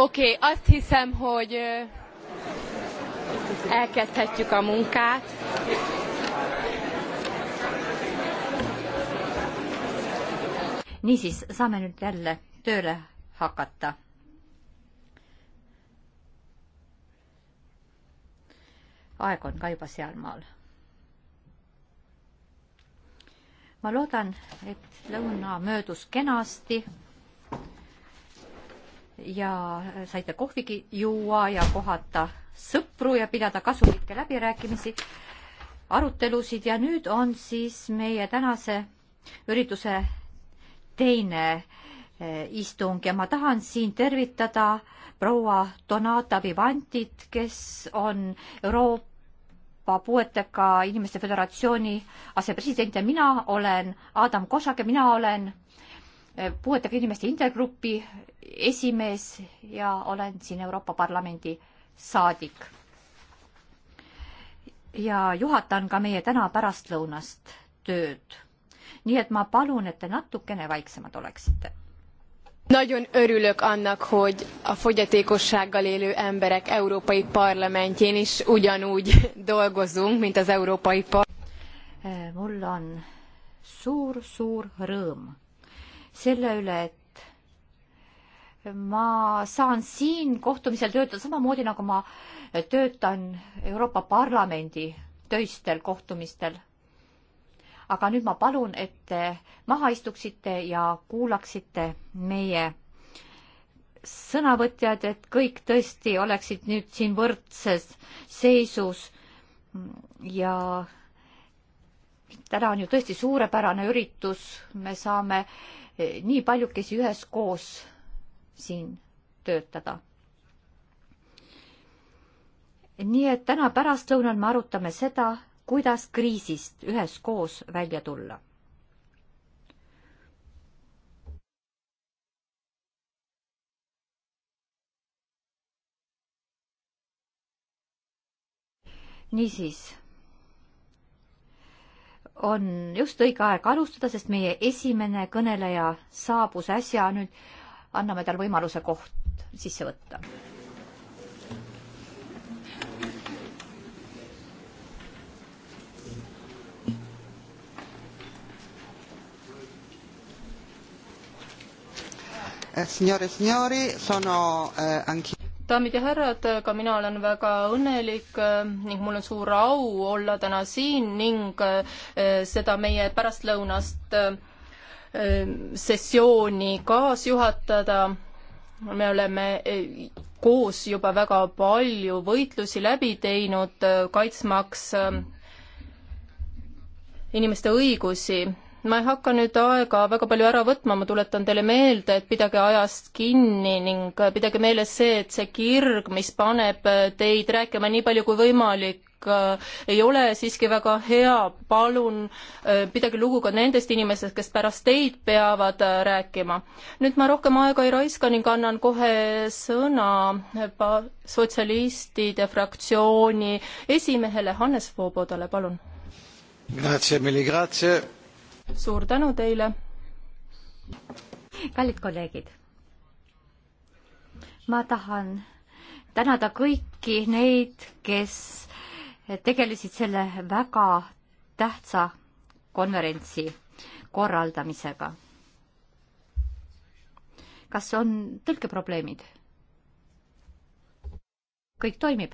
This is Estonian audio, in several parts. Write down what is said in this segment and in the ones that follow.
Oké, okay, azt hiszem, hogy elkezdhetjük a munkát. niisiis, saame nüüd jälle tööle hakata. aeg on ka juba sealmaal. ma loodan, et lõuna möödus kenasti ja saite kohvigi juua ja kohata sõpru ja pidada kasulikke läbirääkimisi, arutelusid ja nüüd on siis meie tänase ürituse teine eh, istung ja ma tahan siin tervitada proua Donata Vivantit, kes on Euroopa Puuetega Inimeste Föderatsiooni asepresident ja mina olen Adam Košak ja mina olen Eh, puuetega inimeste intergrupi esimees ja olen siin Euroopa Parlamendi saadik. ja juhatan ka meie täna pärastlõunast tööd. nii et ma palun, et te natukene vaiksemad oleksite. Nagyon örülök annak, hogy a fogyatékossággal élő emberek Európai Parlamentjén is ugyanúgy dolgozunk, mint az Európai Parlament. Eh, mul on suur-suur rõõm selle üle, et ma saan siin kohtumisel töötada samamoodi, nagu ma töötan Euroopa Parlamendi töistel kohtumistel. aga nüüd ma palun, et te maha istuksite ja kuulaksite meie sõnavõtjad, et kõik tõesti oleksid nüüd siin võrdses seisus ja täna on ju tõesti suurepärane üritus, me saame nii paljukesi üheskoos siin töötada. nii et täna pärastlõunal me arutame seda, kuidas kriisist üheskoos välja tulla. niisiis on just õige aeg alustada, sest meie esimene kõneleja saabus äsja, nüüd anname tal võimaluse koht sisse võtta. Eh, signore e signori, sono eh, anch'io daamid ja härrad, ka mina olen väga õnnelik äh, ning mul on suur au olla täna siin ning äh, seda meie pärastlõunast äh, sessiooni kaasjuhatada. me oleme koos juba väga palju võitlusi läbi teinud, kaitsmaks inimeste õigusi ma ei hakka nüüd aega väga palju ära võtma, ma tuletan teile meelde, et pidage ajast kinni ning pidage meeles see, et see kirg, mis paneb teid rääkima nii palju kui võimalik, äh, ei ole siiski väga hea, palun äh, pidage lugu ka nendest inimestest, kes pärast teid peavad äh, rääkima. nüüd ma rohkem aega ei raiska ning annan kohe sõna sotsialistide fraktsiooni esimehele Hannes Vobodale, palun. Grazie, mille grazie suur tänu teile. kallid kolleegid, ma tahan tänada kõiki neid, kes tegelesid selle väga tähtsa konverentsi korraldamisega. kas on tõlkeprobleemid? kõik toimib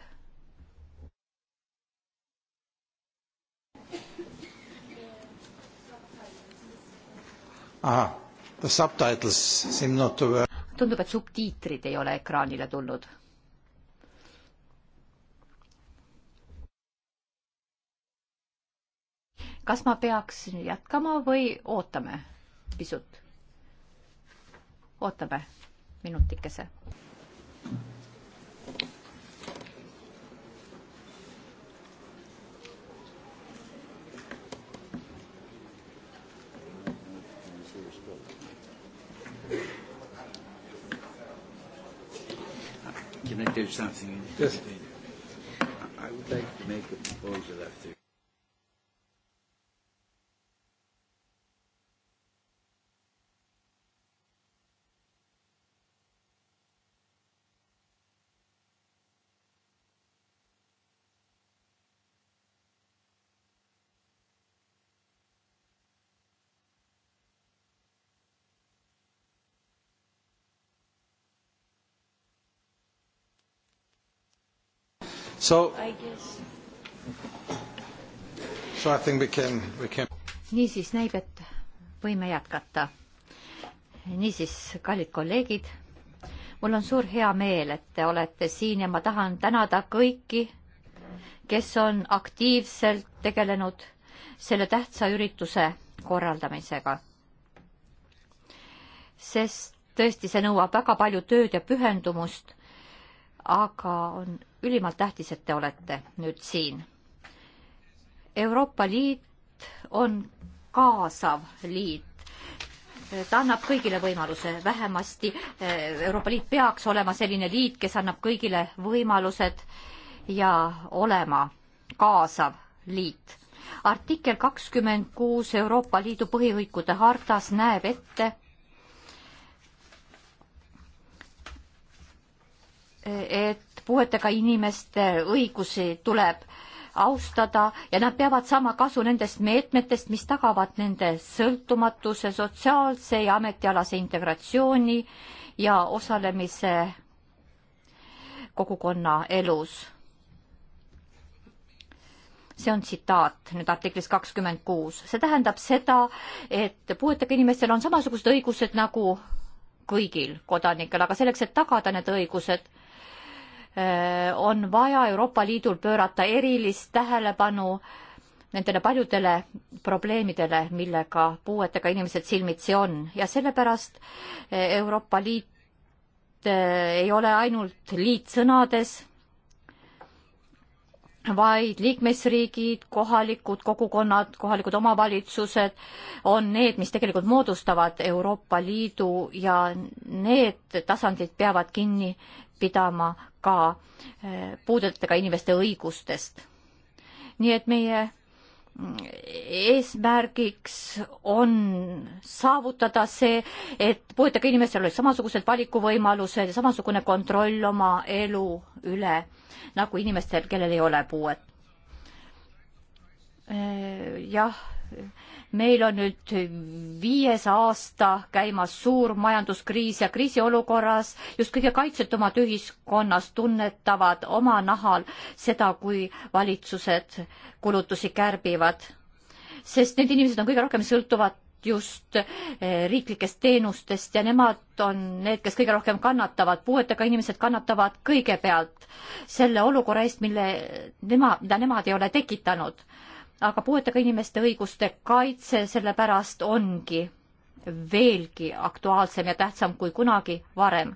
ahah, the subtitles seem not to work. tundub, et subtiitrid ei ole ekraanile tulnud. kas ma peaks jätkama või ootame pisut? ootame minutikese. something. Yes. I would like to make a proposal after. So, so I think we can, we can... niisiis näib, et võime jätkata. niisiis, kallid kolleegid, mul on suur hea meel, et te olete siin ja ma tahan tänada kõiki, kes on aktiivselt tegelenud selle tähtsa ürituse korraldamisega. sest tõesti, see nõuab väga palju tööd ja pühendumust aga on ülimalt tähtis, et te olete nüüd siin. Euroopa Liit on kaasav liit. ta annab kõigile võimaluse, vähemasti Euroopa Liit peaks olema selline liit, kes annab kõigile võimalused ja olema kaasav liit. artikkel kakskümmend kuus Euroopa Liidu põhiõigude hartas näeb ette, et puuetega inimeste õigusi tuleb austada ja nad peavad saama kasu nendest meetmetest, mis tagavad nende sõltumatuse, sotsiaalse ja ametialase integratsiooni ja osalemise kogukonna elus. see on tsitaat nüüd artiklis kakskümmend kuus, see tähendab seda, et puuetega inimestel on samasugused õigused nagu kõigil kodanikel, aga selleks, et tagada need õigused Äh, on vaja Euroopa Liidul pöörata erilist tähelepanu nendele paljudele probleemidele, millega puuetega inimesed silmitsi on ja sellepärast äh, Euroopa Liit äh, ei ole ainult liit sõnades vaid liikmesriigid, kohalikud kogukonnad, kohalikud omavalitsused on need, mis tegelikult moodustavad Euroopa Liidu ja need tasandid peavad kinni pidama ka eh, puudetega inimeste õigustest. nii et meie eesmärgiks on saavutada see, et puuetega inimestel oleks samasugused valikuvõimalused ja samasugune kontroll oma elu üle nagu inimestel, kellel ei ole puuet. jah, meil on nüüd viies aasta käimas suur majanduskriis ja kriisiolukorras just kõige kaitsetumad ühiskonnas tunnetavad oma nahal seda, kui valitsused kulutusi kärbivad. sest need inimesed on kõige rohkem sõltuvad just eh, riiklikest teenustest ja nemad on need, kes kõige rohkem kannatavad, puuetega inimesed kannatavad kõigepealt selle olukorra eest, mille nema, mida nemad ei ole tekitanud aga puuetega inimeste õiguste kaitse sellepärast ongi veelgi aktuaalsem ja tähtsam kui kunagi varem.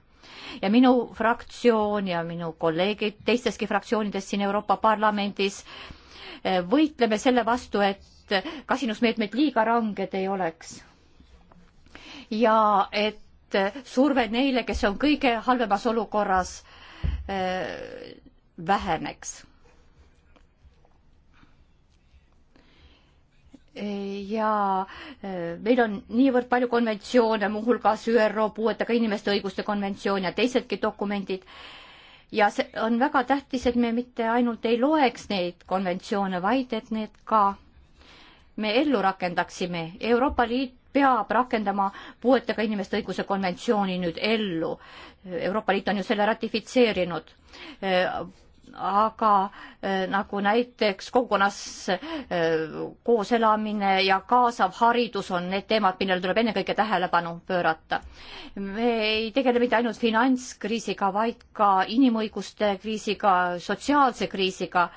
ja minu fraktsioon ja minu kolleegid teistestki fraktsioonidest siin Euroopa Parlamendis eh, võitleme selle vastu, et kasinusmeetmed liiga ranged ei oleks. ja et surve neile, kes on kõige halvemas olukorras, eh, väheneks ja eh, meil on niivõrd palju konventsioone, muuhulgas ÜRO puuetega inimeste õiguste konventsioon ja teisedki dokumendid. ja see on väga tähtis, et me mitte ainult ei loeks neid konventsioone, vaid et need ka me ellu rakendaksime. Euroopa Liit peab rakendama puuetega inimeste õiguse konventsiooni nüüd ellu. Euroopa Liit on ju selle ratifitseerinud eh, aga eh, nagu näiteks kogukonnas eh, koos elamine ja kaasav haridus on need teemad, millele tuleb ennekõike tähelepanu pöörata. me ei tegele mitte ainult finantskriisiga, vaid ka inimõiguste kriisiga, sotsiaalse kriisiga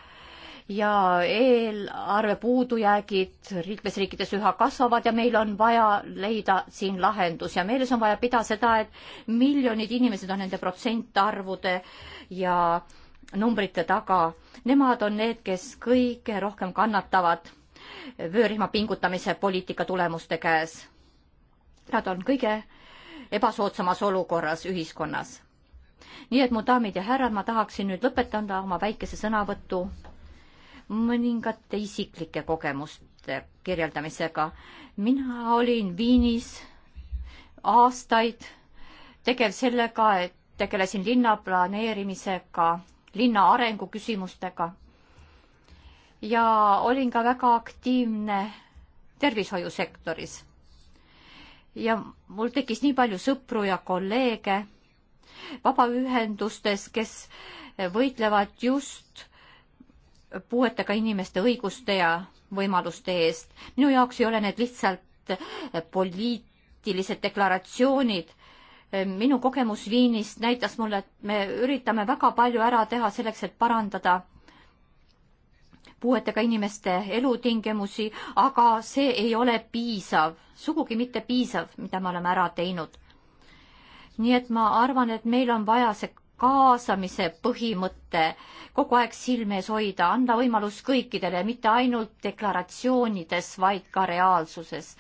ja eelarve puudujäägid liikmesriikides üha kasvavad ja meil on vaja leida siin lahendus ja meeles on vaja pidada seda, et miljonid inimesed on nende protsentarvude ja äh, numbrite taga. Nemad on need, kes kõige rohkem kannatavad vöörihma pingutamise poliitika tulemuste käes. Nad on kõige ebasoodsamas olukorras ühiskonnas. nii et mu daamid ja härrad, ma tahaksin nüüd lõpetada oma väikese sõnavõtu mõningate isiklike kogemuste kirjeldamisega. mina olin Viinis aastaid tegev sellega, et tegelesin linnaplaneerimisega linna arengu küsimustega. ja olin ka väga aktiivne tervishoiusektoris. ja mul tekkis nii palju sõpru ja kolleege vabaühendustes, kes võitlevad just puuetega inimeste õiguste ja võimaluste eest. minu jaoks ei ole need lihtsalt poliitilised deklaratsioonid, minu kogemus Viinist näitas mulle, et me üritame väga palju ära teha selleks, et parandada puuetega inimeste elutingimusi, aga see ei ole piisav, sugugi mitte piisav, mida me oleme ära teinud. nii et ma arvan, et meil on vaja see kaasamise põhimõte kogu aeg silme ees hoida, anda võimalus kõikidele, mitte ainult deklaratsioonides, vaid ka reaalsuses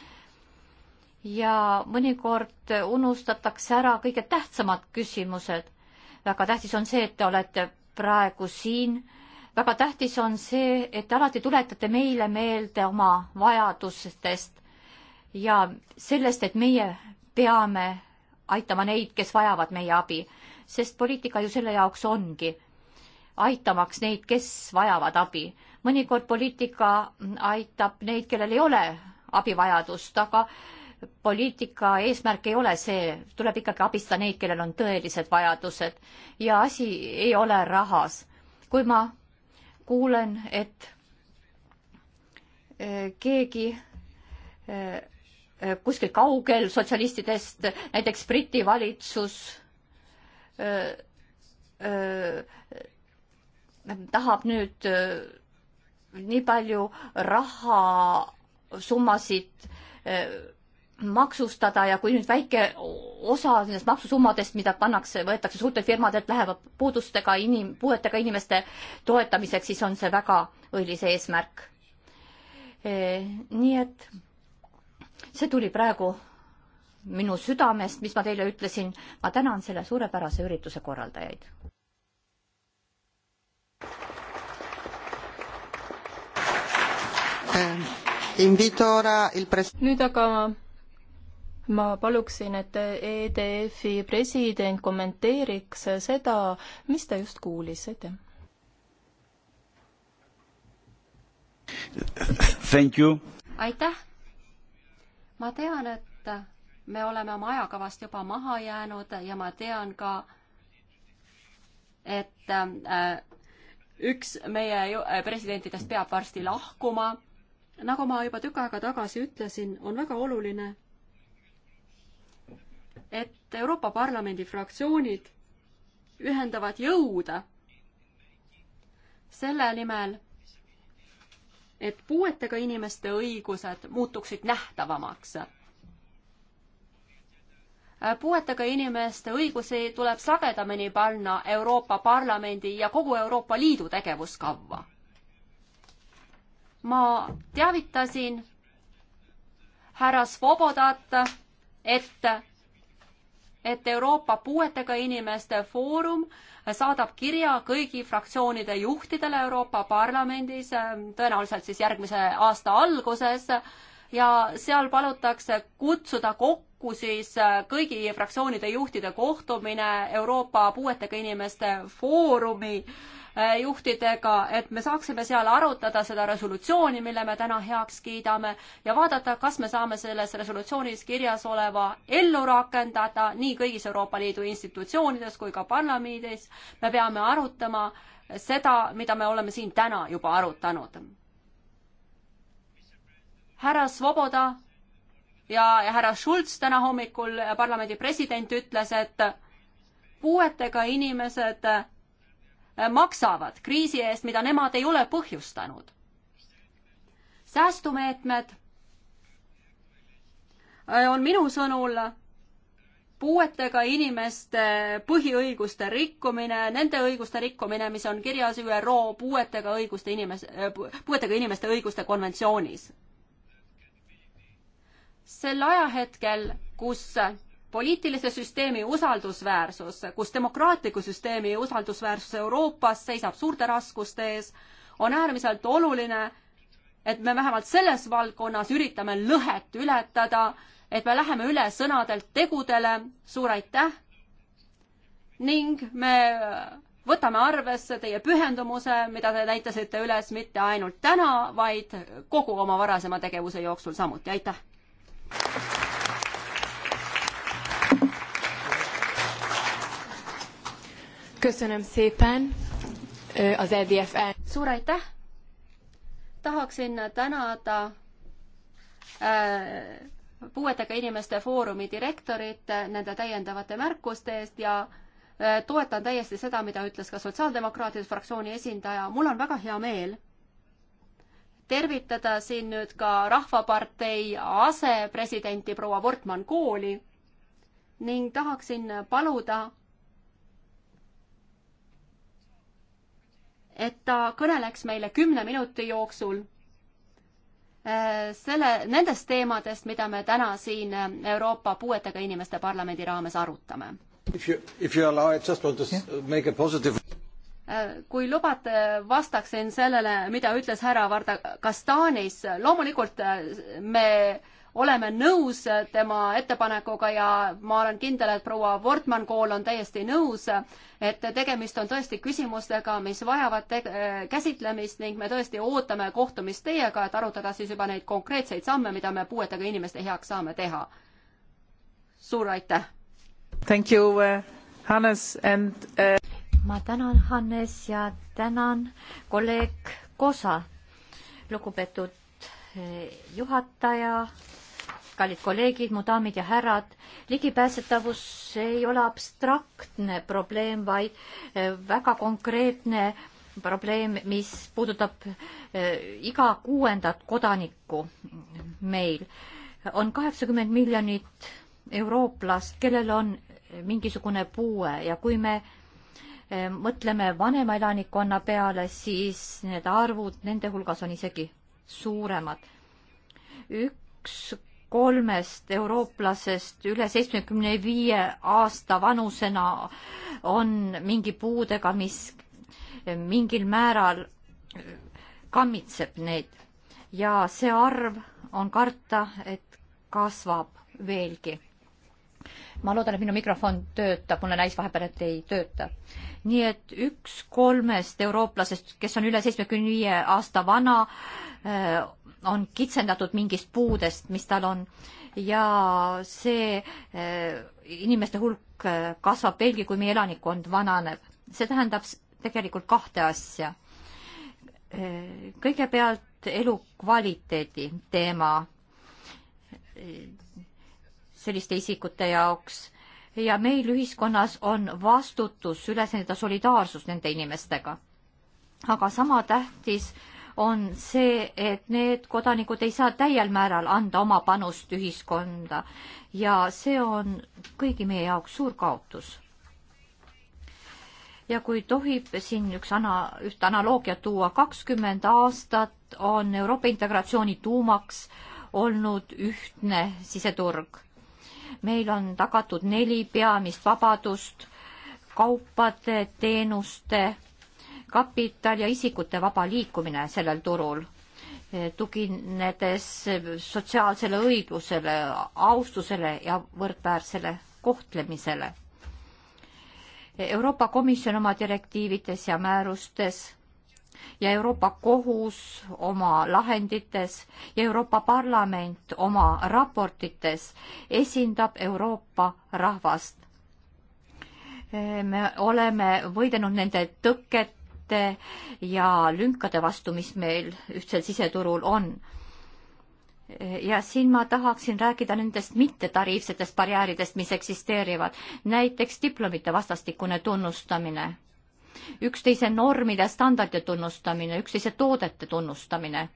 ja mõnikord unustatakse ära kõige tähtsamad küsimused. väga tähtis on see, et te olete praegu siin. väga tähtis on see, et te alati tuletate meile meelde oma vajadustest ja sellest, et meie peame aitama neid, kes vajavad meie abi, sest poliitika ju selle jaoks ongi, aitamaks neid, kes vajavad abi. mõnikord poliitika aitab neid, kellel ei ole abivajadust, aga äh, poliitika eesmärk ei ole see, tuleb ikkagi abistada neid, kellel on tõelised vajadused ja asi ei ole rahas. kui ma kuulen, et äh, keegi äh, kuskil kaugel sotsialistidest, näiteks Briti valitsus äh, äh, tahab nüüd äh, nii palju rahasummasid äh, maksustada ja kui nüüd väike osa nendest maksusummadest, mida pannakse, võetakse suurtelt firmadelt, lähevad puudustega inim-, puuetega inimeste toetamiseks, siis on see väga õilis eesmärk e,. nii et see tuli praegu minu südamest, mis ma teile ütlesin. ma tänan selle suurepärase ürituse korraldajaid. Eh, nüüd aga ma paluksin, et EDF-i president kommenteeriks seda, mis ta just kuulis, aitäh. Thank you. aitäh. ma tean, et me oleme oma ajakavast juba maha jäänud ja ma tean ka, et äh, üks meie äh, presidentidest peab varsti lahkuma. nagu ma juba tükk aega tagasi ütlesin, on väga oluline et Euroopa Parlamendi fraktsioonid ühendavad jõuda selle nimel, et puuetega inimeste õigused muutuksid nähtavamaks. puuetega inimeste õigusi tuleb sagedamini panna Euroopa Parlamendi ja kogu Euroopa Liidu tegevuskavva. ma teavitasin härra Svobodat, et et Euroopa Puuetega Inimeste Foorum saadab kirja kõigi fraktsioonide juhtidele Euroopa Parlamendis, tõenäoliselt siis järgmise aasta alguses, ja seal palutakse kutsuda kokku siis äh, kõigi fraktsioonide juhtide kohtumine Euroopa Puuetega Inimeste Foorumi äh, juhtidega, et me saaksime seal arutada seda resolutsiooni, mille me täna heaks kiidame ja vaadata, kas me saame selles resolutsioonis kirjas oleva ellu rakendada nii kõigis Euroopa Liidu institutsioonides kui ka parlamendis. me peame arutama seda, mida me oleme siin täna juba arutanud härra Svoboda ja härra Schulz täna hommikul, äh, parlamendi president ütles, et puuetega inimesed äh, maksavad kriisi eest, mida nemad ei ole põhjustanud. säästumeetmed äh, on minu sõnul puuetega inimeste põhiõiguste rikkumine, nende õiguste rikkumine, mis on kirjas ÜRO puuetega õiguste inimes-, puuetega inimeste õiguste konventsioonis sel ajahetkel, kus poliitilise süsteemi usaldusväärsus, kus demokraatliku süsteemi usaldusväärsus Euroopas seisab suurte raskuste ees, on äärmiselt oluline, et me vähemalt selles valdkonnas üritame lõhet ületada, et me läheme üle sõnadelt tegudele, suur aitäh, ning me võtame arvesse teie pühendumuse, mida te näitasite üles mitte ainult täna, vaid kogu oma varasema tegevuse jooksul samuti, aitäh! Köszönöm szépen az EDF el... Suur aitäh! Tahaksin tänada äh, puuetega inimeste foorumi direktorit nende täiendavate märkuste eest ja toetan täiesti seda, mida ütles ka sotsiaaldemokraatide fraktsiooni esindaja. mul on väga hea meel tervitada siin nüüd ka Rahvapartei asepresidenti proua Wortmann kooli ning tahaksin paluda, et ta kõneleks meile kümne minuti jooksul äh, selle, nendest teemadest, mida me täna siin Euroopa Puuetega Inimeste Parlamendi raames arutame. If you, if you allow, I just want to yeah. make a positive kui lubate, vastaksin sellele, mida ütles härra Varda Kastanis. loomulikult äh, me oleme nõus tema ettepanekuga ja ma olen kindel, et proua Wortmann kool on täiesti nõus, et tegemist on tõesti küsimustega, mis vajavad äh, käsitlemist ning me tõesti ootame kohtumist teiega, et arutada siis juba neid konkreetseid samme, mida me puuetega inimeste heaks saame teha. suur aitäh! Thank you uh,, Hannes and uh ma tänan, Hannes, ja tänan kolleeg Kosa, lugupeetud eh, juhataja, kallid kolleegid, mu daamid ja härrad. ligipääsetavus ei ole abstraktne probleem, vaid eh, väga konkreetne probleem, mis puudutab eh, iga kuuendat kodanikku meil. on kaheksakümmend miljonit eurooplast, kellel on mingisugune puue ja kui me Ehm, mõtleme vanema elanikkonna peale, siis need arvud nende hulgas on isegi suuremad. üks kolmest eurooplasest üle seitsmekümne viie aasta vanusena on mingi puudega, mis mingil määral kammitseb neid ja see arv on karta, et kasvab veelgi ma loodan, et minu mikrofon töötab, mulle näis vahepeal, et ei tööta. nii et üks kolmest eurooplasest, kes on üle seitsmekümne viie aasta vana, eh, on kitsendatud mingist puudest, mis tal on ja see eh, inimeste hulk eh, kasvab veelgi, kui meie elanikkond vananeb. see tähendab tegelikult kahte asja. kõigepealt elukvaliteedi teema selliste isikute jaoks ja meil ühiskonnas on vastutus üles näidata solidaarsus nende inimestega. aga sama tähtis on see, et need kodanikud ei saa täiel määral anda oma panust ühiskonda ja see on kõigi meie jaoks suur kaotus. ja kui tohib siin üks ana, üht analoogiat tuua, kakskümmend aastat on Euroopa integratsiooni tuumaks olnud ühtne siseturg meil on tagatud neli peamist vabadust, kaupade, teenuste, kapital ja isikute vaba liikumine sellel turul, tuginedes sotsiaalsele õiglusele, austusele ja võrdväärsele kohtlemisele. Euroopa Komisjon oma direktiivides ja määrustes ja Euroopa Kohus oma lahendites ja Euroopa Parlament oma raportites esindab Euroopa rahvast. me oleme võidelnud nende tõkete ja lünkade vastu, mis meil ühtsel siseturul on ja siin ma tahaksin rääkida nendest mittetariifsetest barjääridest, mis eksisteerivad, näiteks diplomite vastastikune tunnustamine üksteise normide, standardide tunnustamine, üksteise toodete tunnustamine.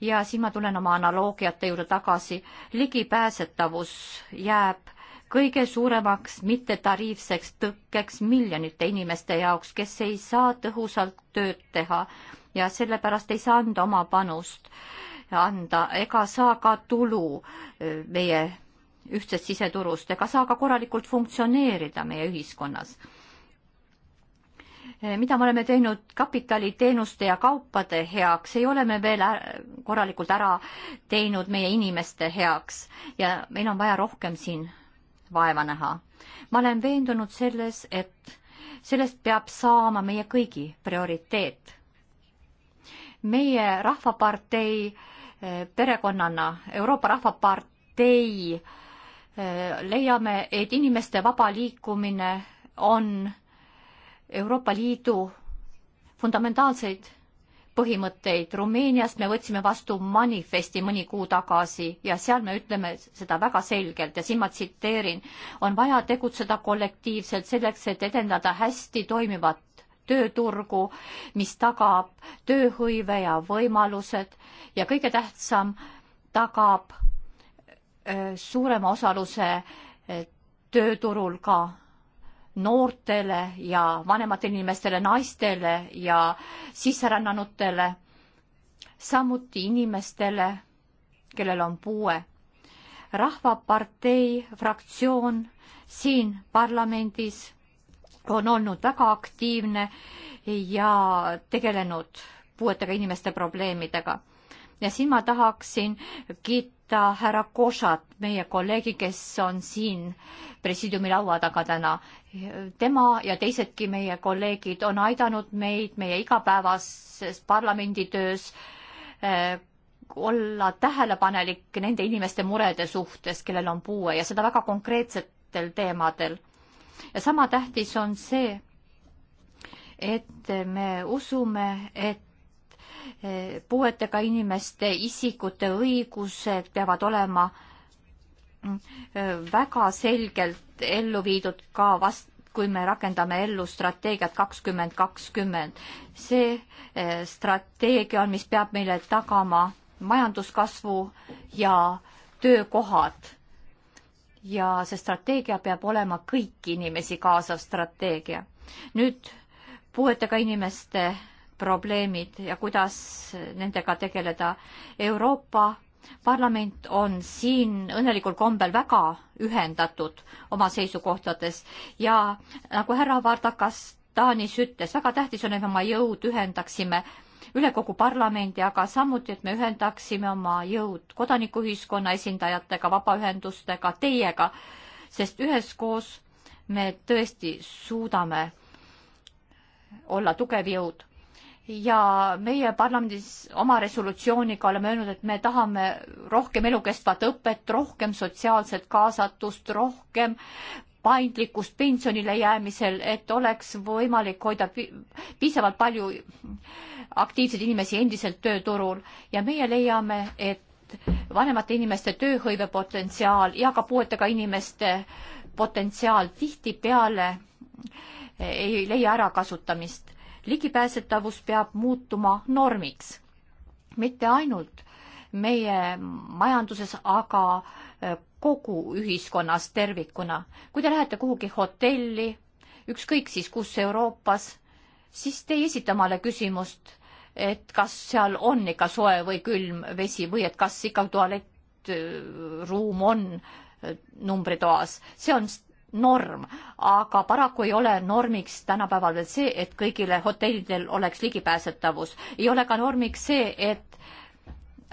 ja siin ma tulen oma analoogiate juurde tagasi, ligipääsetavus jääb kõige suuremaks mittetariifseks tõkkeks miljonite inimeste jaoks, kes ei saa tõhusalt tööd teha ja sellepärast ei saa anda oma panust anda ega saa ka tulu meie ühtsest siseturust ega saa ka korralikult funktsioneerida meie ühiskonnas Eh, mida me oleme teinud kapitali, teenuste ja kaupade heaks, ei ole me veel korralikult ära teinud meie inimeste heaks ja meil on vaja rohkem siin vaeva näha. ma olen veendunud selles, et sellest peab saama meie kõigi prioriteet. meie Rahvapartei eh, perekonnana, Euroopa Rahvapartei eh, leiame, et inimeste vaba liikumine on Euroopa Liidu fundamentaalseid põhimõtteid. Rumeeniast me võtsime vastu manifesti mõni kuu tagasi ja seal me ütleme seda väga selgelt ja siin ma tsiteerin, on vaja tegutseda kollektiivselt selleks, et edendada hästi toimivat tööturgu, mis tagab tööhõive ja võimalused ja kõige tähtsam, tagab äh, suurema osaluse äh, tööturul ka noortele ja vanematele inimestele, naistele ja sisserännanutele, samuti inimestele, kellel on puue. rahvapartei fraktsioon siin parlamendis on olnud väga aktiivne ja tegelenud puuetega inimeste probleemidega. ja siin ma tahaksin kiita kiita härra Košat, meie kolleegi, kes on siin presiidiumi laua taga täna. tema ja teisedki meie kolleegid on aidanud meid meie igapäevases parlamenditöös eh, olla tähelepanelik nende inimeste murede suhtes, kellel on puue ja seda väga konkreetsetel teemadel. ja sama tähtis on see, et me usume, et puuetega inimeste isikute õigused peavad olema mm, väga selgelt ellu viidud ka vast-, kui me rakendame ellu strateegiat kakskümmend kakskümmend. see eh, strateegia on, mis peab meile tagama majanduskasvu ja töökohad. ja see strateegia peab olema kõiki inimesi kaasav strateegia. nüüd puuetega inimeste probleemid ja kuidas nendega tegeleda. Euroopa Parlament on siin õnnelikul kombel väga ühendatud oma seisukohtades ja nagu härra Vardakas Taanis ütles, väga tähtis on, et me oma jõud ühendaksime üle kogu parlamendi, aga samuti, et me ühendaksime oma jõud kodanikuühiskonna esindajatega, vabaühendustega, teiega, sest üheskoos me tõesti suudame olla tugev jõud ja meie parlamendis oma resolutsiooniga oleme öelnud, et me tahame rohkem elukestvat õpet, rohkem sotsiaalset kaasatust, rohkem paindlikkust pensionile jäämisel, et oleks võimalik hoida piisavalt palju aktiivseid inimesi endiselt tööturul ja meie leiame, et vanemate inimeste tööhõivepotentsiaal ja ka puuetega inimeste potentsiaal tihtipeale ei leia ärakasutamist ligipääsetavus peab muutuma normiks. mitte ainult meie majanduses, aga äh, kogu ühiskonnas tervikuna. kui te lähete kuhugi hotelli, ükskõik siis kus Euroopas, siis te ei esita omale küsimust, et kas seal on ikka soe või külm vesi või et kas ikka tualettruum äh, on äh, numbritoas. see on norm, aga paraku ei ole normiks tänapäeval veel see, et kõigile hotellidel oleks ligipääsetavus. ei ole ka normiks see, et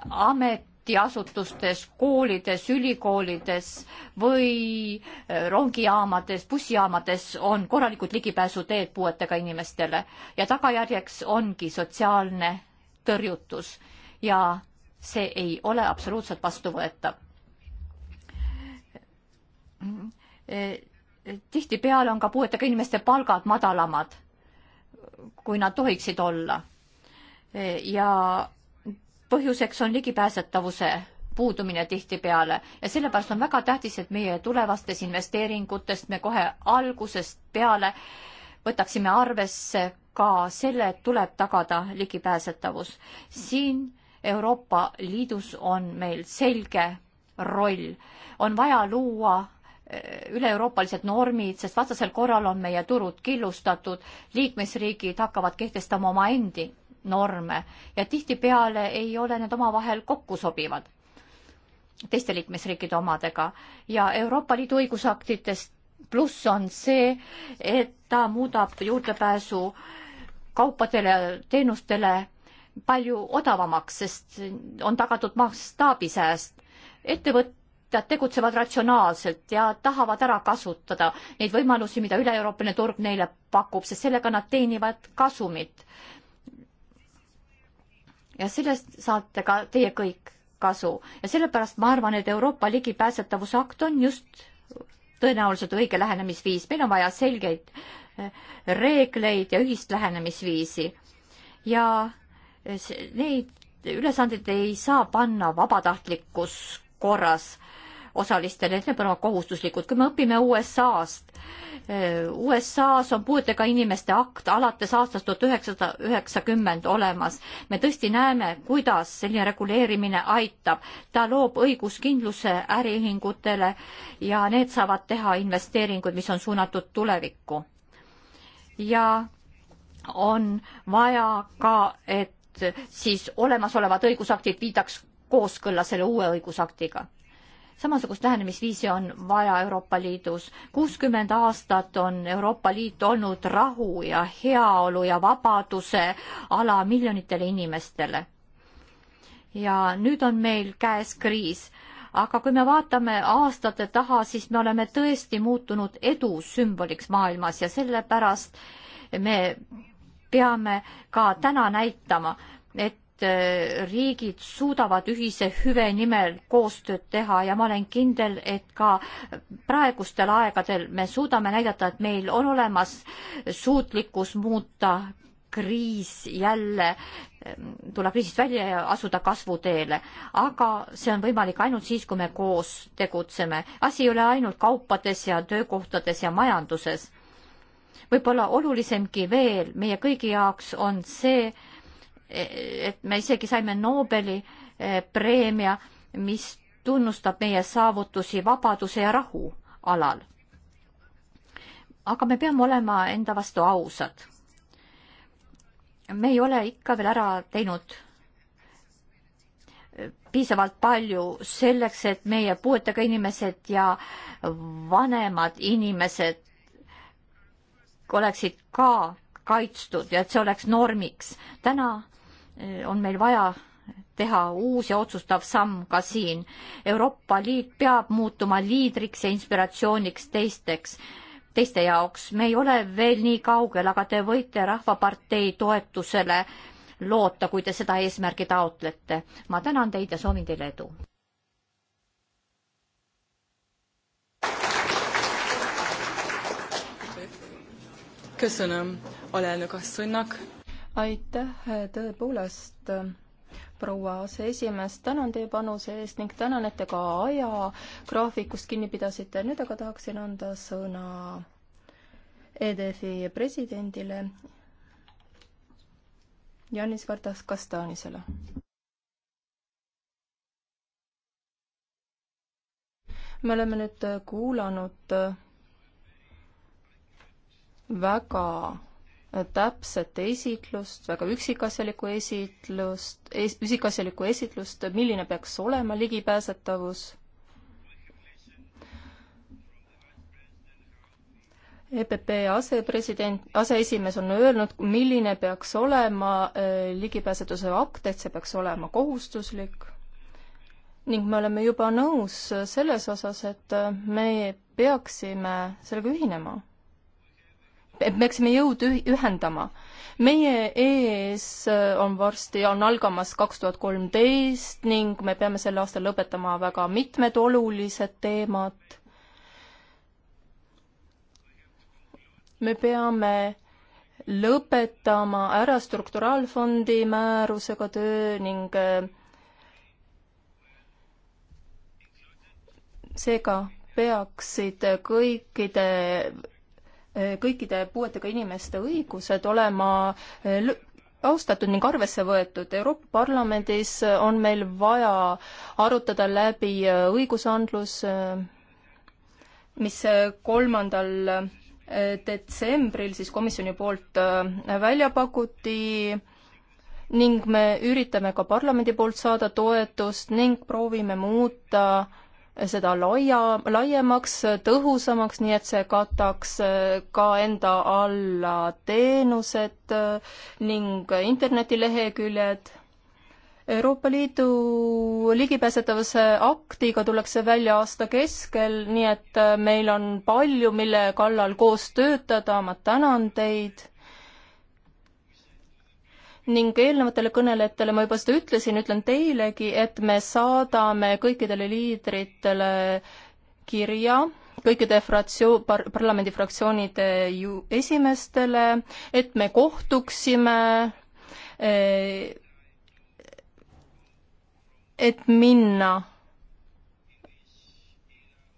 ametiasutustes, koolides, ülikoolides või äh, rongijaamades, bussijaamades on korralikud ligipääsuteed puuetega inimestele ja tagajärjeks ongi sotsiaalne tõrjutus ja see ei ole absoluutselt vastuvõetav tihtipeale on ka puuetega inimeste palgad madalamad, kui nad tohiksid olla. ja põhjuseks on ligipääsetavuse puudumine tihtipeale ja sellepärast on väga tähtis, et meie tulevastes investeeringutest me kohe algusest peale võtaksime arvesse ka selle, et tuleb tagada ligipääsetavus. siin Euroopa Liidus on meil selge roll, on vaja luua Eh, üle-euroopalised normid, sest vastasel korral on meie turud killustatud, liikmesriigid hakkavad kehtestama omaendi norme ja tihtipeale ei ole need omavahel kokku sobivad teiste liikmesriikide omadega ja Euroopa Liidu õigusaktidest pluss on see, et ta muudab juurdepääsu kaupadele, teenustele palju odavamaks, sest on tagatud mastaabisääst. ettevõtted ettevõtjad tegutsevad ratsionaalselt ja tahavad ära kasutada neid võimalusi, mida üle-Euroopaline turg neile pakub, sest sellega nad teenivad kasumit. ja sellest saate ka teie kõik kasu ja sellepärast ma arvan, et Euroopa ligipääsetavuse akt on just tõenäoliselt õige lähenemisviis, meil on vaja selgeid eh, reegleid ja ühist lähenemisviisi ja eh, neid ülesandeid ei saa panna vabatahtlikus korras äh, osalistele, need peavad olema kohustuslikud. kui me õpime USA-st, eh, USA-s on puudega inimeste akt alates aastast tuhat üheksasada üheksakümmend olemas. me tõesti näeme, kuidas selline reguleerimine aitab. ta loob õiguskindluse äriühingutele ja need saavad teha investeeringuid, mis on suunatud tulevikku. ja on vaja ka, et siis olemasolevad õigusaktid viidaks kooskõlla selle uue õigusaktiga samasugust lähenemisviisi on vaja Euroopa Liidus. kuuskümmend aastat on Euroopa Liit olnud rahu ja heaolu ja vabaduse ala miljonitele inimestele. ja nüüd on meil käes kriis, aga kui me vaatame aastate taha, siis me oleme tõesti muutunud edu sümboliks maailmas ja sellepärast me peame ka täna näitama, et Äh, riigid suudavad ühise hüve nimel koostööd teha ja ma olen kindel, et ka praegustel aegadel me suudame näidata, et meil on olemas suutlikkus muuta kriis jälle, ähm, tulla kriisist välja ja asuda kasvuteele. aga see on võimalik ainult siis, kui me koos tegutseme. asi ei ole ainult kaupades ja töökohtades ja majanduses. võib-olla olulisemgi veel meie kõigi jaoks on see, et me isegi saime Nobeli eh, preemia, mis tunnustab meie saavutusi vabaduse ja rahu alal. aga me peame olema enda vastu ausad. me ei ole ikka veel ära teinud eh, piisavalt palju selleks, et meie puuetega inimesed ja vanemad inimesed oleksid ka kaitstud ja et see oleks normiks. täna eh, on meil vaja teha uus ja otsustav samm ka siin. Euroopa Liit peab muutuma liidriks ja inspiratsiooniks teisteks, teiste jaoks. me ei ole veel nii kaugel, aga te võite Rahvapartei toetusele loota, kui te seda eesmärgi taotlete. ma tänan teid ja soovin teile edu! köszönöm alelnök asszonynak. aitäh, tõepoolest proua aseesimees, tänan teie panuse eest ning tänan, et te ka ajagraafikust kinni pidasite. nüüd aga tahaksin anda sõna EDF-i presidendile Janis Vardas Kastanisele. me oleme nüüd kuulanud väga täpset esitlust, väga üksikasjalikku esitlust es,, üksikasjalikku esitlust, milline peaks olema ligipääsetavus. EPP asepresident, aseesimees on öelnud, milline peaks olema äh, ligipääsetuse akt, et see peaks olema kohustuslik. ning me oleme juba nõus selles osas, et äh, me peaksime sellega ühinema et peaksime jõud ühendama. meie ees äh, on varsti, on algamas kaks tuhat kolmteist ning me peame sel aastal lõpetama väga mitmed olulised teemad. me peame lõpetama ära strukturaalfondi määrusega töö ning äh, seega peaksid kõikide kõikide puuetega inimeste õigused olema eh, austatud ning arvesse võetud. Euroopa Parlamendis eh, on meil vaja arutada läbi eh, õigusandlus, mis kolmandal detsembril siis komisjoni poolt välja pakuti ning me üritame ka parlamendi poolt saada toetust ning proovime muuta seda laia, laiemaks, tõhusamaks, nii et see kataks äh, ka enda alla teenused äh, ning internetileheküljed. Euroopa Liidu ligipääsetavuse aktiga tullakse välja aasta keskel, nii et äh, meil on palju, mille kallal koos töötada, ma tänan teid ning eelnevatele kõnelejatele ma juba seda ütlesin, ütlen teilegi, et me saadame kõikidele liidritele kirja, kõikide fraktsioon, par-, parlamendifraktsioonide ju esimeestele, et me kohtuksime eh, et minna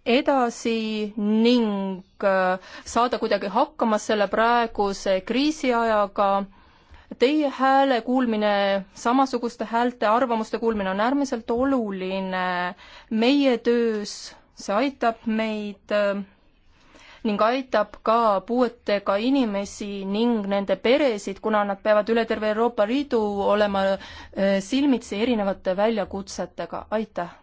edasi ning eh, saada kuidagi hakkama selle praeguse kriisiajaga Teie hääle kuulmine, samasuguste häälte, arvamuste kuulmine on äärmiselt oluline meie töös, see aitab meid äh, ning aitab ka puuetega inimesi ning nende peresid, kuna nad peavad üle terve Euroopa Liidu olema äh, silmitsi erinevate väljakutsetega, aitäh!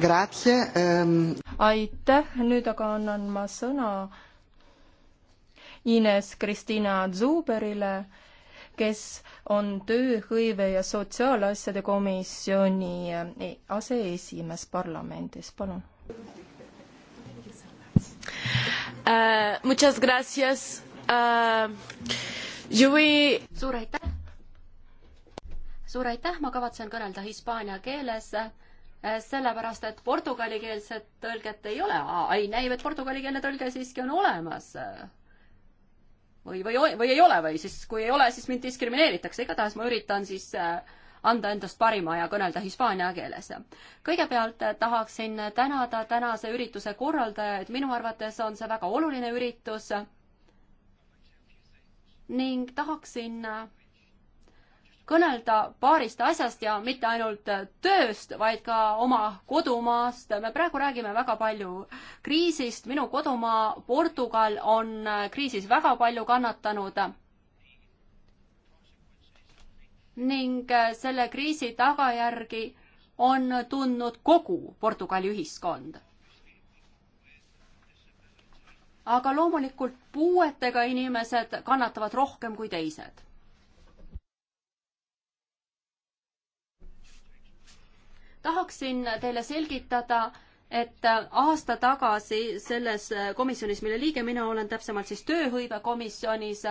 Ähm... aitäh, nüüd aga annan ma sõna Ines Kristina Zuberile, kes on tööhõive ja sotsiaalasjade komisjoni eh, aseesimees parlamendis, palun uh,. Muchas gracias uh,. Eh, Jui. suur aitäh. suur aitäh, ma kavatsen kõnelda hispaania keeles uh, Äh, sellepärast et portugalikeelset tõlget ei ole. ei, näib, et portugalikeelne tõlge siiski on olemas. või, või, või ei ole või siis, kui ei ole, siis mind diskrimineeritakse, igatahes ma üritan siis äh, anda endast parima ja kõnelda hispaania keeles. kõigepealt äh, tahaksin tänada tänase ürituse korraldajaid, minu arvates on see väga oluline üritus ning tahaksin kõnelda paarist asjast ja mitte ainult tööst, vaid ka oma kodumaast. me praegu räägime väga palju kriisist, minu kodumaa Portugal on kriisis väga palju kannatanud. ning selle kriisi tagajärgi on tundnud kogu Portugali ühiskond aga loomulikult puuetega inimesed kannatavad rohkem kui teised. tahaksin teile selgitada, et aasta tagasi selles komisjonis, mille liige mina olen, täpsemalt siis tööhõivekomisjonis,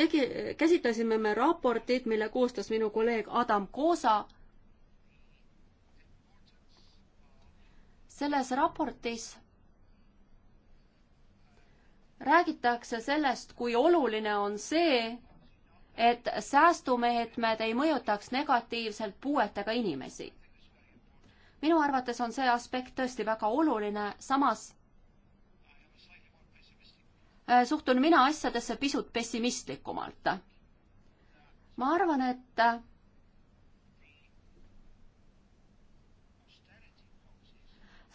tegi, käsitlesime me raportit, mille koostas minu kolleeg Adam Koosa. selles raportis räägitakse sellest, kui oluline on see, et säästumeetmed ei mõjutaks negatiivselt puuetega inimesi minu arvates on see aspekt tõesti väga oluline, samas äh, suhtun mina asjadesse pisut pessimistlikumalt. ma arvan, et äh,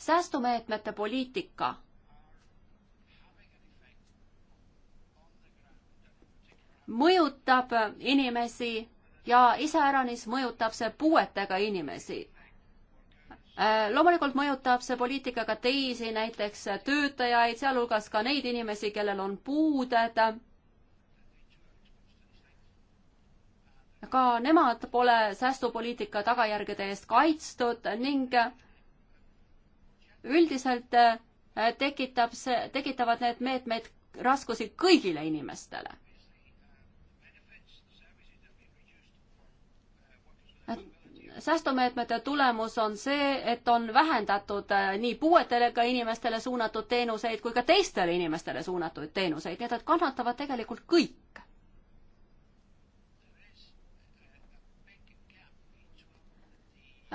säästumeetmete poliitika mõjutab inimesi ja iseäranis mõjutab see puuetega inimesi Äh, loomulikult mõjutab see poliitika ka teisi, näiteks töötajaid, sealhulgas ka neid inimesi, kellel on puuded. ka nemad pole säästupoliitika tagajärgede eest kaitstud ning üldiselt äh, tekitab see, tekitavad need meetmed raskusi kõigile inimestele säästumeetmete tulemus on see, et on vähendatud äh, nii puuetega inimestele suunatud teenuseid kui ka teistele inimestele suunatud teenuseid, nii et, et kannatavad tegelikult kõik.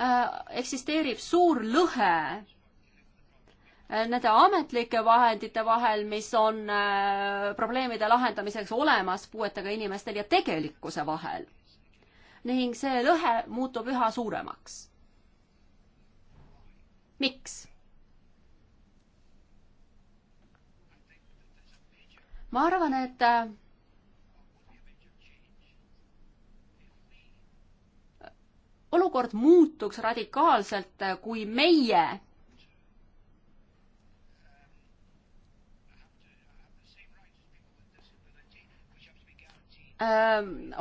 Äh, eksisteerib suur lõhe äh, nende ametlike vahendite vahel, mis on probleemide lahendamiseks olemas puuetega inimestel ja tegelikkuse vahel ning see lõhe muutub üha suuremaks. miks? ma arvan, et äh, olukord muutuks radikaalselt, kui meie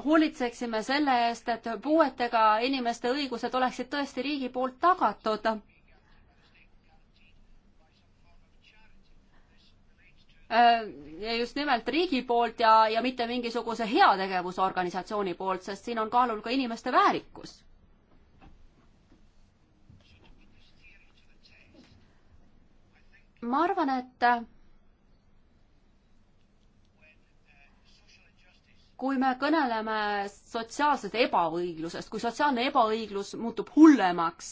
hoolitseksime selle eest, et puuetega inimeste õigused oleksid tõesti riigi poolt tagatud. ja just nimelt riigi poolt ja, ja mitte mingisuguse heategevusorganisatsiooni poolt, sest siin on kaalul ka inimeste väärikus. ma arvan, et kui me kõneleme sotsiaalsest ebaõiglusest, kui sotsiaalne ebaõiglus muutub hullemaks,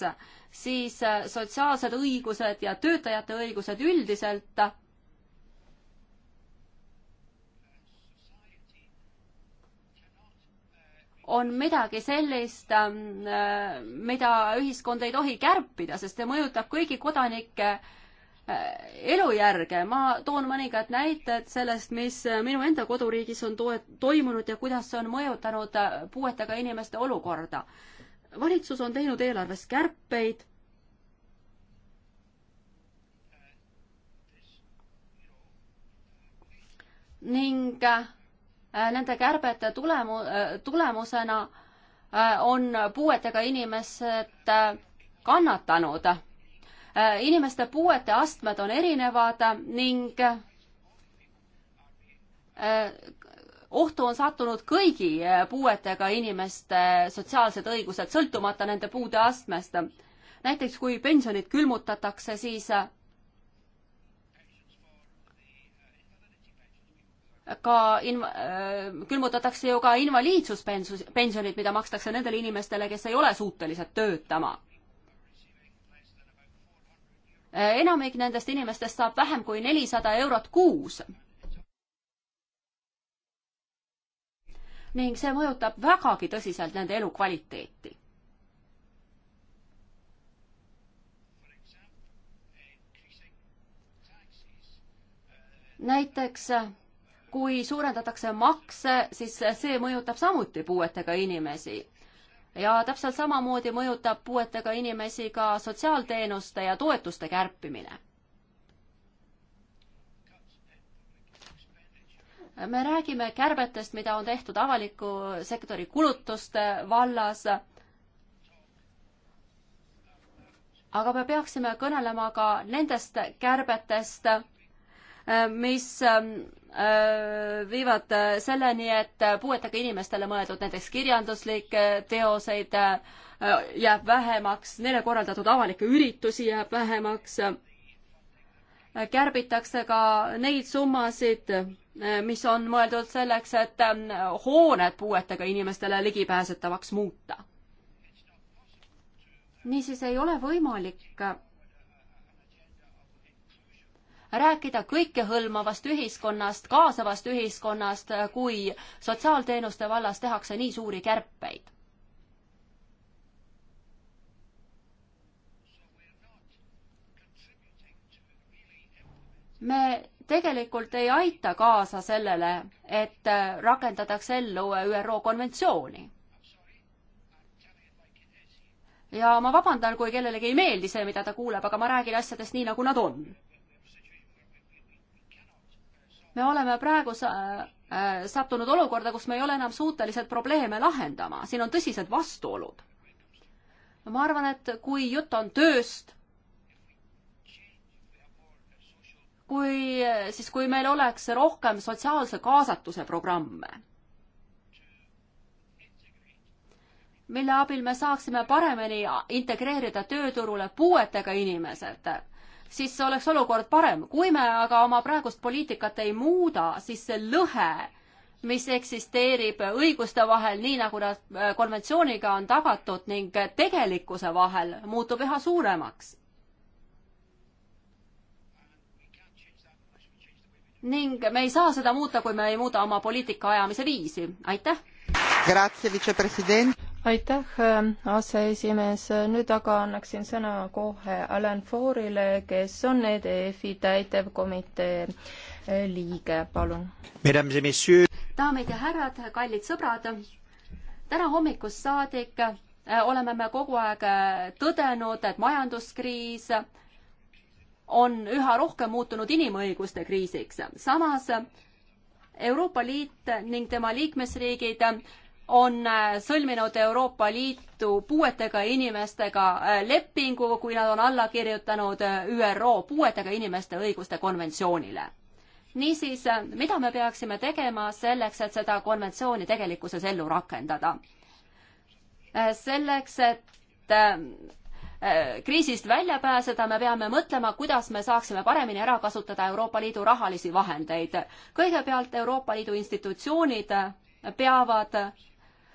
siis äh, sotsiaalsed õigused ja töötajate õigused üldiselt on midagi sellist, äh, mida ühiskond ei tohi kärpida, sest see mõjutab kõigi kodanike Äh, elujärge. ma toon mõningad näited sellest, mis minu enda koduriigis on toe-, toimunud ja kuidas see on mõjutanud äh, puuetega inimeste olukorda. valitsus on teinud eelarves kärpeid ning äh, nende kärbete tulemu-, tulemusena on puuetega inimesed kannatanud Äh, inimeste puuete astmed on erinevad ning äh, ohtu on sattunud kõigi äh, puuetega inimeste sotsiaalsed õigused, sõltumata nende puude astmest. näiteks kui pensionid külmutatakse, siis ka in-, külmutatakse ju ka invaliidsuspensus, pensionid, mida makstakse nendele inimestele, kes ei ole suutelised töötama Eh, enamik nendest inimestest saab vähem kui nelisada eurot kuus. ning see mõjutab vägagi tõsiselt nende elukvaliteeti. näiteks kui suurendatakse makse, siis see mõjutab samuti puuetega inimesi ja täpselt samamoodi mõjutab puuetega inimesi ka sotsiaalteenuste ja toetuste kärpimine. me räägime kärbetest, mida on tehtud avaliku sektori kulutuste vallas. aga me peaksime kõnelema ka nendest kärbetest Äh, mis ähm, äh, viivad äh, selleni, et puuetega inimestele mõeldud näiteks kirjanduslikke teoseid jääb vähemaks, neile korraldatud avalikke üritusi jääb vähemaks, kärbitakse ka neid summasid, mis on mõeldud selleks, et ähm, hooned puuetega inimestele ligipääsetavaks muuta. niisiis ei ole võimalik rääkida kõikehõlmavast ühiskonnast, kaasavast ühiskonnast, kui sotsiaalteenuste vallas tehakse nii suuri kärpeid? me tegelikult ei aita kaasa sellele, et rakendatakse ellu ÜRO konventsiooni ja ma vabandan, kui kellelegi ei meeldi see, mida ta kuuleb, aga ma räägin asjadest nii, nagu nad on me oleme praegu äh, sattunud olukorda, kus me ei ole enam suutelised probleeme lahendama, siin on tõsised vastuolud. ma arvan, et kui jutt on tööst, kui, siis kui meil oleks rohkem sotsiaalse kaasatuse programme, mille abil me saaksime paremini integreerida tööturule puuetega inimesed siis oleks olukord parem. kui me aga oma praegust poliitikat ei muuda, siis see lõhe, mis eksisteerib õiguste vahel, nii nagu nad äh, konventsiooniga on tagatud ning tegelikkuse vahel, muutub üha suuremaks. ning me ei saa seda muuta, kui me ei muuda oma poliitika ajamise viisi. aitäh! Grazie, vicepresident! aitäh, äh, aseesimees, nüüd aga annaksin sõna kohe Alan Foorile, kes on EDF-i täitevkomitee äh, liige, palun. daamid ja härrad, kallid sõbrad, täna hommikust saadik äh, oleme me kogu aeg tõdenud, et majanduskriis on üha rohkem muutunud inimõiguste kriisiks. samas Euroopa Liit ning tema liikmesriigid on äh, sõlminud Euroopa Liitu puuetega inimestega äh, lepingu, kui nad on alla kirjutanud äh, ÜRO puuetega inimeste õiguste konventsioonile. niisiis, mida me peaksime tegema selleks, et seda konventsiooni tegelikkuses ellu rakendada? selleks, et kriisist välja pääseda, me peame mõtlema, kuidas me saaksime paremini ära kasutada Euroopa Liidu rahalisi vahendeid. kõigepealt Euroopa Liidu institutsioonid peavad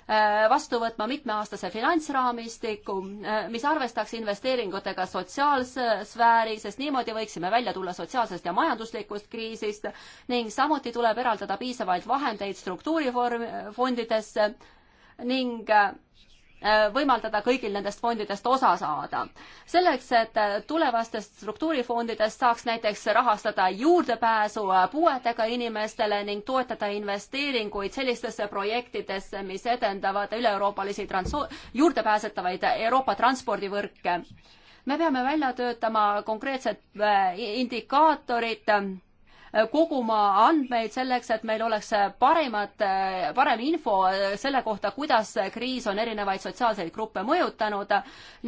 Äh, vastu võtma mitmeaastase finantsraamistiku, äh, mis arvestaks investeeringutega sotsiaalse sfääri, sest niimoodi võiksime välja tulla sotsiaalsest ja majanduslikust kriisist ning samuti tuleb eraldada piisavaid vahendeid struktuurifondidesse ning äh, Äh, võimaldada kõigil nendest fondidest osa saada. selleks, et äh, tulevastest struktuurifondidest saaks näiteks rahastada juurdepääsu äh, puuetega inimestele ning toetada investeeringuid sellistesse projektidesse, mis edendavad üle-euroopalisi trans-, juurdepääsetavaid Euroopa transpordivõrke. me peame välja töötama konkreetsed indikaatorid koguma andmeid selleks, et meil oleks paremat, parem info selle kohta, kuidas kriis on erinevaid sotsiaalseid gruppe mõjutanud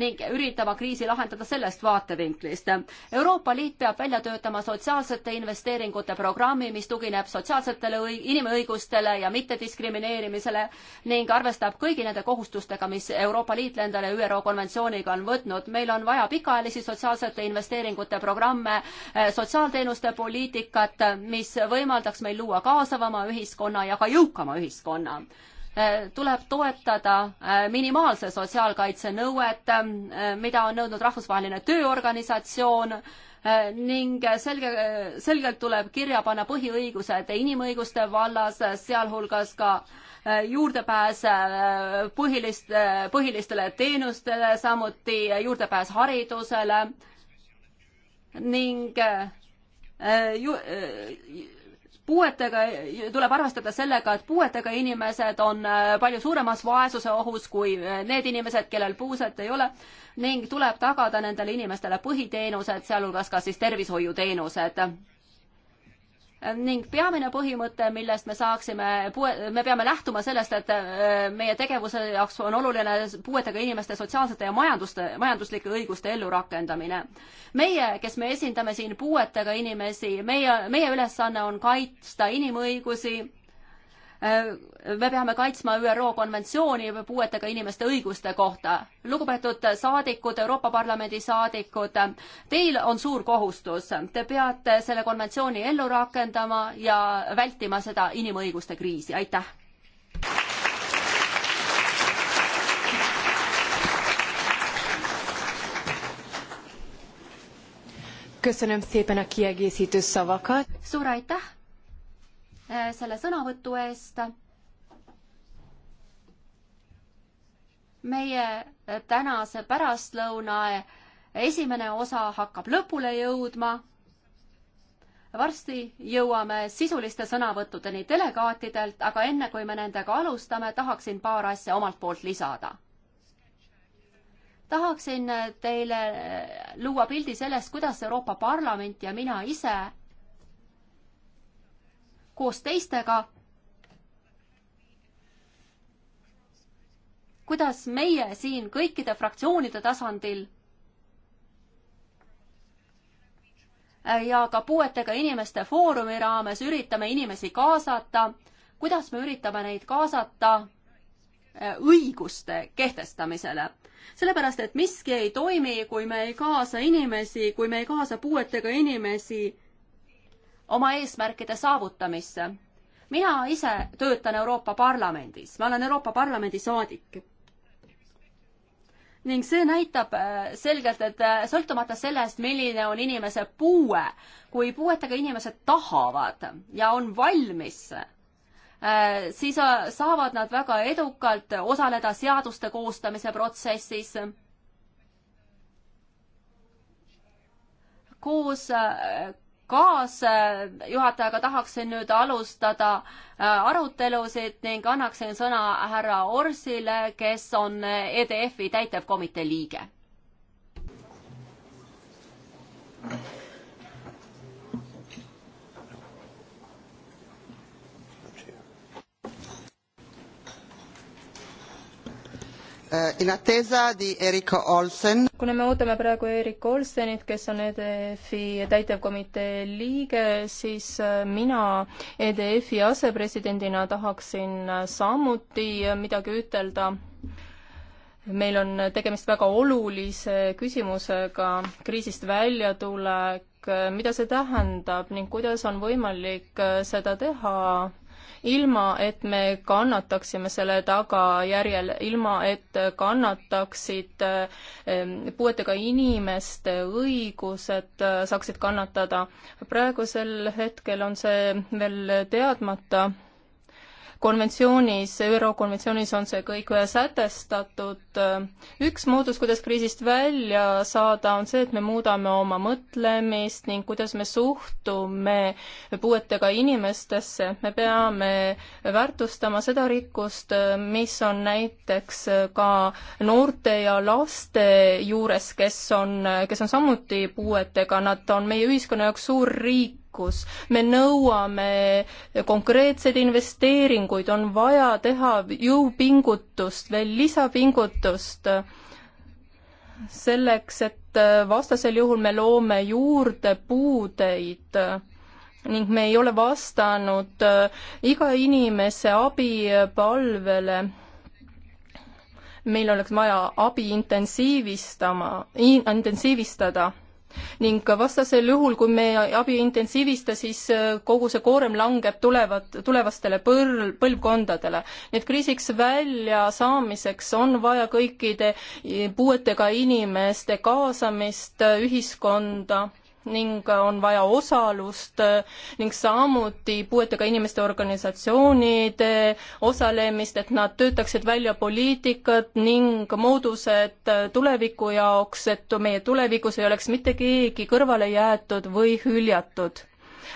ning üritama kriisi lahendada sellest vaatevinklist. Euroopa Liit peab välja töötama sotsiaalsete investeeringute programmi, mis tugineb sotsiaalsetele inimõigustele ja mittediskrimineerimisele ning arvestab kõigi nende kohustustega, mis Euroopa Liit endale ÜRO konventsiooniga on võtnud. meil on vaja pikaajalisi sotsiaalsete investeeringute programme, sotsiaalteenuste poliitikat, poliitikat, mis võimaldaks meil luua kaasavama ühiskonna ja ka jõukama ühiskonna. tuleb toetada äh, minimaalse sotsiaalkaitse nõuet, äh, mida on nõudnud Rahvusvaheline Tööorganisatsioon äh, ning selge, selgelt tuleb kirja panna põhiõigused inimõiguste vallas, sealhulgas ka juurdepääs põhilist, põhilistele teenustele, samuti juurdepääs haridusele ning Äh, ju, äh, puuetega, tuleb arvestada sellega, et puuetega inimesed on äh, palju suuremas vaesuse ohus kui need inimesed, kellel puuset ei ole ning tuleb tagada nendele inimestele põhiteenused, sealhulgas ka siis tervishoiuteenused ning peamine põhimõte, millest me saaksime, me peame lähtuma sellest, et äh, meie tegevuse jaoks on oluline puuetega inimeste sotsiaalsete ja majanduste, majanduslike õiguste ellurakendamine. meie, kes me esindame siin puuetega inimesi, meie, meie ülesanne on kaitsta inimõigusi Äh, me peame kaitsma ÜRO konventsiooni puuetega inimeste õiguste kohta. lugupeetud saadikud, Euroopa Parlamendi saadikud, teil on suur kohustus, te peate selle konventsiooni ellu rakendama ja vältima seda inimõiguste kriisi, aitäh! suur aitäh! Äh, selle sõnavõtu eest. meie äh, tänase pärastlõuna äh, esimene osa hakkab lõpule jõudma. varsti jõuame sisuliste sõnavõttudeni delegaatidelt, aga enne kui me nendega alustame, tahaksin paar asja omalt poolt lisada tahaksin teile luua pildi sellest, kuidas Euroopa Parlament ja mina ise koos teistega, kuidas meie siin kõikide fraktsioonide tasandil ja ka puuetega inimeste foorumi raames üritame inimesi kaasata, kuidas me üritame neid kaasata äh, õiguste kehtestamisele. sellepärast, et miski ei toimi, kui me ei kaasa inimesi, kui me ei kaasa puuetega inimesi oma eesmärkide saavutamisse. mina ise töötan Euroopa Parlamendis, ma olen Euroopa Parlamendi saadik. ning see näitab äh, selgelt, et äh, sõltumata sellest, milline on inimese puue, kui puuetega inimesed tahavad ja on valmis äh, siis saavad nad väga edukalt osaleda seaduste koostamise protsessis. koos kaasjuhatajaga äh, tahaksin nüüd alustada äh, arutelusid ning annaksin sõna härra Orsile, kes on äh, EDF-i täitevkomitee liige. Eh, in attesa di Eriko Olsen. kuna me ootame praegu Erik Olsenit, kes on EDF-i täitevkomitee liige, siis eh, mina EDF-i asepresidendina tahaksin eh, samuti midagi ütelda. meil on tegemist väga olulise küsimusega, kriisist väljatulek, mida see tähendab ning kuidas on võimalik seda teha ilma et me kannataksime selle tagajärjel, ilma et kannataksid ehm, puuetega inimeste õigused, äh, saaksid kannatada. praegusel hetkel on see veel teadmata konventsioonis, ÜRO konventsioonis on see kõik sätestatud. üks moodus, kuidas kriisist välja saada, on see, et me muudame oma mõtlemist ning kuidas me suhtume puuetega inimestesse. me peame väärtustama seda rikkust, mis on näiteks ka noorte ja laste juures, kes on, kes on samuti puuetega, nad on meie ühiskonna jaoks suur riik, tulevikus. me nõuame konkreetseid investeeringuid, on vaja teha jõupingutust, veel lisapingutust selleks, et vastasel juhul me loome juurde puudeid ning me ei ole vastanud äh, iga inimese abipalvele. meil oleks vaja abi intensiivistama, intensiivistada ning vastasel juhul, kui me abi intensiivista, siis äh, kogu see koorem langeb tulevad, tulevastele põl-, põlvkondadele. nii et kriisiks väljasaamiseks on vaja kõikide e, puuetega inimeste kaasamist äh, ühiskonda ning on vaja osalust eh, ning samuti puuetega inimeste organisatsioonide osalemist, et nad töötaksid välja poliitikat ning moodused eh, tuleviku jaoks, et meie tulevikus ei oleks mitte keegi kõrvale jäetud või hüljatud.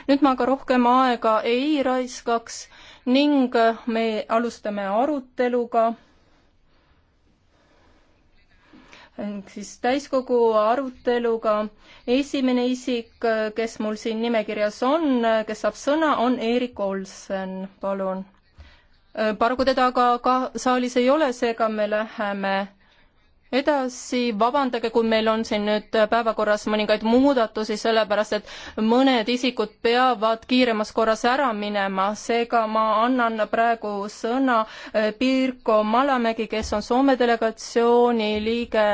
nüüd ma aga rohkem aega ei raiskaks ning eh, me alustame aruteluga ehk siis täiskogu aruteluga. esimene isik, kes mul siin nimekirjas on, kes saab sõna, on Erik Olsen, palun. Äh, paraku teda aga ka saalis ei ole, seega me läheme edasi, vabandage, kui meil on siin nüüd päevakorras mõningaid muudatusi, sellepärast et mõned isikud peavad kiiremas korras ära minema, seega ma annan praegu sõna eh, Pirko Malamägi, kes on Soome delegatsiooni liige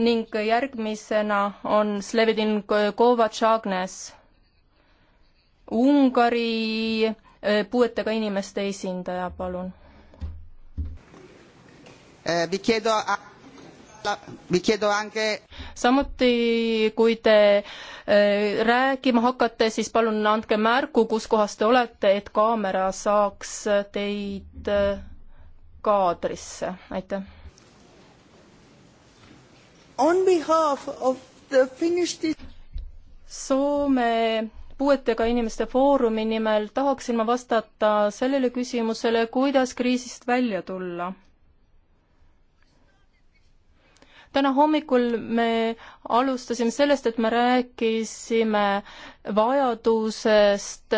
ning järgmisena on Slevedin Kovatš-Agnes, Ungari eh, puuetega inimeste esindaja, palun. Eh, vi chiedo a samuti, kui te eh, rääkima hakkate, siis palun andke märku, kus kohas te olete, et kaamera saaks teid eh, kaadrisse, aitäh. On behalf of the Finnish Soome puuetega inimeste foorumi nimel tahaksin ma vastata sellele küsimusele, kuidas kriisist välja tulla täna hommikul me alustasime sellest, et me rääkisime vajadusest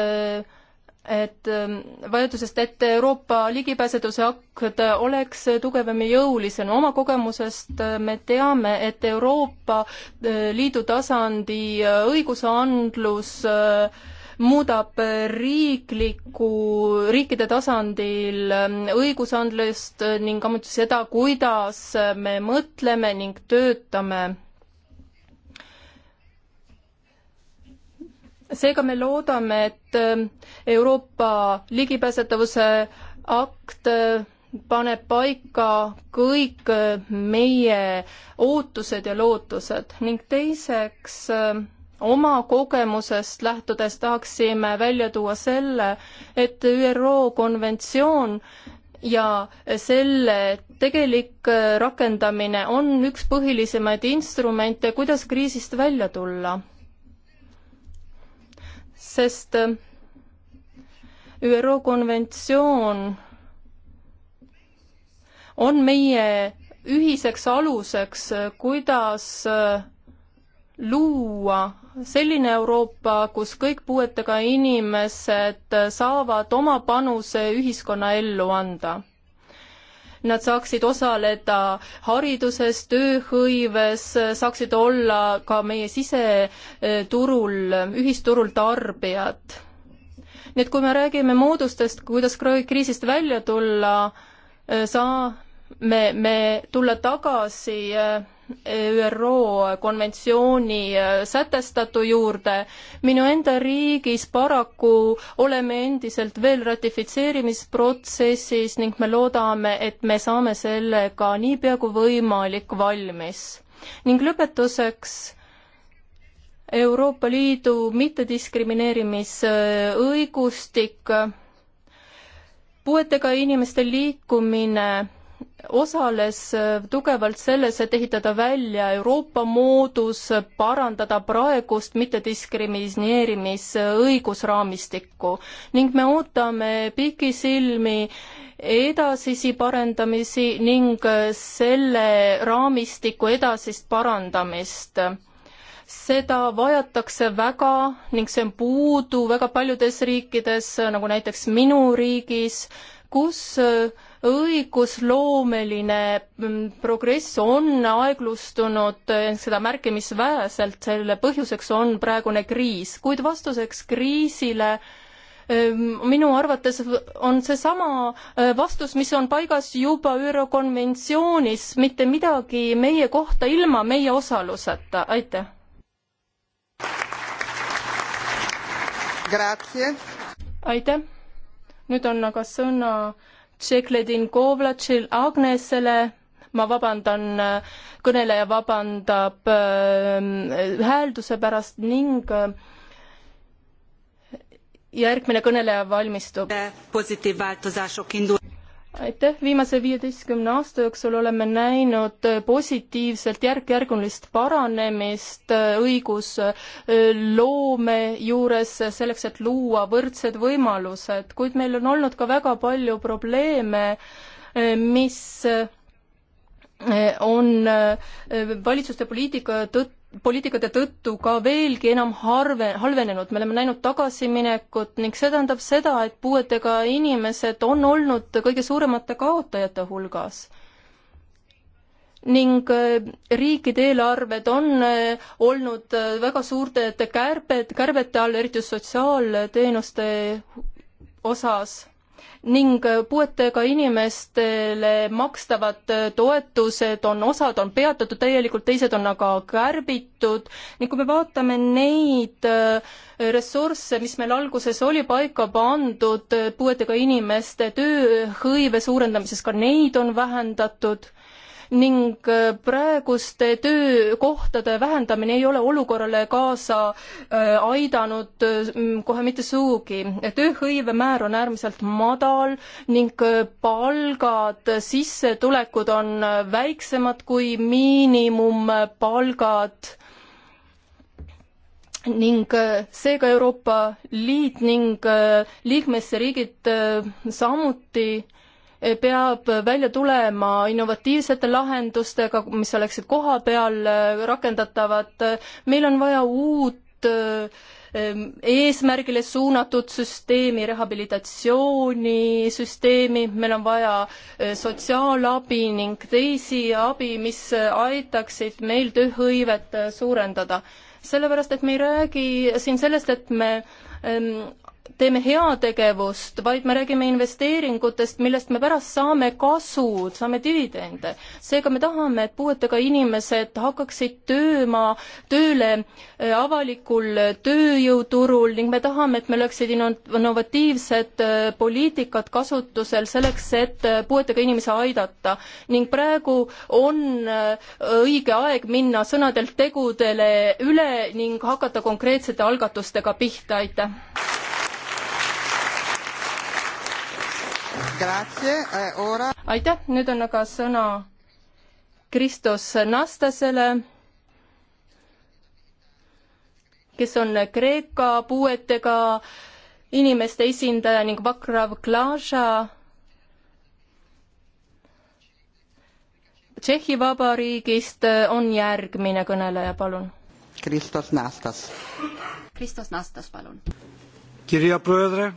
et vajadusest, et Euroopa ligipääsetuse akt oleks tugevam ja jõulisem. oma kogemusest me teame, et Euroopa Liidu tasandi õigusandlus äh, muudab riikliku, riikide tasandil õigusandlust ning samuti seda, kuidas me mõtleme ning töötame seega me loodame, et Euroopa ligipääsetavuse akt paneb paika kõik meie ootused ja lootused ning teiseks äh, oma kogemusest lähtudes tahaksime välja tuua selle, et ÜRO konventsioon ja selle tegelik rakendamine on üks põhilisemaid instrumente, kuidas kriisist välja tulla. sest ÜRO konventsioon on meie ühiseks aluseks, kuidas luua selline Euroopa, kus kõik puuetega inimesed saavad oma panuse ühiskonnaellu anda. Nad saaksid osaleda hariduses, tööhõives, saaksid olla ka meie siseturul, ühisturul tarbijad. nii et kui me räägime moodustest, kuidas kriisist välja tulla, saa-, me, me tulla tagasi äh, ÜRO konventsiooni äh, sätestatu juurde. minu enda riigis paraku oleme endiselt veel ratifitseerimisprotsessis ning me loodame, et me saame sellega niipea kui võimalik valmis. ning lõpetuseks Euroopa Liidu mittediskrimineerimisõigustik, puuetega inimeste liikumine osales äh, tugevalt selles, et ehitada välja Euroopa moodus, parandada praegust mittediskrimineerimisõigusraamistikku ning me ootame pikisilmi edasisi parendamisi ning äh, selle raamistiku edasist parandamist seda vajatakse väga ning see on puudu väga paljudes riikides, nagu näiteks minu riigis, kus äh, õigusloomeline mm, progress on aeglustunud, eh, seda märkimisväärselt, selle põhjuseks on praegune kriis, kuid vastuseks kriisile eh, minu arvates on seesama eh, vastus, mis on paigas juba ÜRO konventsioonis, mitte midagi meie kohta ilma meie osaluseta, aitäh. aitäh, nüüd on aga sõna Tšekledin Kovlatšil Agnesele, ma vabandan, kõneleja vabandab äh, häälduse pärast ning äh, järgmine kõneleja valmistub aitäh, viimase viieteistkümne aasta jooksul oleme näinud äh, positiivselt järk-järgulist paranemist äh, õigusloome äh, juures selleks, et luua võrdsed võimalused, kuid meil on olnud ka väga palju probleeme, mis on äh, valitsuste poliitika tõttu poliitikate tõttu ka veelgi enam harve, halvenenud, me oleme näinud tagasiminekut ning see tähendab seda, et puuetega inimesed on olnud kõige suuremate kaotajate hulgas. ning äh, riikide eelarved on äh, olnud väga suurte kärbed, kärbete all, eriti sotsiaalteenuste osas ning puuetega inimestele makstavad toetused on, osad on peatatud täielikult, teised on aga kärbitud ning kui me vaatame neid äh, ressursse, mis meil alguses oli paika pandud puuetega inimeste tööhõive suurendamises, ka neid on vähendatud ning äh, praeguste töökohtade vähendamine ei ole olukorrale kaasa äh, aidanud äh, kohe mitte sugugi. tööhõive määr on äärmiselt madal ning palgad, sissetulekud on väiksemad kui miinimumpalgad ning seega Euroopa Liit ning liikmesriigid samuti peab välja tulema innovatiivsete lahendustega, mis oleksid kohapeal rakendatavad, meil on vaja uut ähm, eesmärgile suunatud süsteemi, rehabilitatsioonisüsteemi, meil on vaja äh, sotsiaalabi ning teisi abi, mis aitaksid meil tööhõivet suurendada. sellepärast, et me ei räägi siin sellest, et me ähm, teeme heategevust, vaid me räägime investeeringutest, millest me pärast saame kasu, saame dividende. seega me tahame, et puuetega inimesed hakkaksid tööma, tööle äh, avalikul tööjõuturul ning me tahame, et meil oleksid innovatiivsed äh, poliitikad kasutusel selleks, et äh, puuetega inimesi aidata. ning praegu on õige aeg minna sõnadelt tegudele üle ning hakata konkreetsete algatustega pihta, aitäh! Eh, aitäh, nüüd on aga sõna Kristos Nastasele, kes on Kreeka puuetega inimeste esindaja ning Vakrav Klaža Tšehhi Vabariigist on järgmine kõneleja, palun. Kristos Nastas. Kristos Nastas, palun. kirja pöörde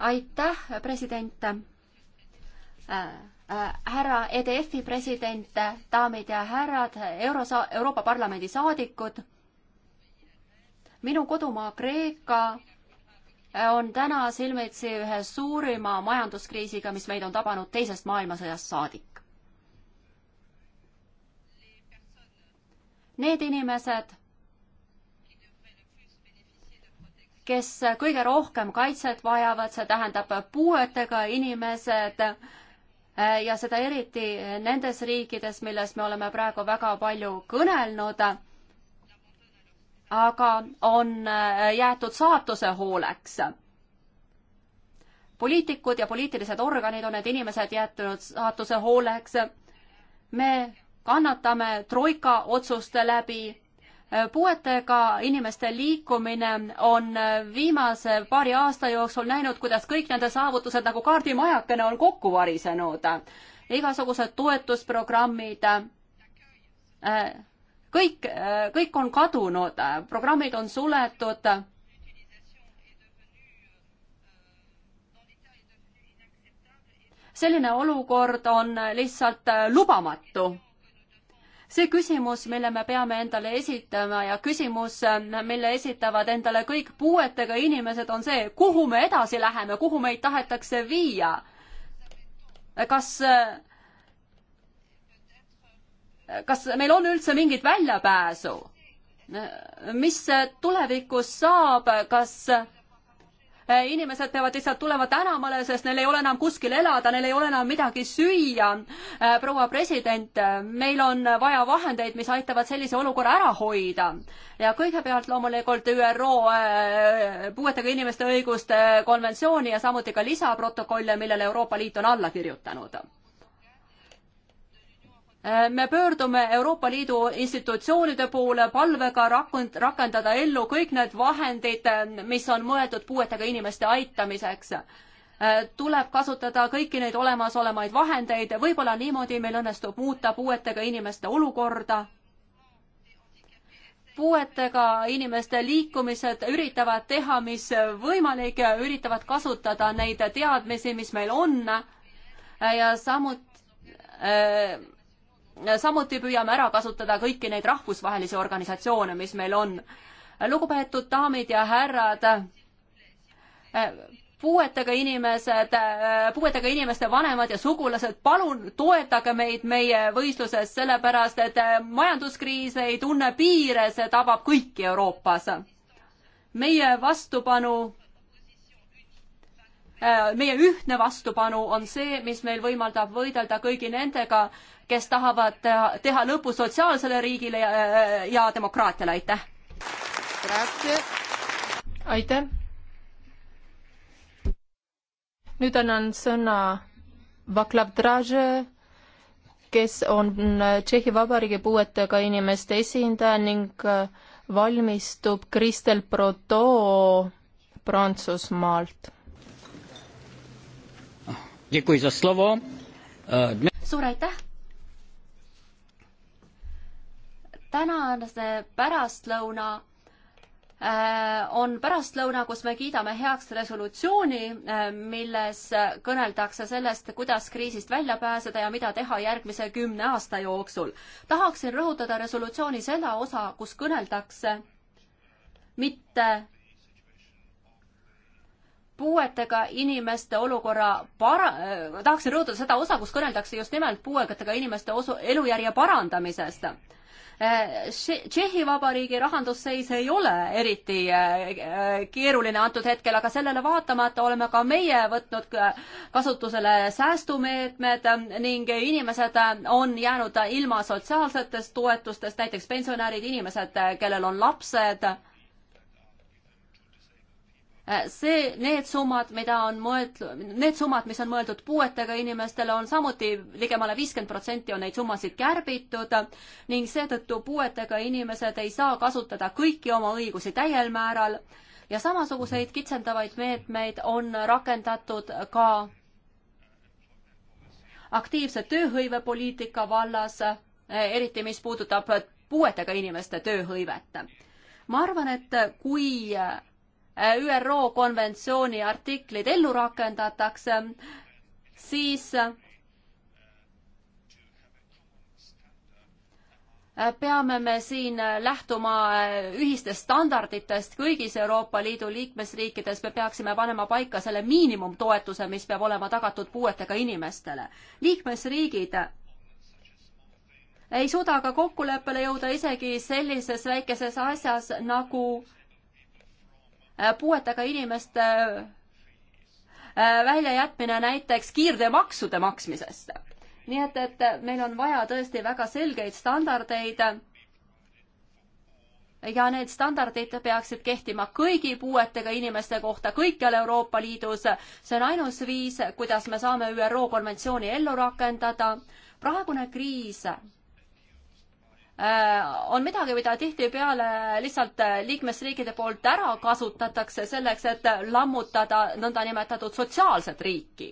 aitäh, president äh, äh, härra EDF-i president, daamid ja härrad, Eurosa-, Euroopa Parlamendi saadikud. minu kodumaa Kreeka äh, on täna silmitsi ühe suurima majanduskriisiga, mis meid on tabanud teisest maailmasõjast saadik. Need inimesed, kes kõige rohkem kaitset vajavad, see tähendab puuetega inimesed eh, ja seda eriti nendes riikides, millest me oleme praegu väga palju kõnelnud, aga on eh, jäetud saatuse hooleks. poliitikud ja poliitilised organid on need inimesed jätnud saatuse hooleks. me kannatame troika otsuste läbi Äh, puuetega inimeste liikumine on äh, viimase paari aasta jooksul näinud, kuidas kõik nende saavutused nagu kaardimajakene on kokku varisenud. igasugused toetusprogrammid, äh, kõik, kõik on kadunud, programmid on suletud. selline olukord on lihtsalt lubamatu see küsimus, mille me peame endale esitama ja küsimus, mille esitavad endale kõik puuetega inimesed, on see, kuhu me edasi läheme, kuhu meid tahetakse viia. kas, kas meil on üldse mingit väljapääsu? mis tulevikus saab, kas Äh, inimesed peavad lihtsalt tulema tänavale, sest neil ei ole enam kuskil elada, neil ei ole enam midagi süüa. Äh, proua president, meil on vaja vahendeid, mis aitavad sellise olukorra ära hoida. ja kõigepealt loomulikult ÜRO äh, puuetega inimeste õiguste konventsiooni ja samuti ka lisaprotokolle, millele Euroopa Liit on alla kirjutanud Äh, me pöördume Euroopa Liidu institutsioonide poole palvega rakund, rakendada ellu kõik need vahendid, äh, mis on mõeldud puuetega inimeste aitamiseks. Äh, tuleb kasutada kõiki neid olemasolevaid vahendeid, võib-olla niimoodi meil õnnestub muuta puuetega inimeste olukorda. puuetega inimeste liikumised üritavad teha, mis võimalik, üritavad kasutada neid teadmisi, mis meil on ja samuti äh, samuti püüame ära kasutada kõiki neid rahvusvahelisi organisatsioone, mis meil on. lugupeetud daamid ja härrad, puuetega inimesed, puuetega inimeste vanemad ja sugulased, palun toetage meid meie võistluses, sellepärast et majanduskriis ei tunne piire, see tabab kõiki Euroopas. meie vastupanu Äh, meie ühtne vastupanu on see, mis meil võimaldab võidelda kõigi nendega, kes tahavad teha, teha lõpu sotsiaalsele riigile ja, äh, ja demokraatiale, aitäh! aitäh! nüüd annan sõna Vaklav Draže, kes on äh, Tšehhi Vabariigi puuetega inimeste esindaja ning valmistub Kristel Proto Prantsusmaalt Eh, suur aitäh! tänase pärastlõuna eh, on pärastlõuna, kus me kiidame heaks resolutsiooni, eh, milles kõneldakse sellest, kuidas kriisist välja pääseda ja mida teha järgmise kümne aasta jooksul. tahaksin rõhutada resolutsiooni seda osa, kus kõneldakse mitte puuetega inimeste olukorra para-, äh, tahaksin rõhutada seda osa, kus kõneldakse just nimelt puuetega inimeste osu, elujärje parandamisest. Äh, Tšehhi Vabariigi rahandusseis ei ole eriti äh, keeruline antud hetkel, aga sellele vaatamata oleme ka meie võtnud kasutusele säästumeetmed ning inimesed on jäänud ilma sotsiaalsetest toetustest, näiteks pensionärid, inimesed, kellel on lapsed Äh, see, need summad, mida on mõeldud, need summad, mis on mõeldud puuetega inimestele, on samuti ligemale viiskümmend protsenti on neid summasid kärbitud ning seetõttu puuetega inimesed ei saa kasutada kõiki oma õigusi täiel määral ja samasuguseid kitsendavaid meetmeid on rakendatud ka aktiivse tööhõivepoliitika vallas, äh, eriti mis puudutab puuetega inimeste tööhõivet. ma arvan, et kui Äh, ÜRO konventsiooni artiklid ellu rakendatakse, siis äh, peame me siin äh, lähtuma ühistest standarditest kõigis Euroopa Liidu liikmesriikides, me peaksime panema paika selle miinimumtoetuse, mis peab olema tagatud puuetega inimestele. liikmesriigid ei suuda ka kokkuleppele jõuda isegi sellises väikeses asjas nagu äh, Äh, puuetega inimeste äh, väljajätmine näiteks kiirteemaksude maksmisest. nii et, et meil on vaja tõesti väga selgeid standardeid. ja need standardid peaksid kehtima kõigi puuetega inimeste kohta kõikjal Euroopa Liidus. see on ainus viis, kuidas me saame ÜRO konventsiooni ellu rakendada. praegune kriis Äh, on midagi, mida tihtipeale lihtsalt äh, liikmesriikide poolt ära kasutatakse selleks, et lammutada nõndanimetatud sotsiaalset riiki.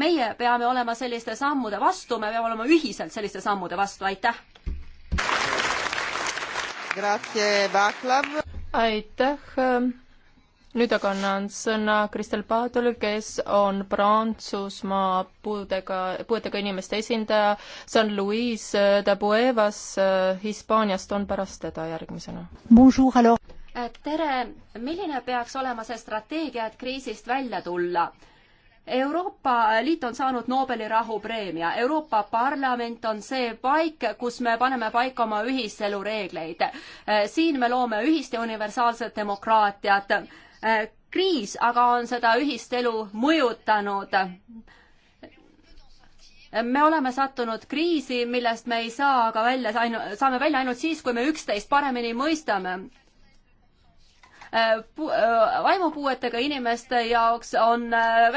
meie peame olema selliste sammude vastu, me peame olema ühiselt selliste sammude vastu, aitäh! aitäh! Ähm, nüüd aga annan sõna Kristel Paadule, kes on Prantsusmaa puudega, puudega inimeste esindaja. San Luis de Buevas Hispaaniast on pärast teda järgmisena. tere, milline peaks olema see strateegia, et kriisist välja tulla? Euroopa Liit on saanud Nobeli rahupreemia, Euroopa Parlament on see paik, kus me paneme paika oma ühiselureegleid. siin me loome ühist ja universaalset demokraatiat Äh, kriis aga on seda ühist elu mõjutanud. me oleme sattunud kriisi, millest me ei saa aga välja, saame välja ainult siis, kui me üksteist paremini mõistame. Äh, äh, vaimupuuetega inimeste jaoks on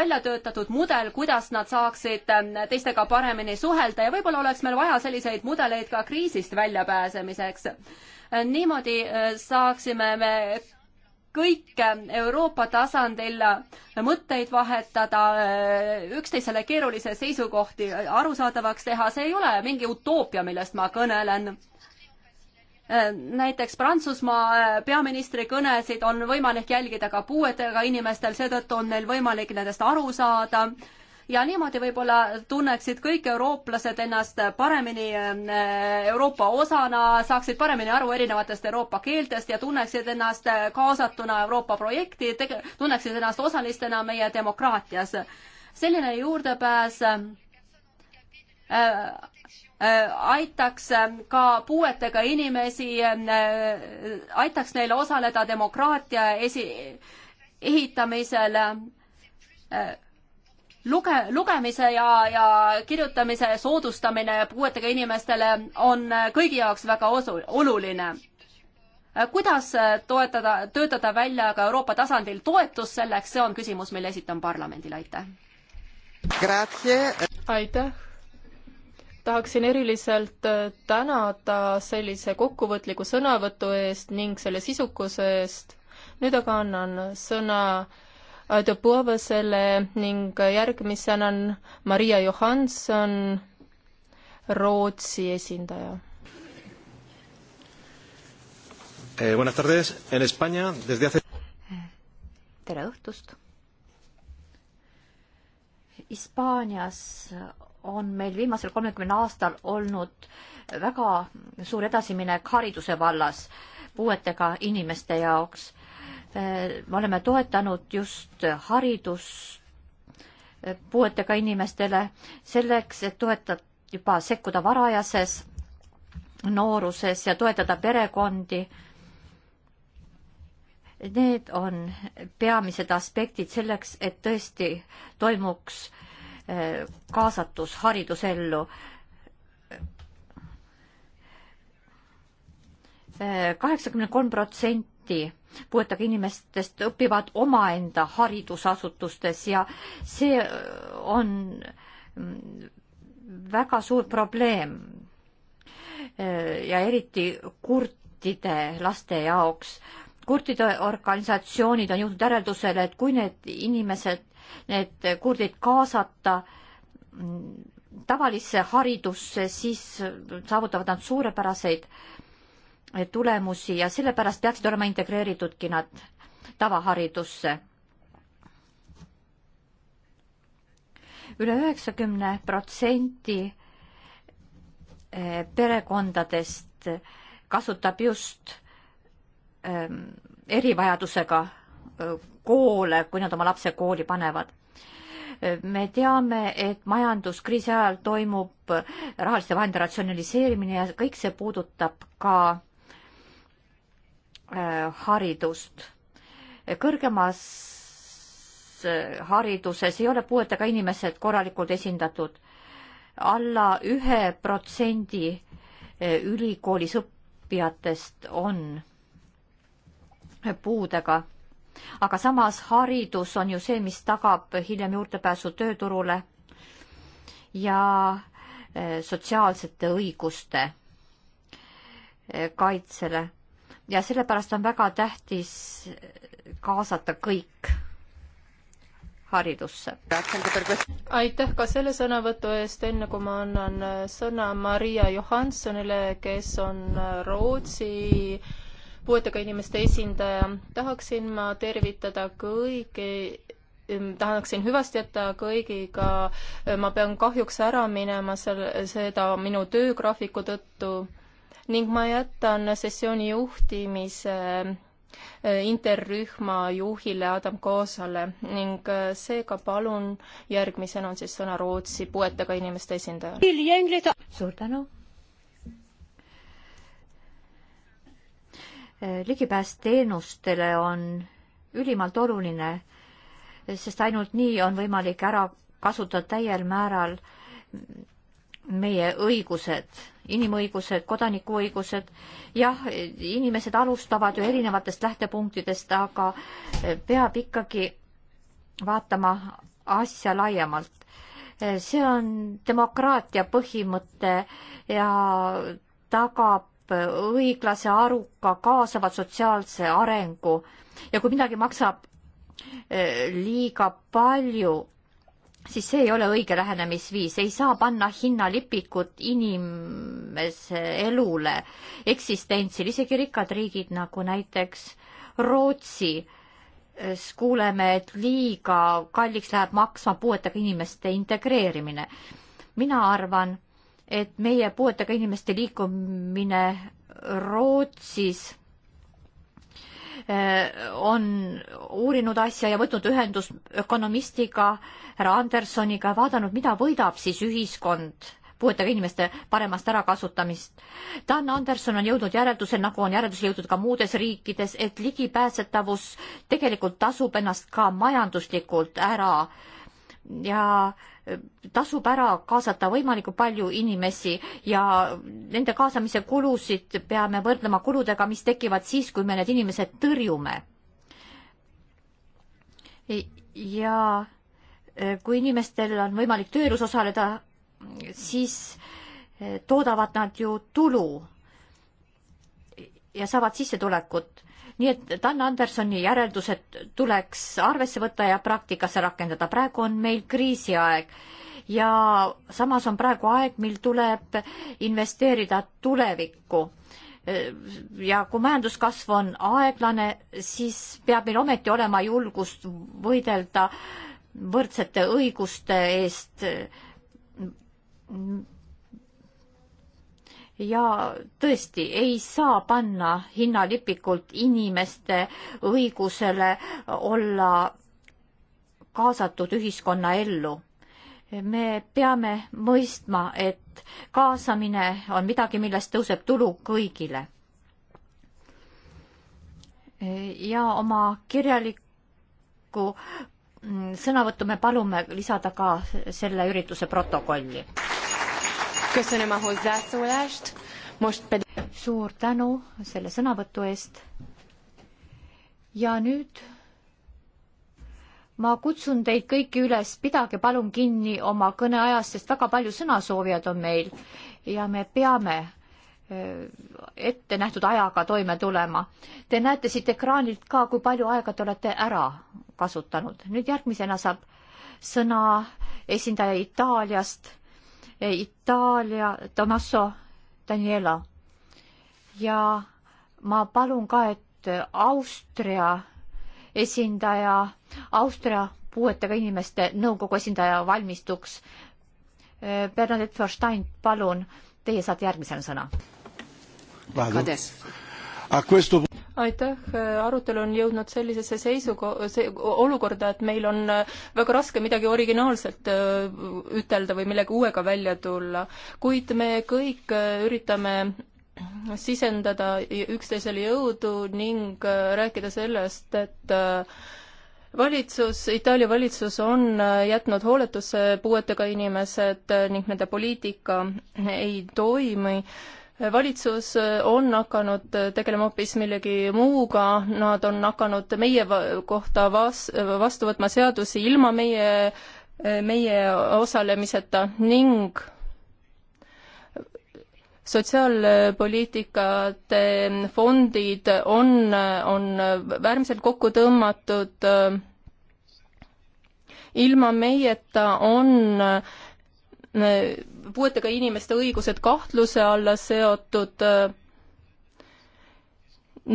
välja töötatud mudel, kuidas nad saaksid teistega paremini suhelda ja võib-olla oleks meil vaja selliseid mudeleid ka kriisist väljapääsemiseks niimoodi saaksime me kõik äh, Euroopa tasandil äh, mõtteid vahetada, äh, üksteisele keerulisi seisukohti arusaadavaks teha, see ei ole mingi utoopia, millest ma kõnelen. näiteks Prantsusmaa peaministri kõnesid on võimalik jälgida ka puuetega inimestel, seetõttu on neil võimalik nendest aru saada ja niimoodi võib-olla tunneksid kõik eurooplased ennast paremini äh, Euroopa osana, saaksid paremini aru erinevatest Euroopa keeltest ja tunneksid ennast kaasatuna Euroopa projekti, tunneksid ennast osalistena meie demokraatias. selline juurdepääs äh, äh, aitaks ka puuetega inimesi, aitaks neil osaleda demokraatia esi, ehitamisel luge-, lugemise ja, ja kirjutamise soodustamine puuetega inimestele on äh, kõigi jaoks väga osu-, oluline. Äh, kuidas äh, toetada, töötada välja ka Euroopa tasandil toetus selleks, see on küsimus, mille esitan parlamendile, aitäh. aitäh tahaksin eriliselt tänada sellise kokkuvõtliku sõnavõtu eest ning selle sisukuse eest. nüüd aga annan sõna Adobuovasele ning järgmisena on Maria Johanson, Rootsi esindaja. Eh, tere õhtust! Hispaanias on meil viimasel kolmekümne aastal olnud väga suur edasiminek hariduse vallas puuetega inimeste jaoks me oleme toetanud just haridus puuetega inimestele selleks, et toetada juba sekkuda varajases nooruses ja toetada perekondi. Need on peamised aspektid selleks, et tõesti toimuks eh, kaasatus haridusellu. Eh, kaheksakümmend kolm protsenti protsenti puuetega inimestest õpivad omaenda haridusasutustes ja see äh, on mm, väga suur probleem. Äh, ja eriti kurtide laste jaoks. kurtide organisatsioonid on jõudnud järeldusele, et kui need inimesed, need kurdid kaasata mm, tavalisse haridusse, siis saavutavad nad suurepäraseid tulemusi ja sellepärast peaksid olema integreeritudki nad tavaharidusse üle. üle üheksakümne protsendi eh, perekondadest kasutab just ehm, erivajadusega eh, koole, kui nad oma lapse kooli panevad. me teame, et majanduskriisi ajal toimub rahaliste vahendite ratsionaliseerimine ja kõik see puudutab ka Äh, haridust. kõrgemas äh, hariduses ei ole puuetega inimesed korralikult esindatud alla. alla ühe protsendi äh, ülikoolis õppijatest on puudega. aga samas haridus on ju see, mis tagab hiljem juurdepääsu tööturule ja sotsiaalsete õiguste kaitsele ja sellepärast on väga tähtis kaasata kõik haridusse. aitäh ka selle sõnavõtu eest, enne kui ma annan sõna Maria Johansonile, kes on Rootsi puuetega inimeste esindaja. tahaksin ma tervitada kõigi tahaksin hüvasti jätta kõigiga, ma pean kahjuks ära minema selle, seda minu töögraafiku tõttu ning ma jätan sessiooni juhtimise äh, interrühma juhile Adam Koosale ning äh, seega palun, järgmisena on siis sõna Rootsi puuetega inimeste esindajale. suur tänu. Äh, ligipääs teenustele on ülimalt oluline, sest ainult nii on võimalik ära kasutada täiel määral meie õigused, inimõigused, kodanikuõigused. jah, inimesed alustavad ju erinevatest lähtepunktidest, aga eh, peab ikkagi vaatama asja laiemalt. Eh, see on demokraatia põhimõte ja tagab õiglase, aruka, kaasava sotsiaalse arengu ja kui midagi maksab eh, liiga palju, siis see ei ole õige lähenemisviis, ei saa panna hinnalipikut inimese elule, eksistentsile, isegi rikkad riigid nagu näiteks Rootsi, kuuleme, et liiga kalliks läheb maksma puuetega inimeste integreerimine. mina arvan, et meie puuetega inimeste liikumine Rootsis Äh, on uurinud asja ja võtnud ühendust ökonomistiga, härra Andersoniga, vaadanud, mida võidab siis ühiskond puuetega inimeste paremast ärakasutamist. Dan Anderson on jõudnud järeldusel, nagu on järeldusele jõudnud ka muudes riikides, et ligipääsetavus tegelikult tasub ennast ka majanduslikult ära äh, ja äh, tasub ära kaasata võimalikult palju inimesi ja nende kaasamise kulusid peame võrdlema kuludega, mis tekivad siis, kui me need inimesed tõrjume. ja äh, kui inimestel on võimalik tööelus osaleda, siis äh, toodavad nad ju tulu ja saavad sissetulekut. nii et Dan Andersoni järeldused tuleks arvesse võtta ja praktikasse rakendada. praegu on meil kriisiaeg ja samas on praegu aeg, mil tuleb investeerida tulevikku. ja kui majanduskasv on aeglane, siis peab meil ometi olema julgust võidelda võrdsete õiguste eest ja tõesti ei saa panna hinnalipikult inimeste õigusele olla kaasatud ühiskonnaellu. me peame mõistma, et kaasamine on midagi, millest tõuseb tulu kõigile ja oma kirjalikku mm, sõnavõttu me palume lisada ka selle ürituse protokolli. Köszönöm a hozzászólást. Most pedig... Suur tänu selle sõnavõtu eest. Ja nüüd ma kutsun teid kõiki üles, pidage palun kinni oma kõneajast, sest väga palju sõnasoovijad on meil ja me peame äh, ette nähtud ajaga toime tulema. Te näete siit ekraanilt ka, kui palju aega te olete ära kasutanud. nüüd järgmisena saab sõna esindaja Itaaliast Itaalia Tommaso Daniela ja ma palun ka, et Austria esindaja, Austria puuetega inimeste nõukogu esindaja valmistuks. Bernadette Verstein, palun, teie saate järgmisena sõna. Kades aitäh, arutelu on jõudnud sellisesse seisuko-, see olukorda, et meil on äh, väga raske midagi originaalselt äh, ütelda või millegi uuega välja tulla, kuid me kõik äh, üritame sisendada üksteisele jõudu ning rääkida sellest, et valitsus, Itaalia valitsus on jätnud hooletusse puuetega inimesed ning nende poliitika ei toimi valitsus äh, on hakanud äh, tegelema hoopis millegi muuga, nad on hakanud meie kohta vas-, vastu võtma seadusi ilma meie, äh, meie osalemiseta ning sotsiaalpoliitikate fondid on, on äärmiselt kokku tõmmatud. ilma meieta on puuetega inimeste õigused kahtluse alla seotud äh,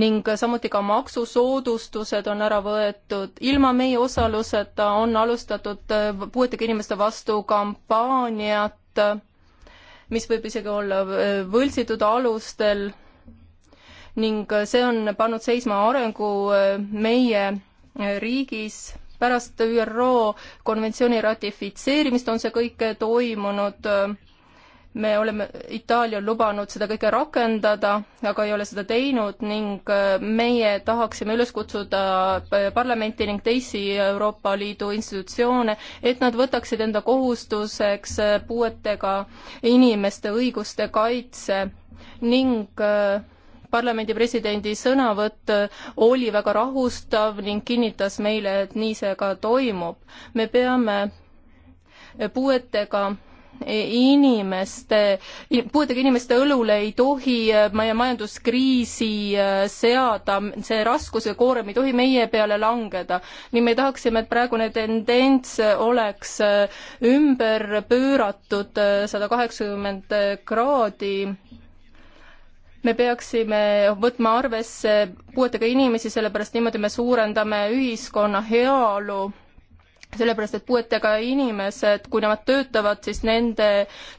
ning samuti ka maksusoodustused on ära võetud. ilma meie osaluseta on alustatud äh, puuetega inimeste vastu kampaaniat, äh, mis võib isegi olla võltsitud alustel ning see on pannud seisma arengu meie riigis pärast ÜRO konventsiooni ratifitseerimist on see kõik toimunud me oleme, Itaalia on lubanud seda kõike rakendada, aga ei ole seda teinud ning meie tahaksime üles kutsuda parlamenti ning teisi Euroopa Liidu institutsioone, et nad võtaksid enda kohustuseks puuetega inimeste õiguste kaitse ning parlamendi presidendi sõnavõtt oli väga rahustav ning kinnitas meile, et nii see ka toimub. me peame puuetega inimeste, puuetega inimeste õlule ei tohi meie majanduskriisi seada, see raskuse koorem ei tohi meie peale langeda. nii me tahaksime, et praegune tendents oleks ümber pööratud eh, sada kaheksakümmend kraadi me peaksime võtma arvesse puuetega inimesi, sellepärast niimoodi me suurendame ühiskonna heaolu, sellepärast et puuetega inimesed, kui nemad töötavad, siis nende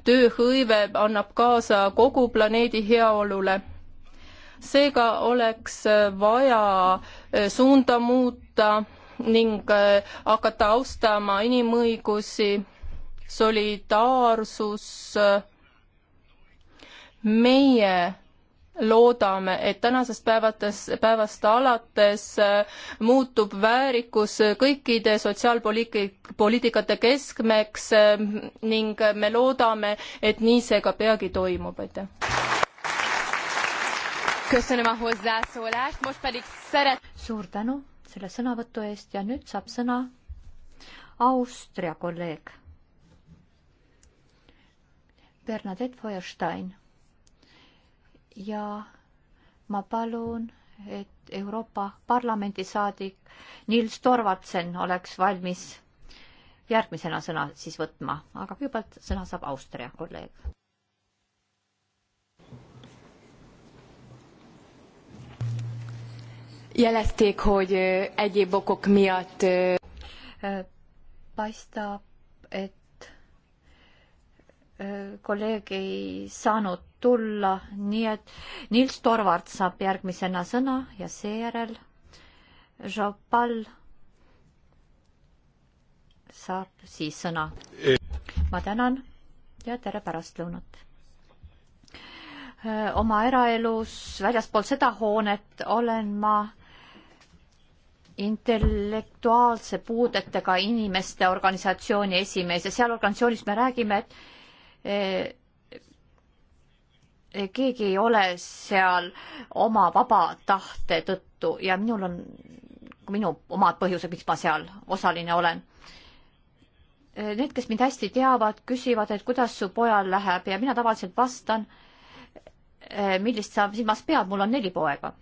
tööhõive annab kaasa kogu planeedi heaolule seega oleks vaja eh, suunda muuta ning eh, hakata austama inimõigusi, solidaarsus, eh, meie loodame, et tänasest päevates, päevast alates äh, muutub väärikus kõikide sotsiaalpoliitikate keskmeks äh, ning me loodame, et nii see ka peagi toimub, aitäh. suur tänu selle sõnavõtu eest ja nüüd saab sõna Austria kolleeg Bernadette Feuerstein ja ma palun, et Euroopa Parlamendi saadik Nils Torvatsen oleks valmis järgmisena sõna siis võtma, aga kõigepealt sõna saab Austria kolleeg. jelezték, hogy egyéb okok miatt paistab, et kolleeg ei saanud tulla, nii et Nils Torvald saab järgmisena sõna ja seejärel Jean-Paul saab siis sõna. ma tänan ja tere pärastlõunat. oma eraelus väljaspool seda hoonet olen ma intellektuaalse puudetega inimeste organisatsiooni esimees ja seal organisatsioonis me räägime, et eh, keegi ei ole seal oma vaba tahte tõttu ja minul on minu omad põhjused, miks ma seal osaline olen. Need, kes mind hästi teavad, küsivad, et kuidas su pojal läheb ja mina tavaliselt vastan, millist sa silmas pead, mul on neli poega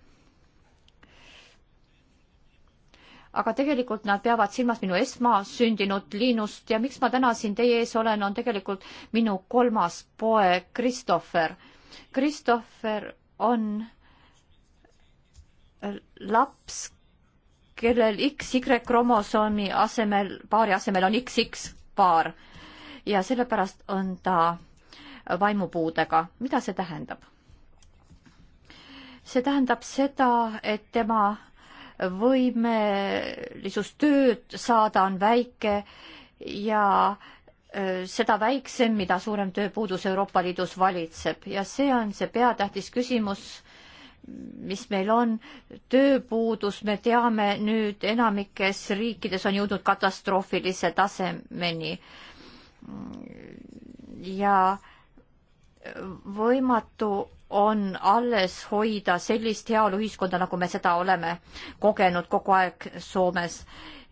aga tegelikult nad peavad silmas minu esmasündinud Liinust ja miks ma täna siin teie ees olen, on tegelikult minu kolmas poeg Christopher Christopher on laps, kellel XY kromosoomi asemel, paari asemel on XX paar ja sellepärast on ta vaimupuudega. mida see tähendab? see tähendab seda, et tema võimelisus tööd saada on väike ja äh, Äh, seda väiksem, mida suurem tööpuudus Euroopa Liidus valitseb ja see on see peatähtis küsimus, mis meil on. tööpuudus, me teame nüüd enamikes riikides on jõudnud katastroofilise tasemeni. ja võimatu on alles hoida sellist heaoluühiskonda, nagu me seda oleme kogenud kogu aeg Soomes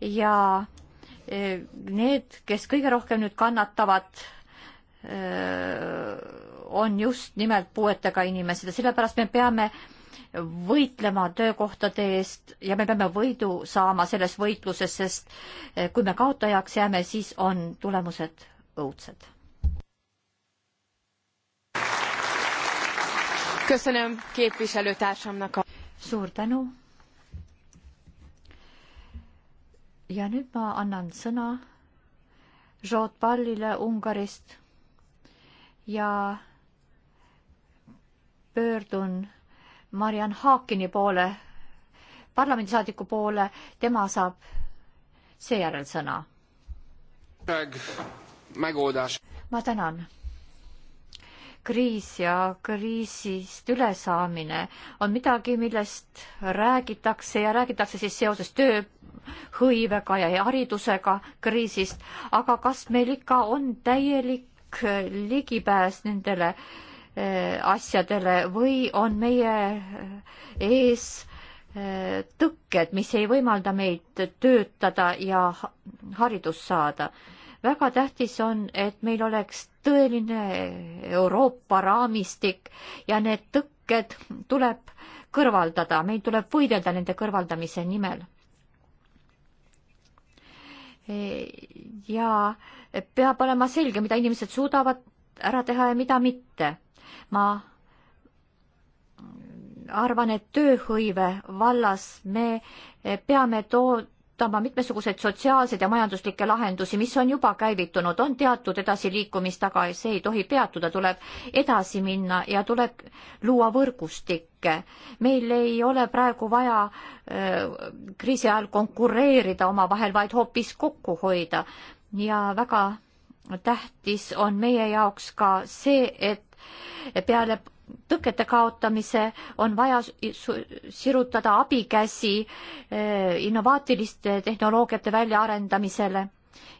ja Eh, need, kes kõige rohkem nüüd kannatavad, eh, on just nimelt puuetega inimesed ja sellepärast me peame võitlema töökohtade eest ja me peame võidu saama selles võitluses, sest eh, kui me kaotajaks jääme, siis on tulemused õudsed. suur tänu ja nüüd ma annan sõna Jean Pallile Ungarist ja pöördun Marian Haakini poole, parlamendisaadiku poole, tema saab seejärel sõna. ma tänan. kriis ja kriisist ülesaamine on midagi, millest räägitakse ja räägitakse siis seoses töö hõivega ja haridusega kriisist, aga kas meil ikka on täielik äh, ligipääs nendele äh, asjadele või on meie äh, ees tõkked, mis ei võimalda meid töötada ja haridust saada. väga tähtis on, et meil oleks tõeline Euroopa raamistik ja need tõkked tuleb kõrvaldada, meil tuleb võidelda nende kõrvaldamise nimel ja peab olema selge, mida inimesed suudavad ära teha ja mida mitte. ma arvan, et tööhõive vallas me peame too-, arutama mitmesuguseid sotsiaalseid ja majanduslikke lahendusi, mis on juba käivitunud, on teatud edasiliikumist, aga see ei tohi peatuda, tuleb edasi minna ja tuleb luua võrgustikke. meil ei ole praegu vaja äh, kriisi ajal konkureerida omavahel, vaid hoopis kokku hoida ja väga tähtis on meie jaoks ka see, et peale tõkete kaotamise, on vaja sirutada abikäsi eh, innovaatiliste tehnoloogiate väljaarendamisele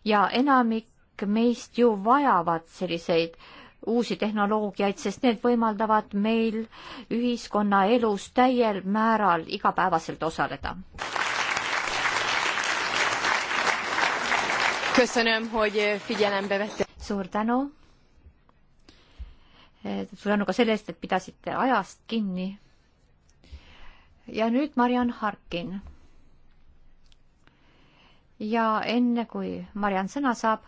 ja enamik meist ju vajavad selliseid uusi tehnoloogiaid, sest need võimaldavad meil ühiskonnaelus täiel määral igapäevaselt osaleda. suur tänu Eh, suur tänu ka selle eest, et pidasite ajast kinni. ja nüüd Mariann Harkin. ja enne kui Mariann sõna saab,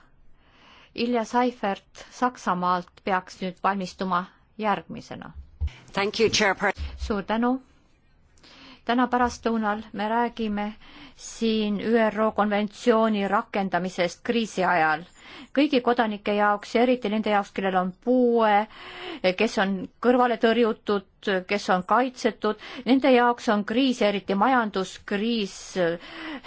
Ilja Seifert Saksamaalt peaks nüüd valmistuma järgmisena. suur tänu täna pärastlõunal me räägime siin ÜRO konventsiooni rakendamisest kriisi ajal kõigi kodanike jaoks ja eriti nende jaoks, kellel on puue, kes on kõrvale tõrjutud, kes on kaitsetud, nende jaoks on kriis, eriti majanduskriis,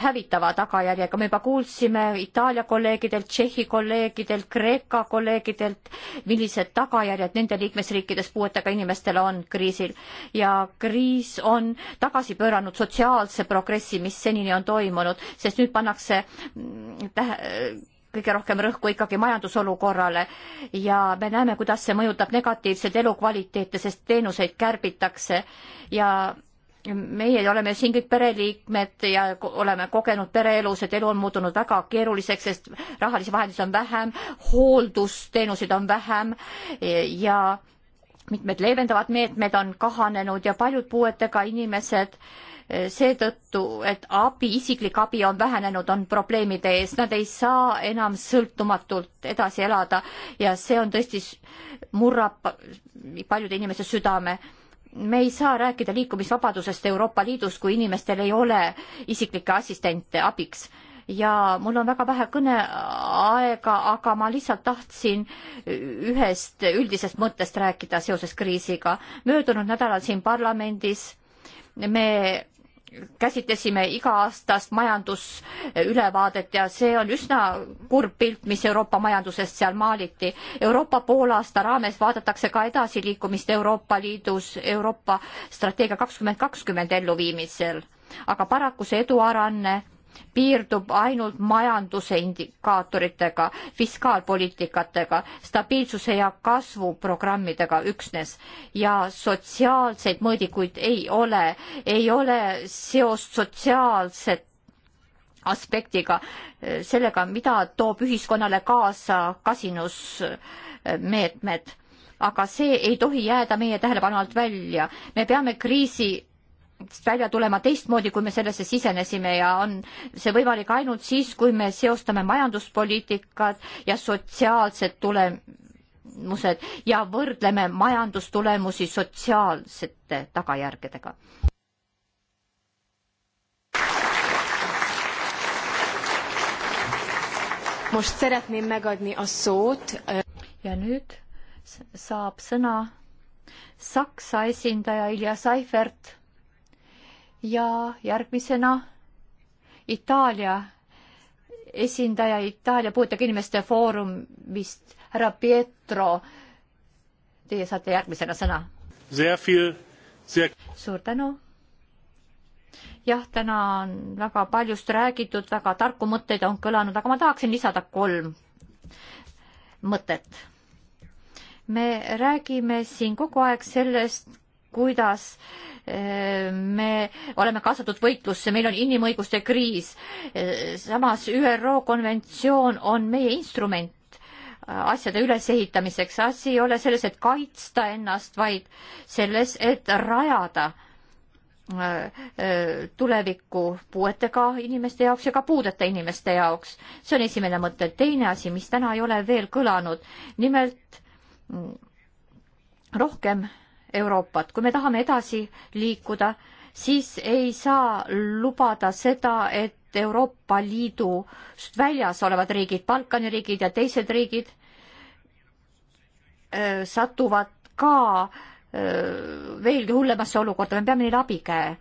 hävitava tagajärjega. me juba kuulsime Itaalia kolleegidelt, Tšehhi kolleegidelt, Kreeka kolleegidelt, millised tagajärjed nende liikmesriikides puuetega inimestele on kriisil. ja kriis on tagasi pööranud sotsiaalse progressi, mis senini on toimunud, sest nüüd pannakse mm, tähe kõige rohkem rõhku ikkagi majandusolukorrale ja me näeme, kuidas see mõjutab negatiivset elukvaliteeti, sest teenuseid kärbitakse ja meie oleme siin kõik pereliikmed ja oleme kogenud pereelus, et elu on muutunud väga keeruliseks, sest rahalisi vahendeid on vähem, hooldusteenuseid on vähem ja mitmed leevendavad meetmed on kahanenud ja paljud puuetega inimesed äh, seetõttu, et abi, isiklik abi on vähenenud, on probleemide ees, nad ei saa enam sõltumatult edasi elada ja see on tõesti, murrab paljude inimeste südame me ei saa rääkida liikumisvabadusest Euroopa Liidus, kui inimestel ei ole isiklikke assistente abiks. ja mul on väga vähe kõneaega, aga ma lihtsalt tahtsin ühest üldisest mõttest rääkida seoses kriisiga. möödunud nädalal siin parlamendis me käsitlesime iga-aastast majandusülevaadet ja see on üsna kurb pilt, mis Euroopa majandusest seal maaliti. Euroopa poolaasta raames vaadatakse ka edasiliikumist Euroopa Liidus Euroopa strateegia kakskümmend kakskümmend elluviimisel, aga paraku see eduaranne piirdub ainult majanduse indikaatoritega, fiskaalpoliitikatega, stabiilsuse ja kasvu programmidega üksnes ja sotsiaalseid mõõdikuid ei ole, ei ole seost sotsiaalset aspektiga, sellega, mida toob ühiskonnale kaasa kasinusmeetmed. aga see ei tohi jääda meie tähelepanu alt välja. me peame kriisi välja tulema teistmoodi, kui me sellesse sisenesime ja on see võimalik ainult siis, kui me seostame majanduspoliitikat ja sotsiaalsed tulemused ja võrdleme majandustulemusi sotsiaalsete tagajärgedega. most szeretném megadni a szót. Ja nüüd saab sõna Saksa esindaja Ilja Seifert ja järgmisena Itaalia esindaja Itaalia puuetega inimeste foorumist, härra Pietro. Teie saate järgmisena sõna. Sehr... suur tänu. jah, täna on väga paljust räägitud, väga tarku mõtteid on kõlanud, aga ma tahaksin lisada kolm mõtet. me räägime siin kogu aeg sellest, kuidas eh, me oleme kaasatud võitlusse, meil on inimõiguste kriis. Eh, samas ÜRO konventsioon on meie instrument eh, asjade ülesehitamiseks. asi ei ole selles, et kaitsta ennast, vaid selles, et rajada tulevikku puuetega inimeste jaoks ja ka puudeta inimeste jaoks. see on esimene mõte. teine asi, mis täna ei ole veel kõlanud, nimelt mm, rohkem Euroopat. kui me tahame edasi liikuda, siis ei saa lubada seda, et Euroopa Liidust väljas olevad riigid, Balkani riigid ja teised riigid öö, äh, satuvad ka öö, äh, veelgi hullemasse olukorda, me peame neile abikäe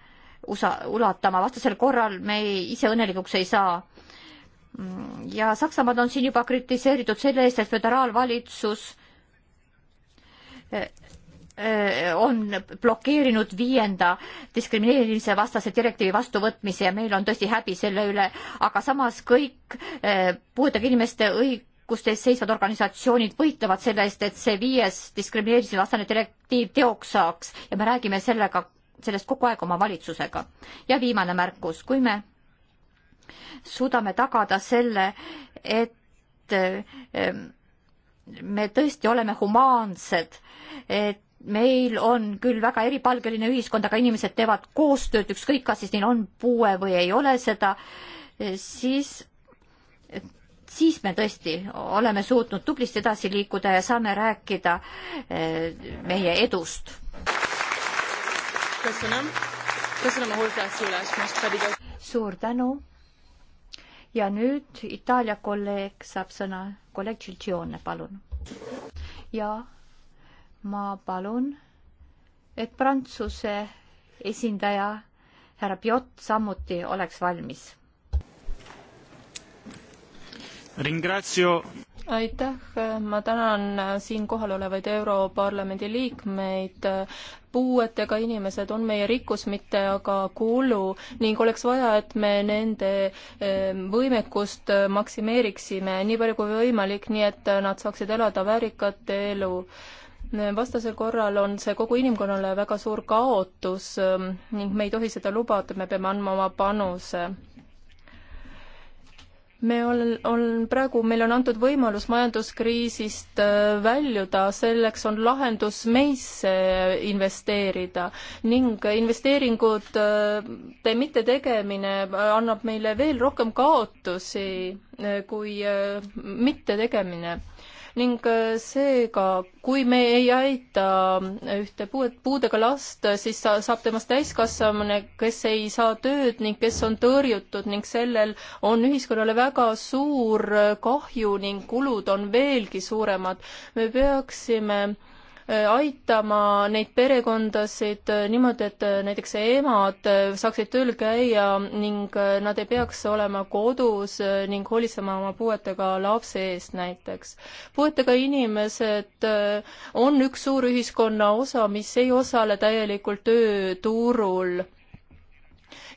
usa-, ulatama, vastasel korral me ei, ise õnnelikuks ei saa. Mm, ja Saksamaad on siin juba kritiseeritud selle eest, et föderaalvalitsus äh, Äh, on blokeerinud viienda diskrimineerimise vastase direktiivi vastuvõtmise ja meil on tõesti häbi selle üle, aga samas kõik äh, puuetega inimeste õiguste eest seisvad organisatsioonid võitlevad selle eest, et see viies diskrimineerimise vastane direktiiv teoks saaks ja me räägime sellega, sellest kogu aeg oma valitsusega. ja viimane märkus, kui me suudame tagada selle, et äh, me tõesti oleme humaansed, et meil on küll väga eripalgeline ühiskond, aga inimesed teevad koostööd, ükskõik, kas siis neil on puue või ei ole seda, siis, siis me tõesti oleme suutnud tublisti edasi liikuda ja saame rääkida eh, meie edust. suur tänu. ja nüüd Itaalia kolleeg saab sõna, kolleeg Tšiltšione, palun. jaa ma palun, et Prantsuse esindaja härra Piot samuti oleks valmis. aitäh, ma tänan siin kohal olevaid Europarlamendi liikmeid puuetega inimesed on meie rikkus, mitte aga kulu ning oleks vaja, et me nende eh, võimekust maksimeeriksime nii palju kui võimalik, nii et nad saaksid elada väärikat elu vastasel korral on see kogu inimkonnale väga suur kaotus ähm, ning me ei tohi seda lubada, me peame andma oma panuse. me ol-, on praegu, meile on antud võimalus majanduskriisist äh, väljuda, selleks on lahendus meisse investeerida ning investeeringute äh, mittetegemine äh, annab meile veel rohkem kaotusi kui mittetegemine ning äh, seega, kui me ei aita äh, ühte puudega last, äh, siis saab temast täiskasvanu, kes ei saa tööd ning kes on tõrjutud ning sellel on ühiskonnale väga suur kahju ning kulud on veelgi suuremad. me peaksime Äh, aitama neid perekondasid äh, niimoodi, et äh, näiteks emad saaksid tööl käia ning nad ei peaks olema kodus ning hoolitsema oma puuetega lapse eest näiteks. puuetega inimesed on üks suur ühiskonna osa, mis ei osale täielikult tööturul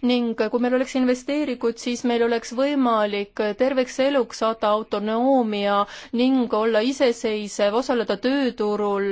ning kui meil oleks investeeringud, siis meil oleks võimalik terveks eluks saada autonoomia ning olla iseseisev, osaleda tööturul,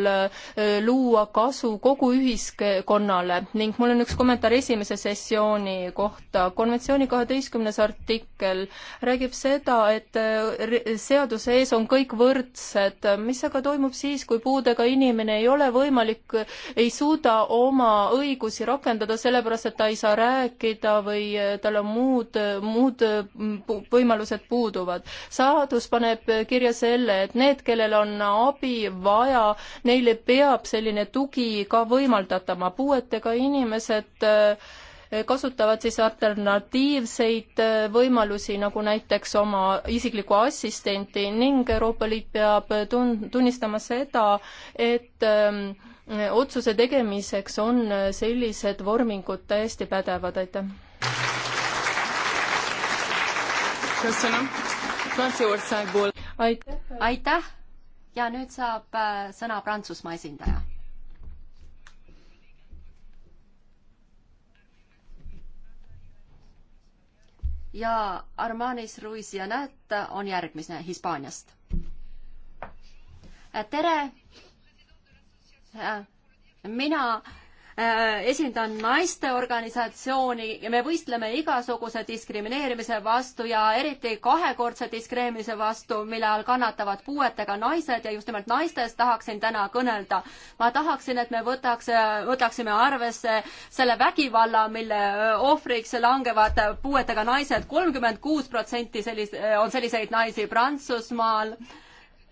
luua kasu kogu ühiskonnale ning mul on üks kommentaar esimese sessiooni kohta. konventsiooni kaheteistkümnes artikkel räägib seda, et äh, seaduse ees on kõik võrdsed, mis aga toimub siis, kui puudega inimene ei ole võimalik, ei suuda oma õigusi rakendada, sellepärast et ta ei saa rääkida, õppida või äh, tal on muud, muud äh, võimalused puuduvad. saadus paneb kirja selle, et need, kellel on abi vaja, neile peab selline tugi ka võimaldatama. puuetega inimesed äh, kasutavad siis alternatiivseid võimalusi, nagu näiteks oma isiklikku assistenti ning Euroopa Liit peab tun-, tunnistama seda, et ähm, otsuse tegemiseks on sellised vormingud täiesti pädevad, aitäh. aitäh. aitäh ja nüüd saab äh, sõna Prantsusmaa esindaja. ja Armanis Ruiz Janet on järgmine Hispaaniast. Äh, tere Äh, mina äh, esindan naisteorganisatsiooni ja me võistleme igasuguse diskrimineerimise vastu ja eriti kahekordse diskrimineerimise vastu, mille all kannatavad puuetega naised ja just nimelt naistest tahaksin täna kõnelda. ma tahaksin, et me võtaks, äh, võtaksime arvesse selle vägivalla, mille ohvriks langevad puuetega naised. kolmkümmend kuus protsenti sellise, on selliseid naisi Prantsusmaal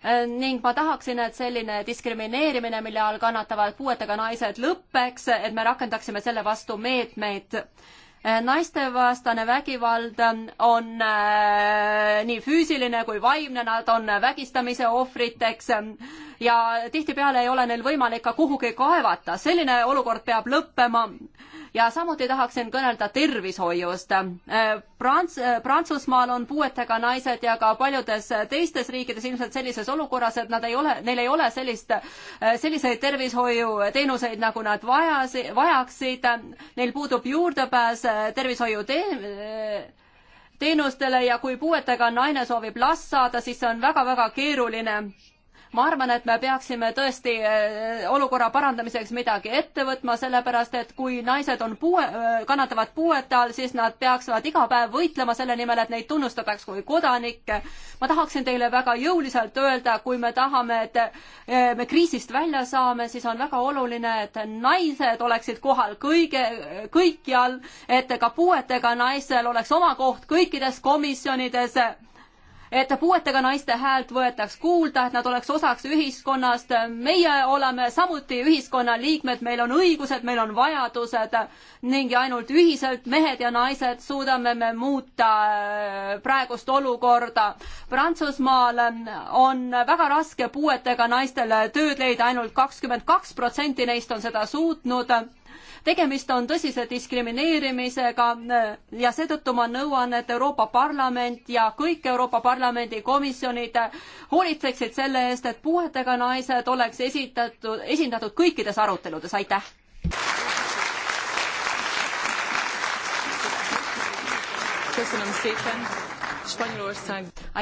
Äh, ning ma tahaksin, et selline diskrimineerimine, mille all kannatavad puuetega naised, lõpeks, et me rakendaksime selle vastu meetmeid meet Äh, naistevastane vägivald on äh, nii füüsiline kui vaimne, nad on vägistamise ohvriteks ja tihtipeale ei ole neil võimalik ka kuhugi kaevata. selline olukord peab lõppema ja samuti tahaksin kõnelda tervishoiust. Äh, Prants-, Prantsusmaal on puuetega naised ja ka paljudes teistes riikides ilmselt sellises olukorras, et nad ei ole, neil ei ole sellist, selliseid tervishoiuteenuseid, nagu nad vajas, vajaksid, neil puudub juurdepääs tervishoiutee-, teenustele ja kui puuetega naine soovib last saada, siis see on väga-väga keeruline ma arvan, et me peaksime tõesti eh, olukorra parandamiseks midagi ette võtma, sellepärast et kui naised on puue, eh, kannatavad puuete all, siis nad peaksid iga päev võitlema selle nimel, et neid tunnustataks kui kodanikke. ma tahaksin teile väga jõuliselt öelda, kui me tahame, et eh, me kriisist välja saame, siis on väga oluline, et naised oleksid kohal kõige, kõikjal, et ka puuetega naistel oleks oma koht kõikides komisjonides et puuetega naiste häält võetaks kuulda, et nad oleks osaks ühiskonnast. meie oleme samuti ühiskonna liikmed, meil on õigused, meil on vajadused ning ainult ühiselt, mehed ja naised, suudame me muuta äh, praegust olukorda. Prantsusmaal äh, on väga raske puuetega naistele tööd leida ainult, ainult kakskümmend kaks protsenti neist on seda suutnud tegemist on tõsise diskrimineerimisega äh, ja seetõttu ma nõuan, et Euroopa Parlament ja kõik Euroopa Parlamendi komisjonid äh, hoolitseksid selle eest, et puuetega naised oleks esitatud, esindatud kõikides aruteludes, aitäh!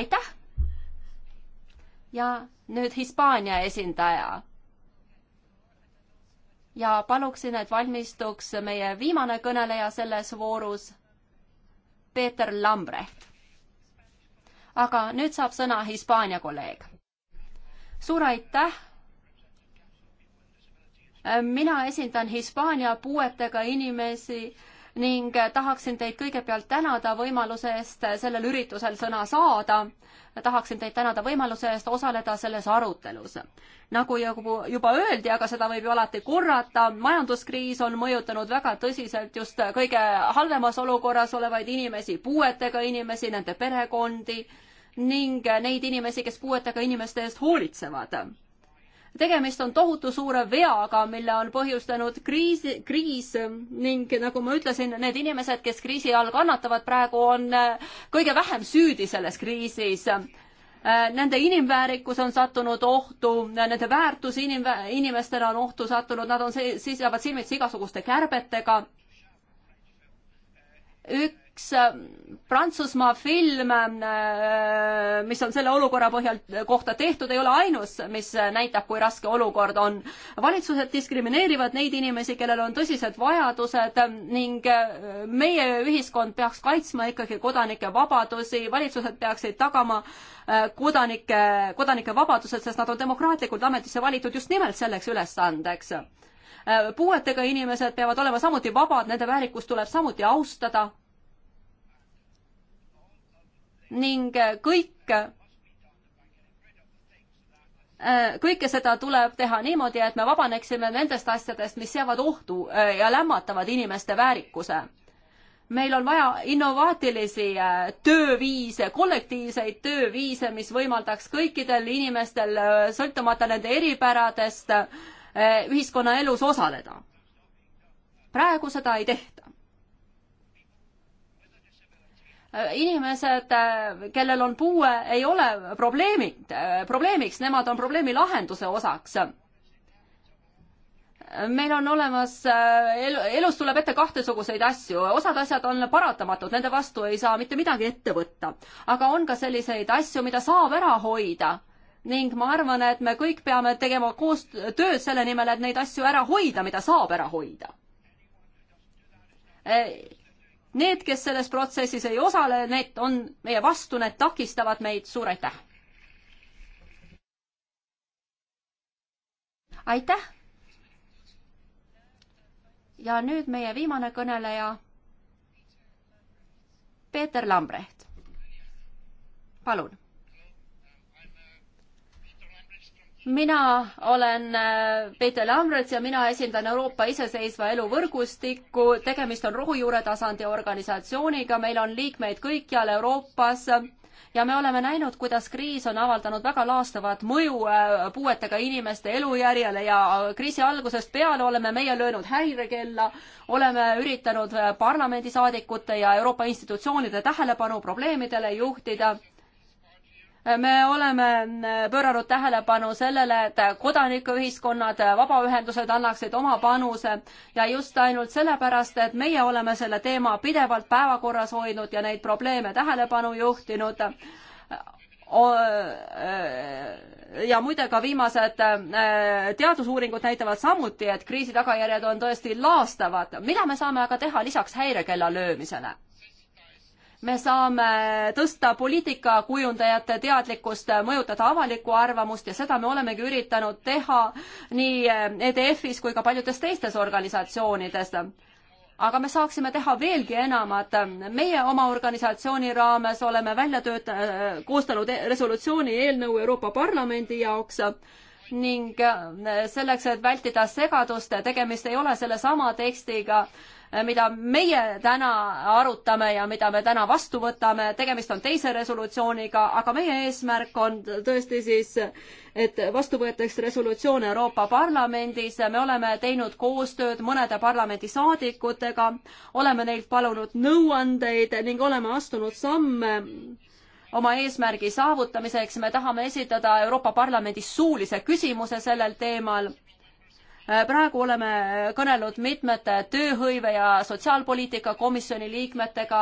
aitäh! ja nüüd Hispaania esindaja ja paluksin, et valmistuks meie viimane kõneleja selles voorus, Peeter Lambrecht. aga nüüd saab sõna Hispaania kolleeg. suur aitäh! mina esindan Hispaania puuetega inimesi ning tahaksin teid kõigepealt tänada võimaluse eest sellel üritusel sõna saada. tahaksin teid tänada võimaluse eest osaleda selles arutelus. nagu juba öeldi, aga seda võib ju alati korrata, majanduskriis on mõjutanud väga tõsiselt just kõige halvemas olukorras olevaid inimesi, puuetega inimesi, nende perekondi ning neid inimesi, kes puuetega inimeste eest hoolitsevad tegemist on tohutu suure veaga, mille on põhjustanud kriis, kriis ning nagu ma ütlesin, need inimesed, kes kriisi all kannatavad praegu, on äh, kõige vähem süüdi selles kriisis. Äh, nende inimväärikus on sattunud ohtu, nende väärtus inim-, inimestena on ohtu sattunud, nad on, seisavad silmitsi igasuguste kärbetega. üks üks äh, Prantsusmaa film, äh, mis on selle olukorra põhjal, kohta tehtud, ei ole ainus, mis näitab, kui raske olukord on. valitsused diskrimineerivad neid inimesi, kellel on tõsised vajadused ning äh, meie ühiskond peaks kaitsma ikkagi kodanike vabadusi, valitsused peaksid tagama kodanike, kodanike vabadused, sest nad on demokraatlikult ametisse valitud just nimelt selleks ülesandeks puuetega inimesed peavad olema samuti vabad, nende väärikust tuleb samuti austada ning äh, kõik äh, kõike seda tuleb teha niimoodi, et me vabaneksime nendest asjadest, mis seavad ohtu äh, ja lämmatavad inimeste väärikuse. meil on vaja innovaatilisi tööviise, kollektiivseid tööviise, mis võimaldaks kõikidel inimestel, sõltumata nende eripäradest, ühiskonnaelus osaleda. praegu seda ei tehta inimesed, äh, kellel on puue, ei ole probleemid, äh, probleemiks, nemad on probleemi lahenduse osaks. meil on olemas, äh, elus tuleb ette kahtesuguseid asju, osad asjad on paratamatud, nende vastu ei saa mitte midagi ette võtta. aga on ka selliseid asju, mida saab ära hoida ning ma arvan, et me kõik peame tegema koostööd selle nimel, et neid asju ära hoida, mida saab ära hoida Need, kes selles protsessis ei osale, need on meie vastu, need takistavad meid, suur aitäh! aitäh! ja nüüd meie viimane kõneleja, Peeter Lambrecht. palun mina olen äh, Peeter Lamrets ja mina esindan Euroopa iseseisva elu võrgustikku, tegemist on rohujuure tasandi organisatsiooniga, meil on liikmeid kõikjal Euroopas ja me oleme näinud, kuidas kriis on avaldanud väga laastavat mõju äh, puuetega inimeste elujärjele ja äh, kriisi algusest peale oleme meie löönud häirekella, oleme üritanud parlamendisaadikute ja Euroopa institutsioonide tähelepanu probleemidele juhtida me oleme mm, pööranud tähelepanu sellele, et kodanikuühiskonnad, vabaühendused annaksid oma panuse ja just ainult sellepärast, et meie oleme selle teema pidevalt päevakorras hoidnud ja neid probleeme tähelepanu juhtinud. Äh, ja muide ka viimased äh, teadusuuringud näitavad samuti, et kriisi tagajärjed on tõesti laastavad. mida me saame aga teha lisaks häirekella löömisele? me saame tõsta poliitikakujundajate teadlikkust, mõjutada avalikku arvamust ja seda me olemegi üritanud teha nii EDF-is kui ka paljudes teistes organisatsioonides aga me saaksime teha veelgi enamat. meie oma organisatsiooni raames oleme välja tööt-, koostanud e-, resolutsiooni eelnõu Euroopa Parlamendi jaoks ning selleks, et vältida segadust, tegemist ei ole sellesama tekstiga, Äh, mida meie täna arutame ja mida me täna vastu võtame, tegemist on teise resolutsiooniga, aga meie eesmärk on tõesti siis, et vastu võetakse resolutsioon Euroopa Parlamendis, me oleme teinud koostööd mõnede parlamendisaadikutega, oleme neilt palunud nõuandeid ning oleme astunud samme oma eesmärgi saavutamiseks, me tahame esitada Euroopa Parlamendis suulise küsimuse sellel teemal Äh, praegu oleme äh, kõnelenud mitmete tööhõive ja sotsiaalpoliitika komisjoni liikmetega,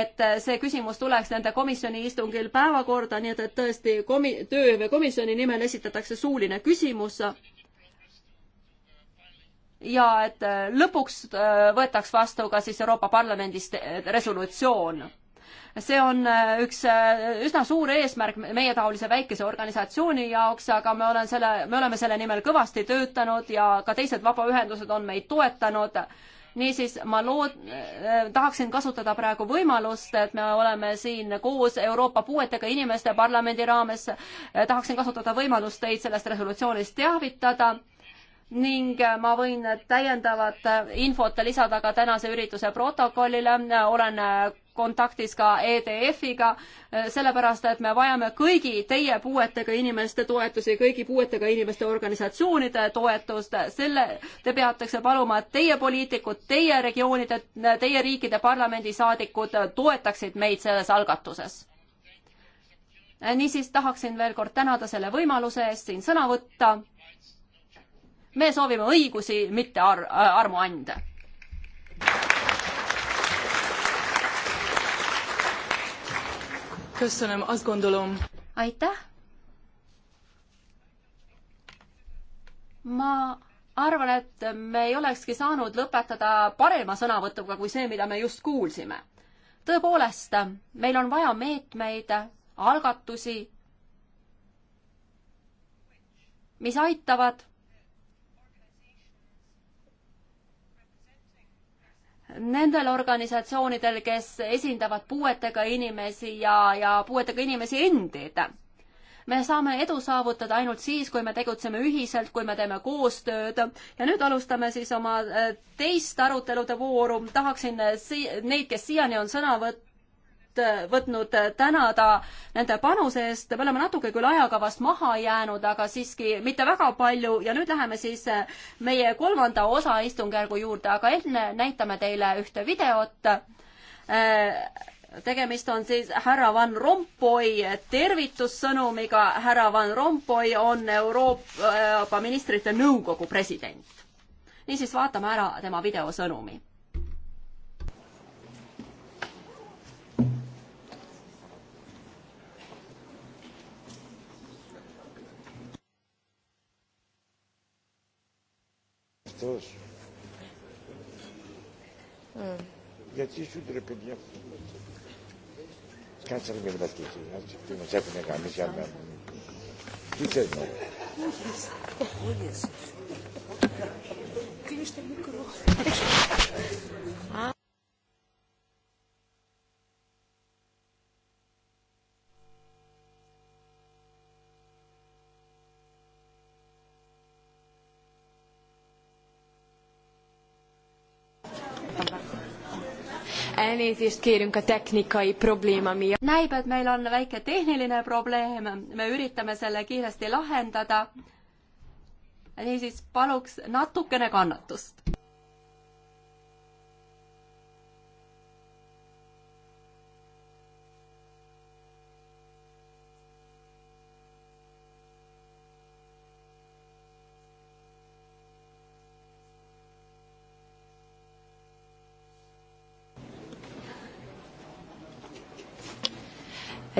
et äh, see küsimus tuleks nende komisjoni istungil päevakorda, nii et, et tõesti komi-, tööhõive komisjoni nimel esitatakse suuline küsimus. ja et lõpuks võetaks vastu ka siis Euroopa Parlamendist resolutsioon see on äh, üks äh, üsna suur eesmärk meietaolise väikese organisatsiooni jaoks, aga me olen selle, me oleme selle nimel kõvasti töötanud ja ka teised vabaühendused on meid toetanud niisiis ma lood- eh,, tahaksin kasutada praegu võimalust, et me oleme siin koos Euroopa puuetega inimeste parlamendi raames eh,, tahaksin kasutada võimalust teid sellest resolutsioonist teavitada ning äh, ma võin täiendavat äh, infot lisada ka tänase ürituse protokollile, olen äh, kontaktis ka EDF-iga, sellepärast et me vajame kõigi teie puuetega inimeste toetusi, kõigi puuetega inimeste organisatsioonide toetust, selle, te peatakse paluma, et teie poliitikud, teie regioonide, teie riikide parlamendisaadikud toetaksid meid selles algatuses. niisiis tahaksin veel kord tänada selle võimaluse eest siin sõna võtta me soovime õigusi, mitte ar-, äh, armuande. aitäh. ma arvan, et me ei olekski saanud lõpetada parema sõnavõtuga kui see, mida me just kuulsime. tõepoolest, meil on vaja meetmeid, algatusi, mis aitavad nendel organisatsioonidel, kes esindavad puuetega inimesi ja, ja puuetega inimesi endid. me saame edu saavutada ainult siis, kui me tegutseme ühiselt, kui me teeme koostööd ja nüüd alustame siis oma äh, teist arutelude vooru. tahaksin äh, si neid, kes siiani on sõna võtnud, võt-, äh, võtnud äh, tänada nende panuse eest, me oleme natuke küll ajakavast maha jäänud, aga siiski mitte väga palju ja nüüd läheme siis äh, meie kolmanda osa istungjärgu juurde, aga enne näitame teile ühte videot tegemist on siis härra Van Rompuy tervitussõnumiga. härra Van Rompuy on Euroopa Ministrite Nõukogu president. niisiis vaatame ära tema videosõnumi αυτός. Mm. Γιατί σου ρε παιδιά. Κάτσε να μην βλαστική. Τι μας έχουν γαμίσει αμένα. Τι θες μωρέ. Κλείνεις το μικρό. Α, Elnézést kérünk a technikai probléma miatt. Näib, et meil on väike tehniline probleem, me üritame selle kiiresti lahendada. niisiis paluks natukene kannatust.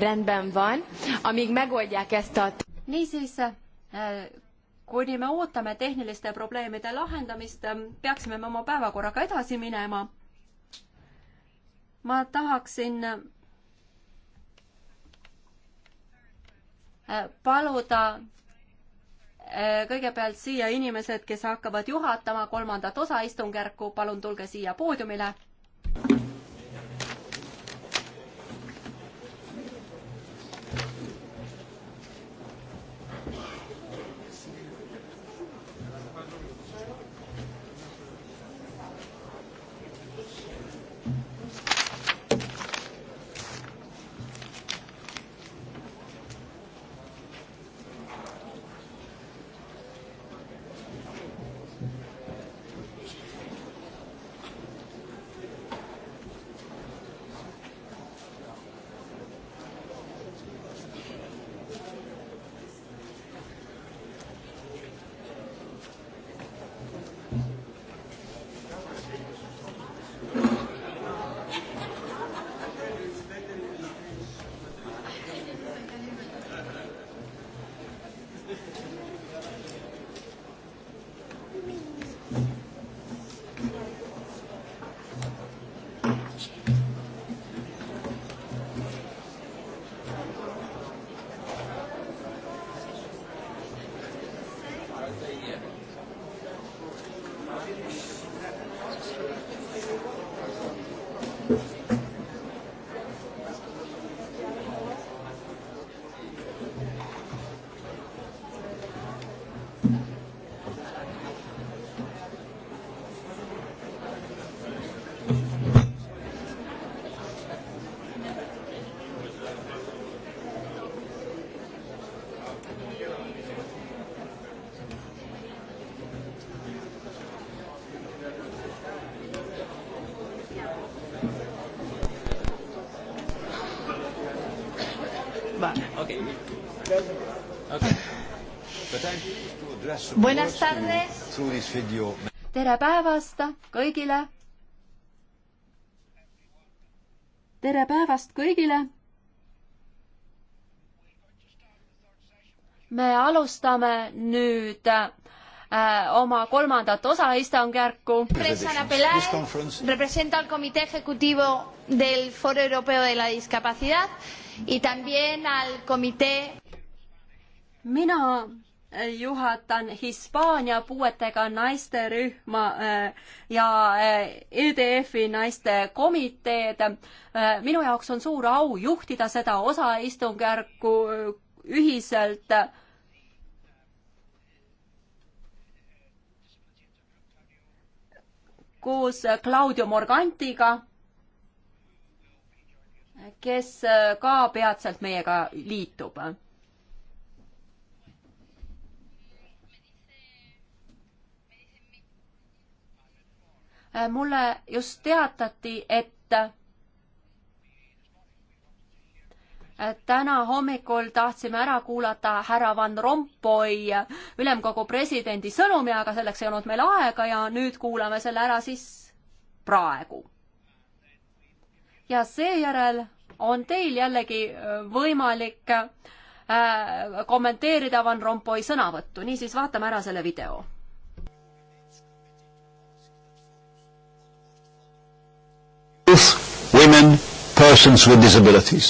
rendben van. Amíg megoldják ezt a... Niisiis, eh, kuni me ootame tehniliste probleemide lahendamist, eh, peaksime me oma päevakorraga edasi minema. ma tahaksin eh, paluda kõigepealt siia inimesed, kes hakkavad juhatama kolmandat osa istungjärku, palun tulge siia poodiumile tere päevast kõigile. tere päevast kõigile. me alustame nüüd äh, oma kolmandat osa istungjärku. representa al comité ejecutivo del Foro Europeo de la Discapacidad y también al comité mina juhatan Hispaania puuetega naisterühma äh, ja äh, EDF-i naistekomiteed. Äh, minu jaoks on suur au juhtida seda osa istungjärku ühiselt. koos Claudio Morgantiga, kes ka peatselt meiega liitub mulle just teatati, et täna hommikul tahtsime ära kuulata härra Van Rompuy ülemkogu presidendi sõnumi, aga selleks ei olnud meil aega ja nüüd kuulame selle ära siis praegu. ja seejärel on teil jällegi võimalik äh, kommenteerida Van Rompuy sõnavõttu, niisiis vaatame ära selle video persons with disabilities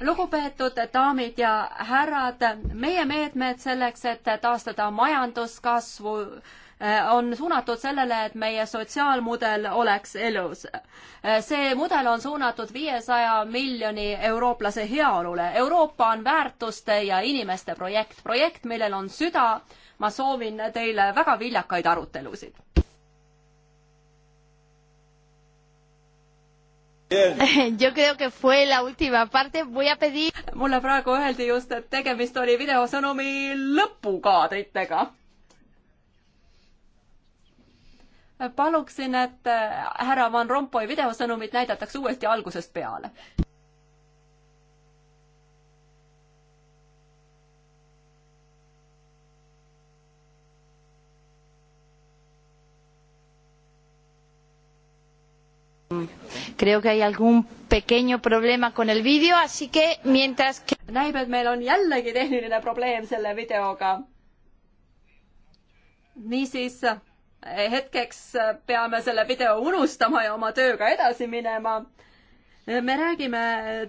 lugupeetud daamid ja härrad, meie meetmed selleks, et taastada majanduskasvu, eh, on suunatud sellele, et meie sotsiaalmudel oleks elus. Eh, see mudel on suunatud viiesaja miljoni eurooplase heaolule. Euroopa on väärtuste ja inimeste projekt, projekt, millel on süda. ma soovin teile väga viljakaid arutelusid Yo creo que fue la última parte, voy a pedir. mulle praegu öeldi just, et tegemist oli videosõnumi lõpukaadritega. paluksin, et äh, härra Van Rompuy videosõnumit näidatakse uuesti algusest peale. Mm-hmm. Creo que hay algún pequeño problema con el vídeo, así que mientras que... näib, et meil on jällegi tehniline probleem selle videoga. niisiis hetkeks peame selle video unustama ja oma tööga edasi minema me räägime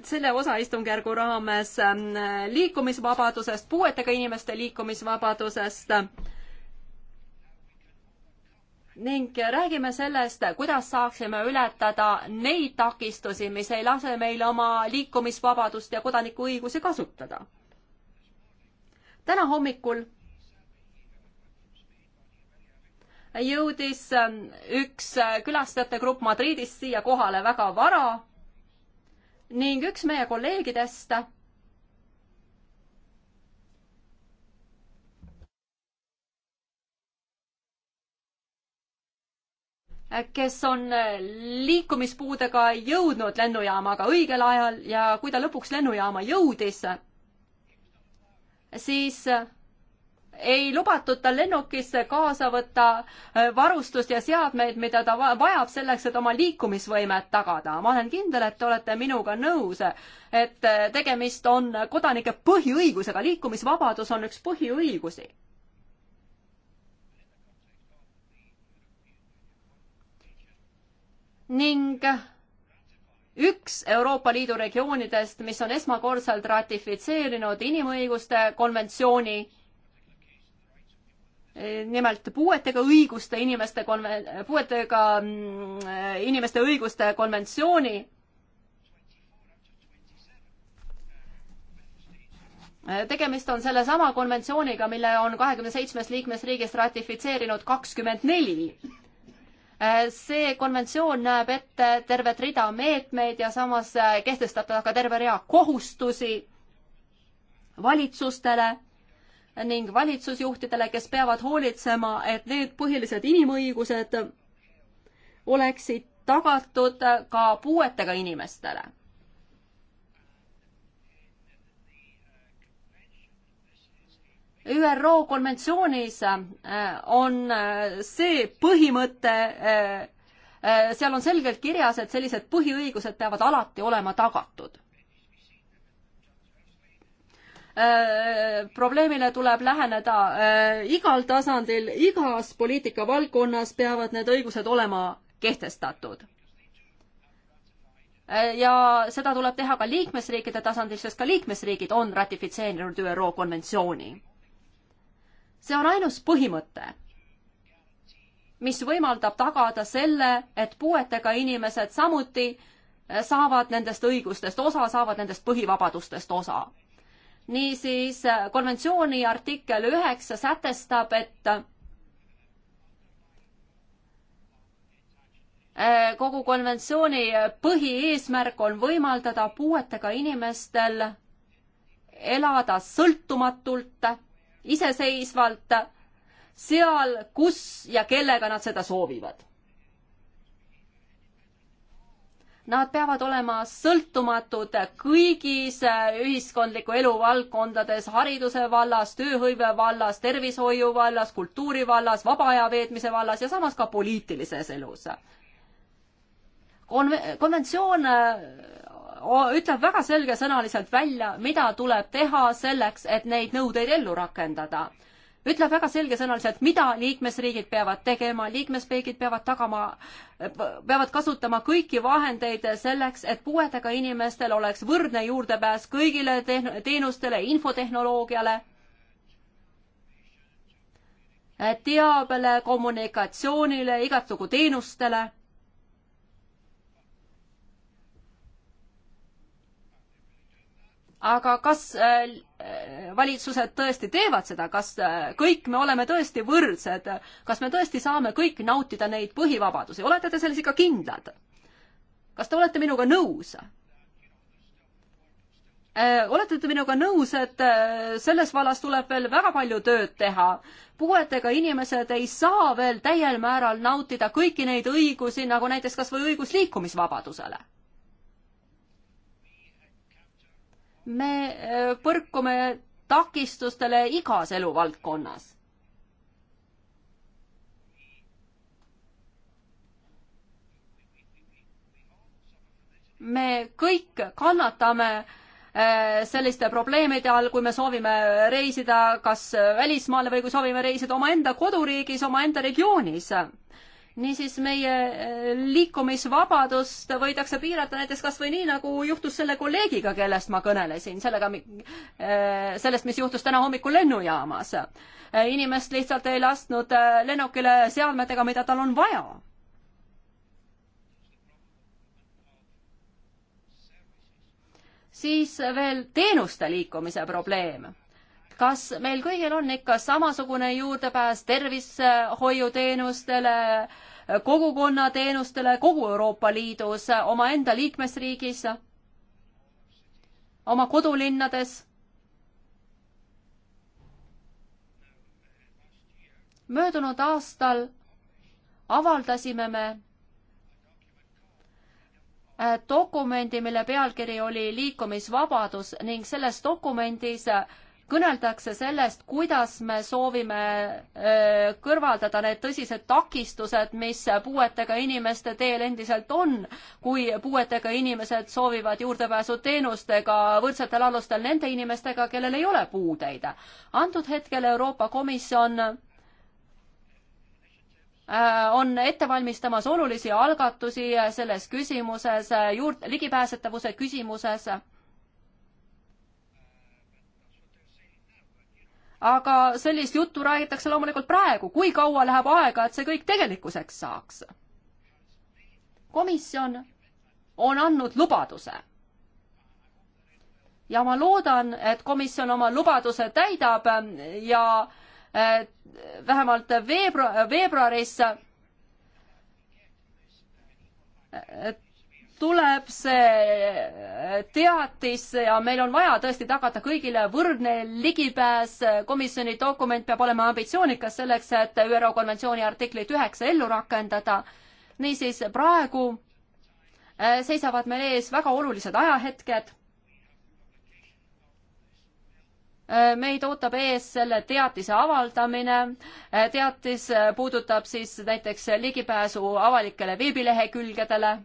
selle osa istungjärgu raames liikumisvabadusest, puuetega inimeste liikumisvabadusest ning räägime sellest, kuidas saaksime ületada neid takistusi, mis ei lase meil oma liikumisvabadust ja kodanikuõigusi kasutada. täna hommikul jõudis ähm, üks äh, külastajate grupp Madridist siia kohale väga vara ning üks meie kolleegidest kes on liikumispuudega jõudnud lennujaama aga õigel ajal ja kui ta lõpuks lennujaama jõudis, siis ei lubatud tal lennukisse kaasa võtta äh, varustust ja seadmeid, mida ta vajab selleks, et oma liikumisvõimet tagada. ma olen kindel, et te olete minuga nõus, et äh, tegemist on kodanike põhiõigusega, liikumisvabadus on üks põhiõigusi ning üks Euroopa Liidu regioonidest, mis on esmakordselt ratifitseerinud inimõiguste konventsiooni, nimelt puuetega õiguste inimeste konven-, puuetega mm, inimeste õiguste konventsiooni, tegemist on sellesama konventsiooniga, mille on kahekümne seitsmest liikmesriigist ratifitseerinud kakskümmend neli Äh, see konventsioon näeb ette tervet rida meetmeid ja samas äh, kehtestab ka terve rea kohustusi valitsustele ning valitsusjuhtidele, kes peavad hoolitsema, et need põhilised inimõigused oleksid tagatud ka puuetega inimestele ÜRO konventsioonis äh, on äh, see põhimõte, äh, seal on selgelt kirjas, et sellised põhiõigused peavad alati olema tagatud. probleemile tuleb läheneda igal tasandil, igas poliitikavaldkonnas peavad need õigused olema kehtestatud ja seda tuleb teha ka liikmesriikide tasandil, sest ka liikmesriigid on ratifitseerinud ÜRO konventsiooni see on ainus põhimõte, mis võimaldab tagada selle, et puuetega inimesed samuti eh, saavad nendest õigustest osa, saavad nendest põhivabadustest osa. niisiis eh, konventsiooni artikkel üheksa sätestab, et eh, kogu konventsiooni põhieesmärk on võimaldada puuetega inimestel elada sõltumatult iseseisvalt seal, kus ja kellega nad seda soovivad. Nad peavad olema sõltumatud kõigis ühiskondliku elu valdkondades, hariduse vallas, tööhõive vallas, tervishoiu vallas, kultuuri vallas, vaba aja veetmise vallas ja samas ka poliitilises elus. konventsioon ütleb väga selgesõnaliselt välja, mida tuleb teha selleks, et neid nõudeid ellu rakendada. ütleb väga selgesõnaliselt, mida liikmesriigid peavad tegema, liikmesriigid peavad tagama, peavad kasutama kõiki vahendeid selleks, et puuetega inimestel oleks võrdne juurdepääs kõigile teenustele, infotehnoloogiale teabele, kommunikatsioonile, igasugu teenustele. aga kas äh, valitsused tõesti teevad seda, kas äh, kõik me oleme tõesti võrdsed, kas me tõesti saame kõik nautida neid põhivabadusi, olete te selles ikka kindlad? kas te olete minuga nõus? Äh, olete te minuga nõus, et selles vallas tuleb veel väga palju tööd teha? puuetega inimesed ei saa veel täiel määral nautida kõiki neid õigusi, nagu näiteks kas või õigus liikumisvabadusele me äh, põrkume takistustele igas eluvaldkonnas. me kõik kannatame äh, selliste probleemide all, kui me soovime reisida kas välismaale või kui soovime reisida omaenda koduriigis, omaenda regioonis niisiis meie äh, liikumisvabadust võidakse piirata näiteks kas või nii, nagu juhtus selle kolleegiga, kellest ma kõnelesin, sellega, äh, sellest, mis juhtus täna hommikul lennujaamas. Äh, inimest lihtsalt ei lasknud lennukile seadmetega, mida tal on vaja. siis veel teenuste liikumise probleem kas meil kõigil on ikka samasugune juurdepääs tervishoiuteenustele, kogukonnateenustele kogu Euroopa Liidus, omaenda liikmesriigis, oma kodulinnades? möödunud aastal avaldasime me äh, dokumendi, mille pealkiri oli Liikumisvabadus ning selles dokumendis äh, kõneldakse sellest, kuidas me soovime äh, kõrvaldada need tõsised takistused, mis puuetega inimeste teel endiselt on, kui puuetega inimesed soovivad juurdepääsu teenustega võrdsetel alustel nende inimestega, kellel ei ole puudeid. antud hetkel Euroopa Komisjon äh, on ette valmistamas olulisi algatusi selles küsimuses, äh, juurde, ligipääsetavuse küsimuses aga sellist juttu räägitakse loomulikult praegu, kui kaua läheb aega, et see kõik tegelikkuseks saaks? komisjon on andnud lubaduse. ja ma loodan, et komisjon oma lubaduse täidab ja vähemalt veebruar, veebruaris tuleb see äh, teatis ja meil on vaja tõesti tagada kõigile võrdne ligipääs. komisjoni dokument peab olema ambitsioonikas selleks, et ÜRO konventsiooni artiklit üheksa ellu rakendada. niisiis praegu äh, seisavad meil ees väga olulised ajahetked. Äh, meid ootab ees selle teatise avaldamine. teatis puudutab siis näiteks ligipääsu avalikele veebilehekülgedele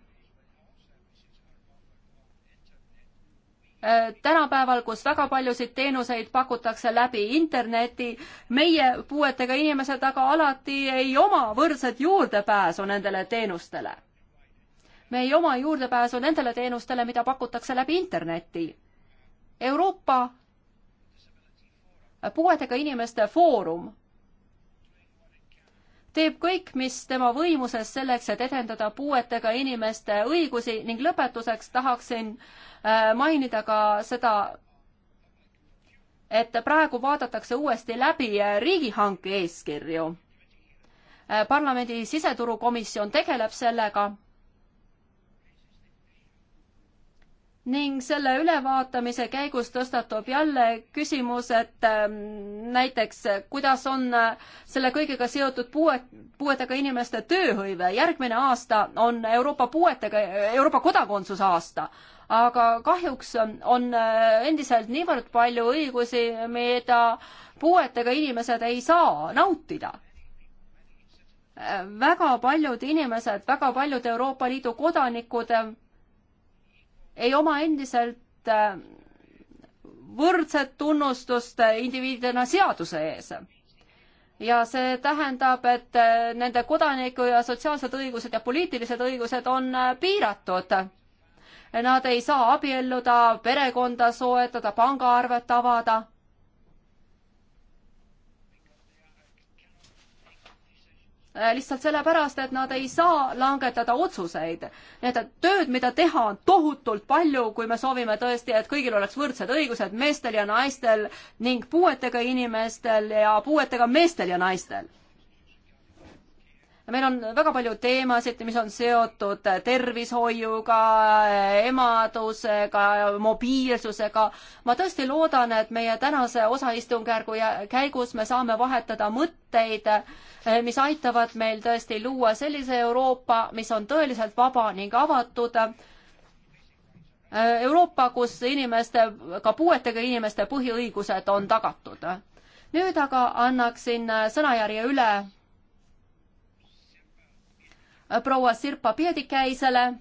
tänapäeval, kus väga paljusid teenuseid pakutakse läbi interneti, meie puuetega inimesed aga alati ei oma võrdset juurdepääsu nendele teenustele. me ei oma juurdepääsu nendele teenustele, mida pakutakse läbi interneti. Euroopa puuetega inimeste foorum teeb kõik, mis tema võimuses selleks, et edendada puuetega inimeste õigusi ning lõpetuseks tahaksin äh, mainida ka seda, et praegu vaadatakse uuesti läbi äh, riigihanke eeskirju. Äh, parlamendi siseturukomisjon tegeleb sellega ning selle ülevaatamise käigus tõstatub jälle küsimus, et ähm, näiteks kuidas on äh, selle kõigega seotud puue, puuetega inimeste tööhõive. järgmine aasta on Euroopa puuetega, Euroopa kodakondsuse aasta, aga kahjuks on äh, endiselt niivõrd palju õigusi, mida puuetega inimesed ei saa nautida äh, väga paljud inimesed, väga paljud Euroopa Liidu kodanikud ei oma endiselt äh, võrdset tunnustust äh, indiviidina seaduse ees. ja see tähendab, et äh, nende kodaniku ja sotsiaalsed õigused ja poliitilised õigused on piiratud. Nad ei saa abielluda, perekonda soetada, pangaarvet avada Äh, lihtsalt sellepärast, et nad ei saa langetada otsuseid. Need tööd, mida teha, on tohutult palju, kui me soovime tõesti, et kõigil oleks võrdsed õigused meestel ja naistel ning puuetega inimestel ja puuetega meestel ja naistel meil on väga palju teemasid, mis on seotud tervishoiuga, emadusega, mobiilsusega. ma tõesti loodan, et meie tänase osaistungjärgu käigus me saame vahetada mõtteid, mis aitavad meil tõesti luua sellise Euroopa, mis on tõeliselt vaba ning avatud Euroopa, kus inimeste, ka puuetega inimeste põhiõigused on tagatud. nüüd aga annaksin sõnajärje üle proua Sirpa Piedikäisele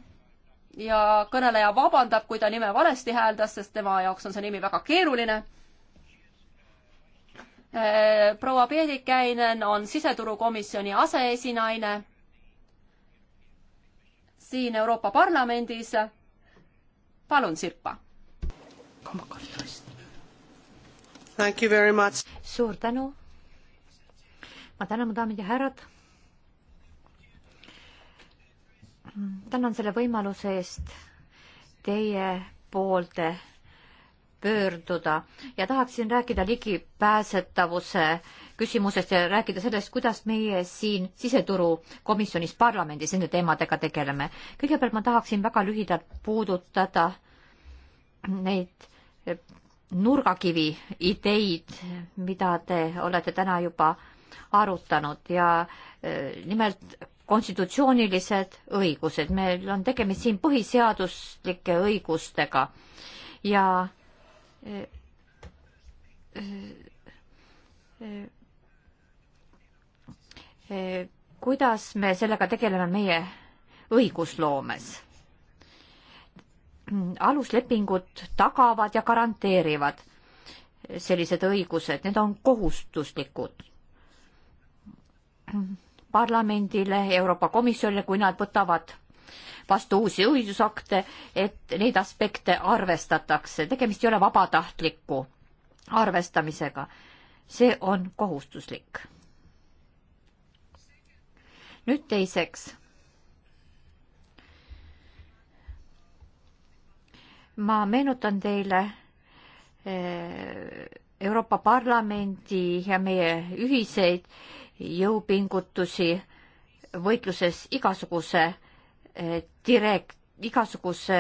ja kõneleja vabandab, kui ta nime valesti hääldas, sest tema jaoks on see nimi väga keeruline. Äh, proua Piedikäinen on siseturukomisjoni aseesinaine siin Euroopa Parlamendis. palun, Sirpa. suur tänu. ma tänan, mu daamid ja härrad tänan selle võimaluse eest teie poolde pöörduda ja tahaksin rääkida ligipääsetavuse küsimusest ja rääkida sellest, kuidas meie siin siseturukomisjonis parlamendis nende teemadega tegeleme. kõigepealt ma tahaksin väga lühidalt puudutada neid nurgakivi ideid, mida te olete täna juba arutanud ja eh, nimelt konstitutsioonilised õigused, meil on tegemist siin põhiseaduslike õigustega ja eh, eh, eh, kuidas me sellega tegeleme meie õigusloomes? aluslepingud tagavad ja garanteerivad sellised õigused, need on kohustuslikud parlamendile, Euroopa Komisjonile, kui nad võtavad vastu uusi õigusakte, et neid aspekte arvestatakse, tegemist ei ole vabatahtliku arvestamisega. see on kohustuslik. nüüd teiseks. ma meenutan teile eh, Euroopa Parlamendi ja meie ühiseid jõupingutusi võitluses igasuguse eh, direkt-, igasuguse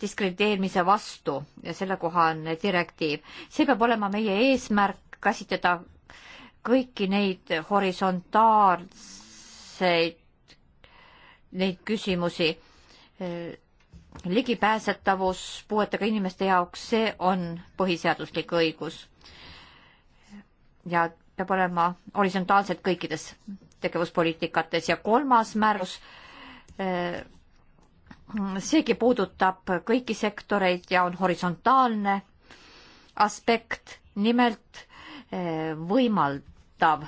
diskrimineerimise vastu ja sellekohane direktiiv. see peab olema meie eesmärk käsitleda kõiki neid horisontaalseid, neid küsimusi. Eh, ligipääsetavus puuetega inimeste jaoks, see on põhiseaduslik õigus. ja peab olema horisontaalselt kõikides tegevuspoliitikates ja kolmas määrus, eh, seegi puudutab kõiki sektoreid ja on horisontaalne aspekt, nimelt eh, võimaldav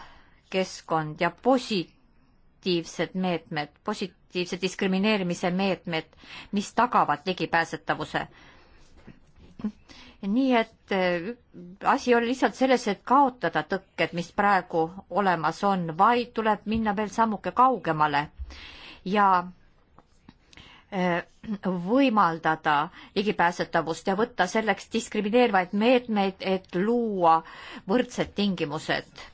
keskkond ja positiivsed meetmed, positiivse diskrimineerimise meetmed, mis tagavad ligipääsetavuse nii et äh, asi ei ole lihtsalt selles, et kaotada tõkked, mis praegu olemas on, vaid tuleb minna veel sammuke kaugemale ja äh, võimaldada ligipääsetavust ja võtta selleks diskrimineerivaid meetmeid, et luua võrdsed tingimused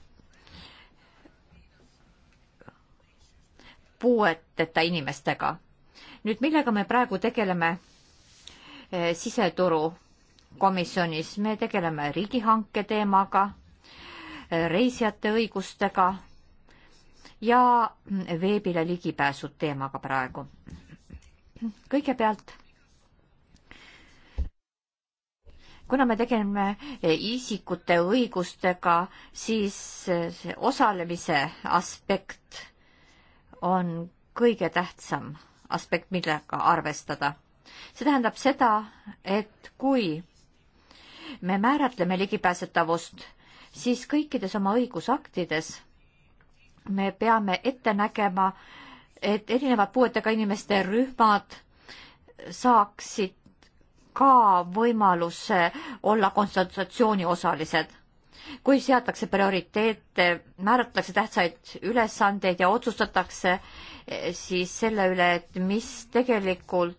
puueteta inimestega. nüüd millega me praegu tegeleme äh, siseturu komisjonis, me tegeleme riigihanke teemaga, reisijate õigustega ja veebile ligipääsu teemaga praegu. kõigepealt, kuna me tegeleme isikute õigustega, siis see osalemise aspekt on kõige tähtsam aspekt, millega arvestada. see tähendab seda, et kui me määratleme ligipääsetavust, siis kõikides oma õigusaktides me peame ette nägema, et erinevad puuetega inimeste rühmad saaksid ka võimaluse olla konsultatsiooni osalised. kui seatakse prioriteete, määratakse tähtsaid ülesandeid ja otsustatakse eh, siis selle üle, et mis tegelikult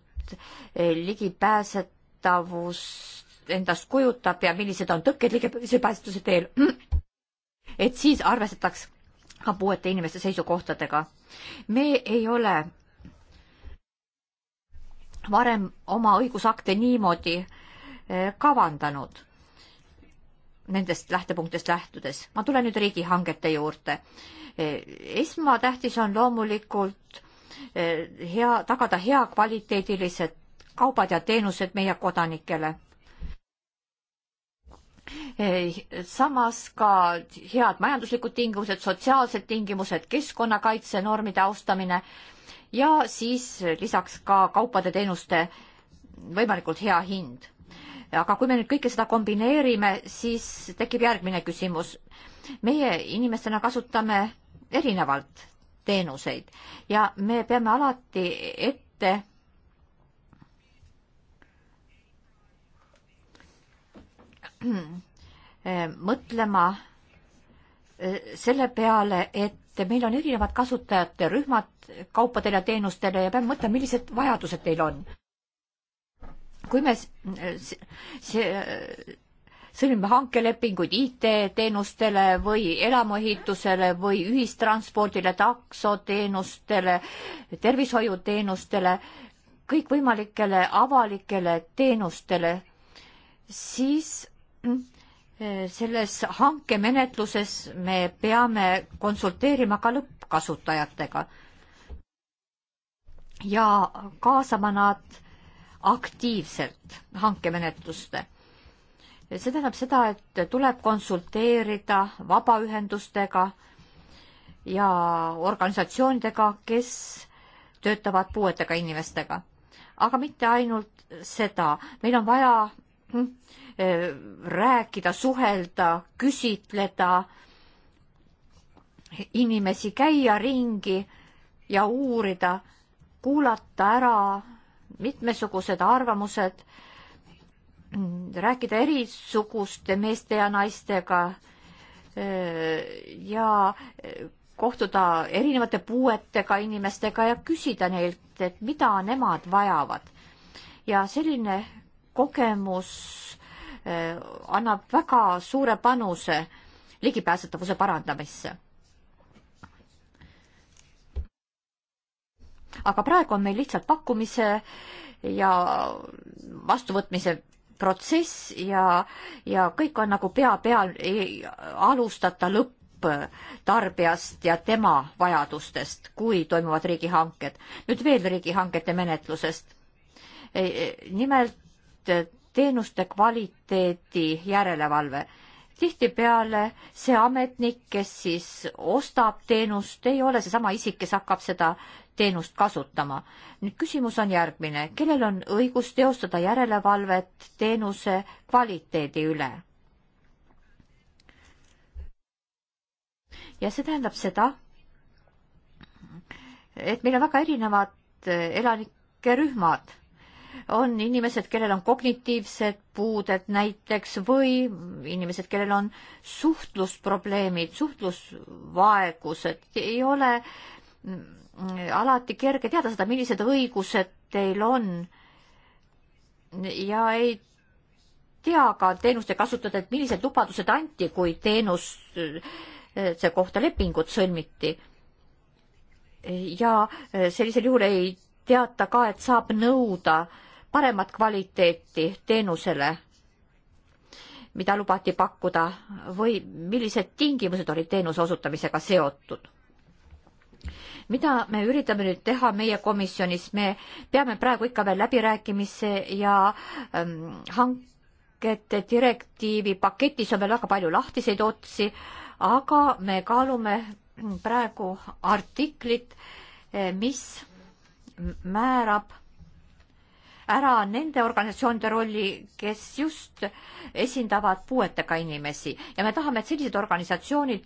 eh, ligipääsetavust endast kujutab ja millised on tõkked ligipääsetuse teel, et siis arvestataks ka puuete inimeste seisukohtadega. me ei ole varem oma õigusakte niimoodi eh, kavandanud nendest lähtepunktist lähtudes. ma tulen nüüd riigihangete juurde. Eh, esmatähtis on loomulikult eh, hea, tagada hea kvaliteedilised kaubad ja teenused meie kodanikele samas ka head majanduslikud tingimused, sotsiaalsed tingimused, keskkonnakaitsenormide austamine ja siis lisaks ka kaupade-teenuste võimalikult hea hind. aga kui me nüüd kõike seda kombineerime, siis tekib järgmine küsimus. meie inimestena kasutame erinevalt teenuseid ja me peame alati ette Eh, mõtlema eh, selle peale, et meil on erinevad kasutajate rühmad kaupadele ja teenustele ja peame mõtlema, millised vajadused teil on. kui me sõlmime hankelepinguid IT-teenustele või elamuehitusele või ühistranspordile, taksoteenustele, tervishoiuteenustele, kõikvõimalikele avalikele teenustele, siis selles hankemenetluses me peame konsulteerima ka lõppkasutajatega ja kaasama nad aktiivselt hankemenetluste. see tähendab seda, et tuleb konsulteerida vabaühendustega ja organisatsioonidega, kes töötavad puuetega inimestega. aga mitte ainult seda, meil on vaja hm, Äh, rääkida, suhelda, küsitleda, inimesi käia ringi ja uurida, kuulata ära mitmesugused arvamused, rääkida erisuguste meeste ja naistega äh, ja kohtuda erinevate puuetega inimestega ja küsida neilt, et mida nemad vajavad. ja selline kogemus Eh, annab väga suure panuse ligipääsetavuse parandamisse. aga praegu on meil lihtsalt pakkumise ja vastuvõtmise protsess ja, ja kõik on nagu pea peal, ei alustata lõpptarbijast ja tema vajadustest, kui toimuvad riigihanked. nüüd veel riigihangete menetlusest. Eh, eh, nimelt teenuste kvaliteedi järelevalve. tihtipeale see ametnik, kes siis ostab teenust, ei ole seesama isik, kes hakkab seda teenust kasutama. nüüd küsimus on järgmine, kellel on õigus teostada järelevalvet teenuse kvaliteedi üle? ja see tähendab seda, et meil on väga erinevad eh, elanike rühmad on inimesed, kellel on kognitiivsed puuded näiteks või inimesed, kellel on suhtlusprobleemid, suhtlusvaegused, ei ole mm, alati kerge teada seda, millised õigused teil on ja ei tea ka teenuste kasutajad, et millised lubadused anti, kui teenuse kohta lepingud sõlmiti. ja sellisel juhul ei teata ka, et saab nõuda äh, paremat kvaliteeti teenusele, mida lubati pakkuda või millised tingimused olid teenuse osutamisega seotud? mida me üritame nüüd teha meie komisjonis, me peame praegu ikka veel läbirääkimisse ja ähm, hankete direktiivi paketis on veel väga palju lahtiseid otsi, aga me kaalume praegu artiklit, mis määrab ära nende organisatsioonide rolli, kes just esindavad puuetega inimesi ja me tahame, et sellised organisatsioonid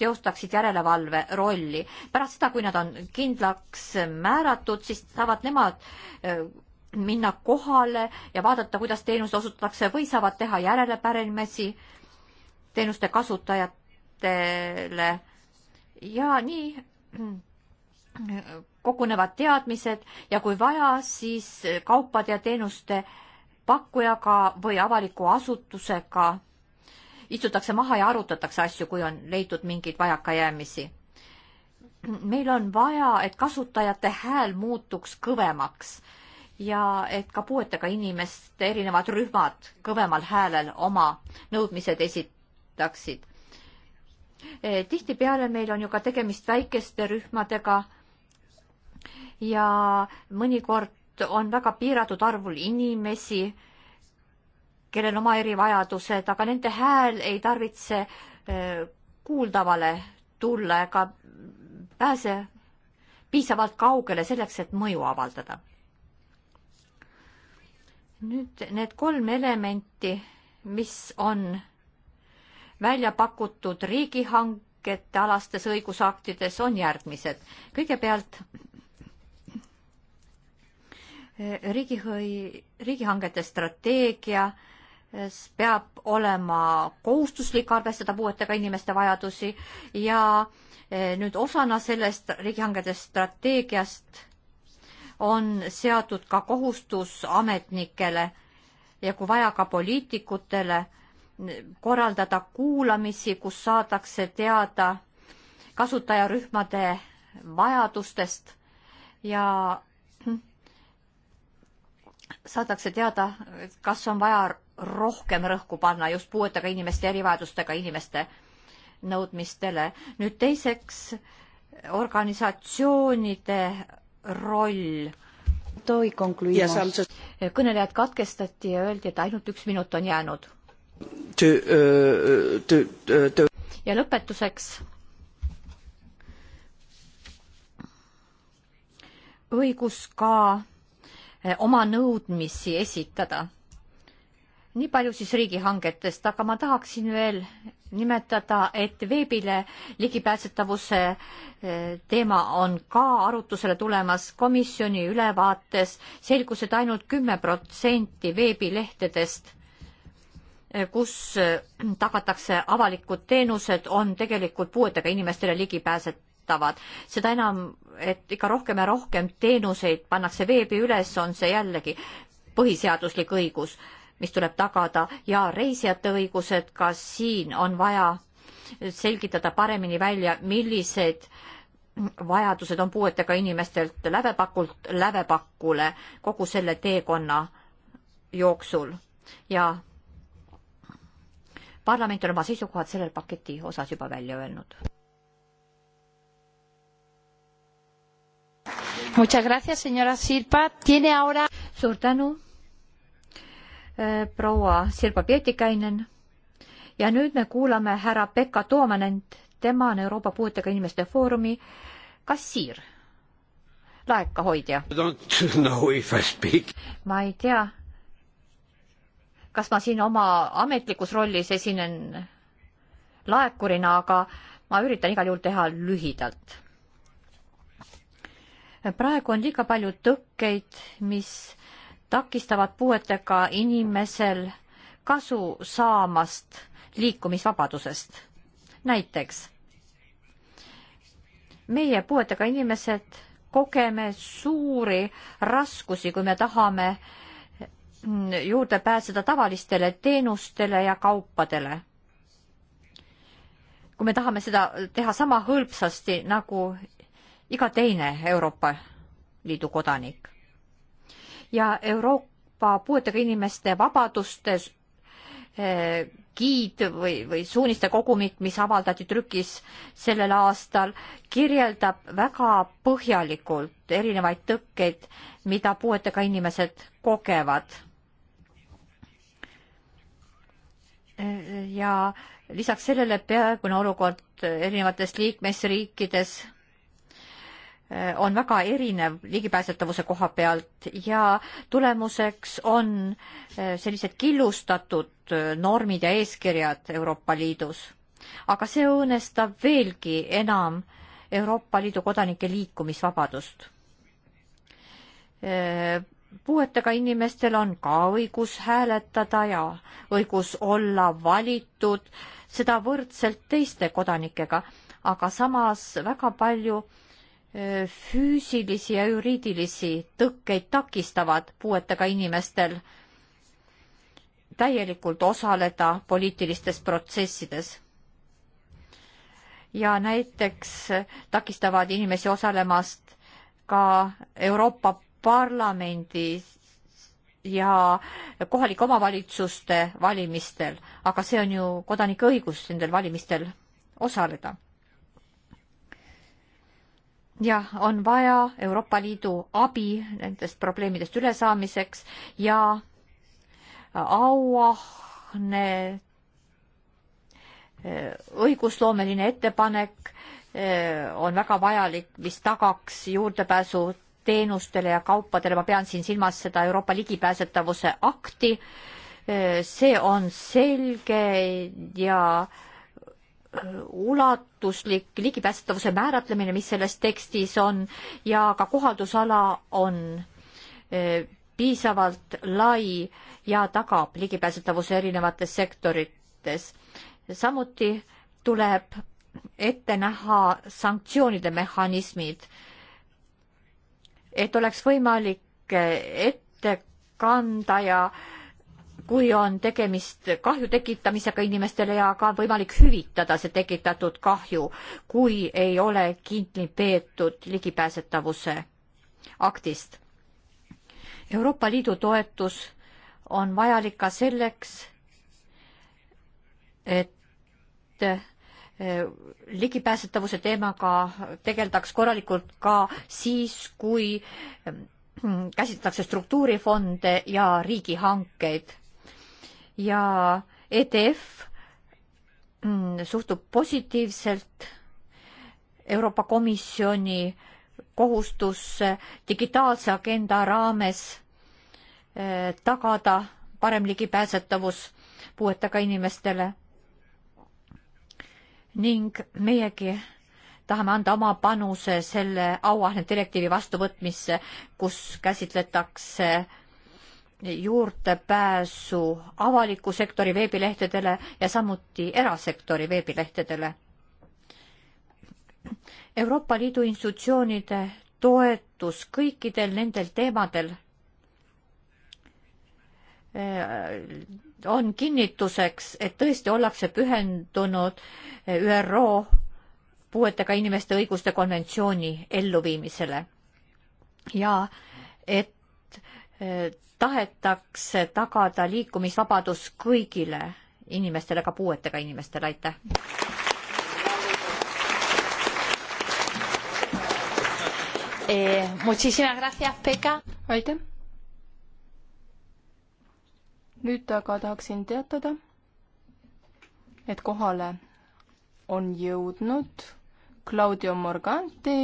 teostaksid järelevalve rolli. pärast seda, kui nad on kindlaks määratud, siis saavad nemad äh, minna kohale ja vaadata, kuidas teenust osutatakse või saavad teha järelepärimisi teenuste kasutajatele ja nii äh, kogunevad teadmised ja kui vaja, siis kaupade ja teenuste pakkujaga või avaliku asutusega istutakse maha ja arutatakse asju, kui on leitud mingeid vajakajäämisi. meil on vaja, et kasutajate hääl muutuks kõvemaks ja et ka puuetega inimeste erinevad rühmad kõvemal häälel oma nõudmised esitaksid. Eh, tihtipeale meil on ju ka tegemist väikeste rühmadega ja mõnikord on väga piiratud arvul inimesi, kellel oma erivajadused, aga nende hääl ei tarvitse eh, kuuldavale tulla ega pääse piisavalt kaugele selleks, et mõju avaldada. nüüd need kolm elementi, mis on välja pakutud riigihankete alastes õigusaktides, on järgmised. kõigepealt riigihõi, riigihangete strateegia peab olema kohustuslik, arvestada puuetega inimeste vajadusi ja e, nüüd osana sellest riigihangete strateegiast on seatud ka kohustus ametnikele ja kui vaja, ka poliitikutele korraldada kuulamisi, kus saadakse teada kasutajarühmade vajadustest ja saadakse teada, kas on vaja rohkem rõhku panna just puuetega inimeste, erivajadustega inimeste nõudmistele. nüüd teiseks, organisatsioonide roll. Yes, just... kõnelejad katkestati ja öeldi, et ainult üks minut on jäänud. Uh, uh, ja lõpetuseks. õigus ka Eh, oma nõudmisi esitada. nii palju siis riigihangetest, aga ma tahaksin veel nimetada, et veebile ligipääsetavuse eh, teema on ka arutusele tulemas komisjoni ülevaates. selgus, et ainult kümme protsenti veebilehtedest, eh, kus tagatakse avalikud teenused, on tegelikult puuetega inimestele ligipääsetavad kasutavad. seda enam, et ikka rohkem ja rohkem teenuseid pannakse veebi üles, on see jällegi põhiseaduslik õigus, mis tuleb tagada ja reisijate õigused, ka siin on vaja selgitada paremini välja, millised vajadused on puuetega inimestelt lävepakult lävepakule kogu selle teekonna jooksul ja parlament on oma seisukohad sellel paketi osas juba välja öelnud. Muchas gracias, señora Sirpa. Tiene ahora... suur tänu, eh, proua Sirpa Pietikainen. ja nüüd me kuulame härra Pekka Toomanent, tema on Euroopa Puuetega Inimeste Foorumi kassiir, laekahoidja. ma ei tea, kas ma siin oma ametlikus rollis esinen laekurina, aga ma üritan igal juhul teha lühidalt praegu on liiga palju tõkkeid, mis takistavad puuetega inimesel kasu saamast liikumisvabadusest. näiteks meie puuetega inimesed kogeme suuri raskusi, kui me tahame juurde pääseda tavalistele teenustele ja kaupadele. kui me tahame seda teha sama hõlpsasti nagu iga teine Euroopa Liidu kodanik. ja Euroopa puuetega inimeste vabaduste eh, giid või, või suuniste kogumik, mis avaldati trükis sellel aastal, kirjeldab väga põhjalikult erinevaid tõkkeid, mida puuetega inimesed kogevad. Eh, ja lisaks sellele peaaegune olukord erinevates liikmesriikides Äh, on väga erinev ligipääsetavuse koha pealt ja tulemuseks on äh, sellised killustatud äh, normid ja eeskirjad Euroopa Liidus. aga see õõnestab veelgi enam Euroopa Liidu kodanike liikumisvabadust. puuetega inimestel on ka õigus hääletada ja õigus olla valitud, seda võrdselt teiste kodanikega, aga samas väga palju äh, Äh, füüsilisi ja juriidilisi tõkkeid takistavad puuetega inimestel täielikult osaleda poliitilistes protsessides. ja näiteks takistavad inimesi osalemast ka Euroopa Parlamendis ja kohalike omavalitsuste valimistel, aga see on ju kodanike õigus nendel valimistel osaleda jah, on vaja Euroopa Liidu abi nendest probleemidest ülesaamiseks ja auahne eh, õigusloomeline ettepanek eh, on väga vajalik, mis tagaks juurdepääsu teenustele ja kaupadele, ma pean siin silmas seda Euroopa ligipääsetavuse akti, eh, see on selge ja äh, ulatuslik ligipääsetavuse määratlemine, mis selles tekstis on ja ka kohaldusala on e, piisavalt lai ja tagab ligipääsetavuse erinevates sektorites. samuti tuleb ette näha sanktsioonide mehhanismid, et oleks võimalik ette kanda ja äh, kui on tegemist kahju tekitamisega inimestele ja ka võimalik hüvitada see tekitatud kahju, kui ei ole kinni peetud ligipääsetavuse aktist. Euroopa Liidu toetus on vajalik ka selleks, et eh, ligipääsetavuse teemaga tegeldaks korralikult ka siis, kui mm, käsitletakse struktuurifonde ja riigihankeid ja ETF mm, suhtub positiivselt Euroopa Komisjoni kohustusse digitaalse agenda raames eh, tagada parem ligipääsetavus puuetega inimestele. ning meiegi tahame anda oma panuse selle auahne direktiivi vastuvõtmisse, kus käsitletakse juurdepääsu avaliku sektori veebilehtedele ja samuti erasektori veebilehtedele. Euroopa Liidu institutsioonide toetus kõikidel nendel teemadel äh, on kinnituseks, et tõesti ollakse pühendunud äh, ÜRO puuetega inimeste õiguste konventsiooni elluviimisele ja et Äh, tahetakse tagada liikumisvabadus kõigile inimestele, ka puuetega inimestele, aitäh! Eh, aitäh! nüüd aga tahaksin teatada, et kohale on jõudnud Claudio Morganti,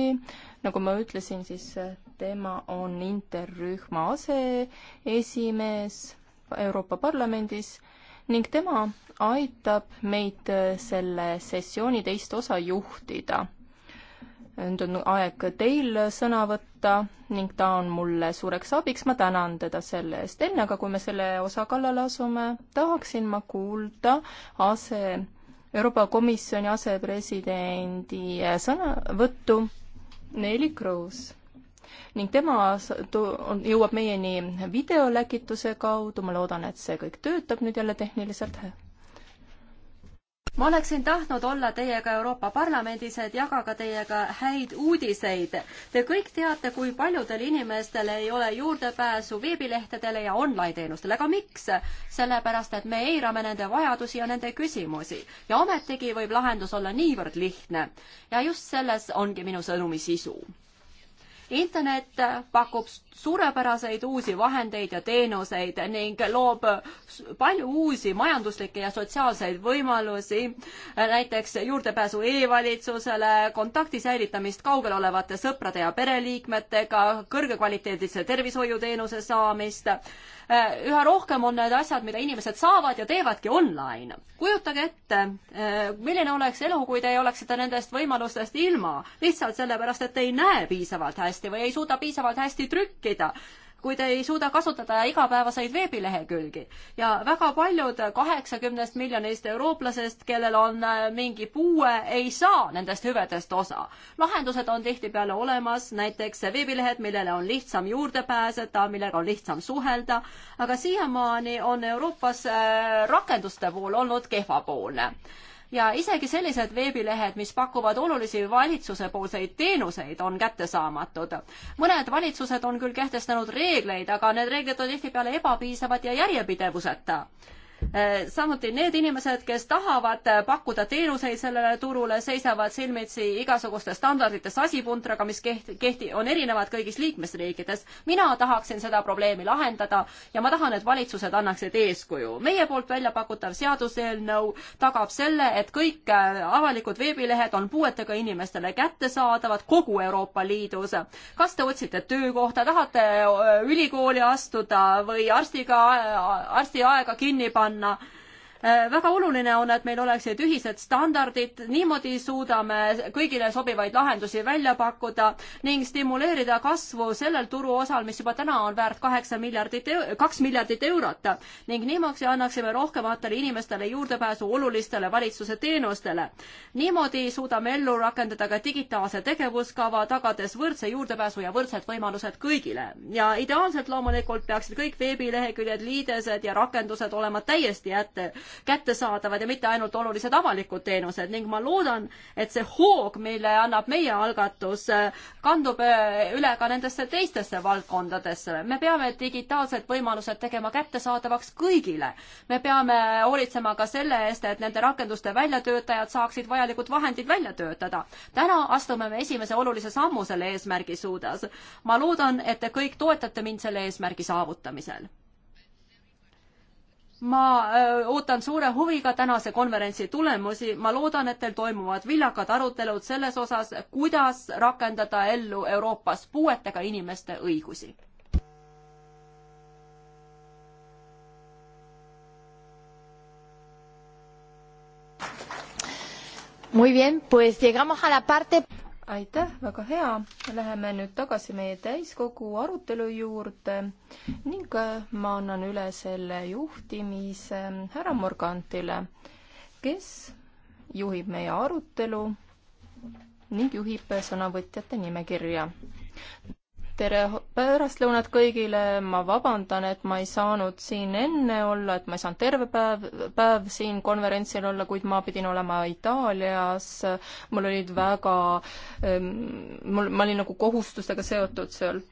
nagu ma ütlesin, siis tema on interrühma aseesimees Euroopa Parlamendis ning tema aitab meid selle sessiooni teist osa juhtida. nüüd on aeg teil sõna võtta ning ta on mulle suureks abiks, ma tänan teda selle eest. enne aga, kui me selle osa kallale asume, tahaksin ma kuulda ase Euroopa Komisjoni asepresidendi sõnavõttu Neeli Kruus ning tema jõuab meieni videoläkituse kaudu, ma loodan, et see kõik töötab nüüd jälle tehniliselt. ma oleksin tahtnud olla teiega Euroopa Parlamendis, et jagada teiega häid uudiseid. Te kõik teate, kui paljudel inimestel ei ole juurdepääsu veebilehtedele ja online-teenustele, aga miks? sellepärast, et me eirame nende vajadusi ja nende küsimusi ja ometigi võib lahendus olla niivõrd lihtne. ja just selles ongi minu sõnumi sisu internet pakub suurepäraseid uusi vahendeid ja teenuseid ning loob palju uusi majanduslikke ja sotsiaalseid võimalusi, näiteks juurdepääsu e-valitsusele, kontakti säilitamist kaugel olevate sõprade ja pereliikmetega, kõrgekvaliteedilise tervishoiuteenuse saamist Äh, üha rohkem on need asjad, mida inimesed saavad ja teevadki online. kujutage ette, äh, milline oleks elu, kui te oleksite nendest võimalustest ilma, lihtsalt sellepärast, et te ei näe piisavalt hästi või ei suuda piisavalt hästi trükkida kui te ei suuda kasutada igapäevaseid veebilehekülgi. ja väga paljud kaheksakümnest miljonist eurooplasest, kellel on äh, mingi puue, ei saa nendest hüvedest osa. lahendused on tihtipeale olemas, näiteks veebilehed, millele on lihtsam juurde pääseda, millega on lihtsam suhelda, aga siiamaani on Euroopas äh, rakenduste pool olnud kehvapoolne ja isegi sellised veebilehed, mis pakuvad olulisi valitsusepoolseid teenuseid, on kättesaamatud. mõned valitsused on küll kehtestanud reegleid, aga need reeglid on tihtipeale ebapiisavad ja järjepidevuseta Äh, samuti need inimesed, kes tahavad äh, pakkuda teenuseid sellele turule, seisavad silmitsi igasuguste standardite sasipuntraga, mis kehti-, kehti-, on erinevad kõigis liikmesriikides. mina tahaksin seda probleemi lahendada ja ma tahan, et valitsused annaksid eeskuju. meie poolt välja pakutav seaduseelnõu tagab selle, et kõik äh, avalikud veebilehed on puuetega inimestele kättesaadavad kogu Euroopa Liidus. kas te otsite töökohta, tahate ülikooli astuda või arstiga, arsti aega kinni panna, panna Äh, väga oluline on, et meil oleksid ühised standardid, niimoodi suudame kõigile sobivaid lahendusi välja pakkuda ning stimuleerida kasvu sellel turuosal, mis juba täna on väärt kaheksa miljardit, kaks miljardit eurot ning niimoodi annaksime rohkematele inimestele juurdepääsu olulistele valitsuse teenustele. niimoodi suudame ellu rakendada ka digitaalse tegevuskava, tagades võrdse juurdepääsu ja võrdsed võimalused kõigile ja ideaalselt loomulikult peaksid kõik veebileheküljed, liidesed ja rakendused olema täiesti ette kättesaadavad ja mitte ainult olulised avalikud teenused ning ma loodan, et see hoog, mille annab meie algatus, kandub äh, üle ka nendesse teistesse valdkondadesse. me peame digitaalsed võimalused tegema kättesaadavaks kõigile. me peame hoolitsema ka selle eest, et nende rakenduste väljatöötajad saaksid vajalikud vahendid välja töötada. täna astume me esimese olulise sammu selle eesmärgi suunas. ma loodan, et te kõik toetate mind selle eesmärgi saavutamisel ma äh, ootan suure huviga tänase konverentsi tulemusi, ma loodan, et teil toimuvad viljakad arutelud selles osas, kuidas rakendada ellu Euroopas puuetega inimeste õigusi. Muy bien, pues llegamos a la parte aitäh, väga hea. Läheme nüüd tagasi meie täiskogu arutelu juurde ning äh, ma annan üle selle juhtimise härra Morgantile, kes juhib meie arutelu ning juhib sõnavõtjate nimekirja tere pärastlõunat kõigile, ma vabandan, et ma ei saanud siin enne olla, et ma ei saanud terve päev, päev siin konverentsil olla, kuid ma pidin olema Itaalias, mul olid väga, ehm, mul, ma olin nagu kohustustega seotud seal.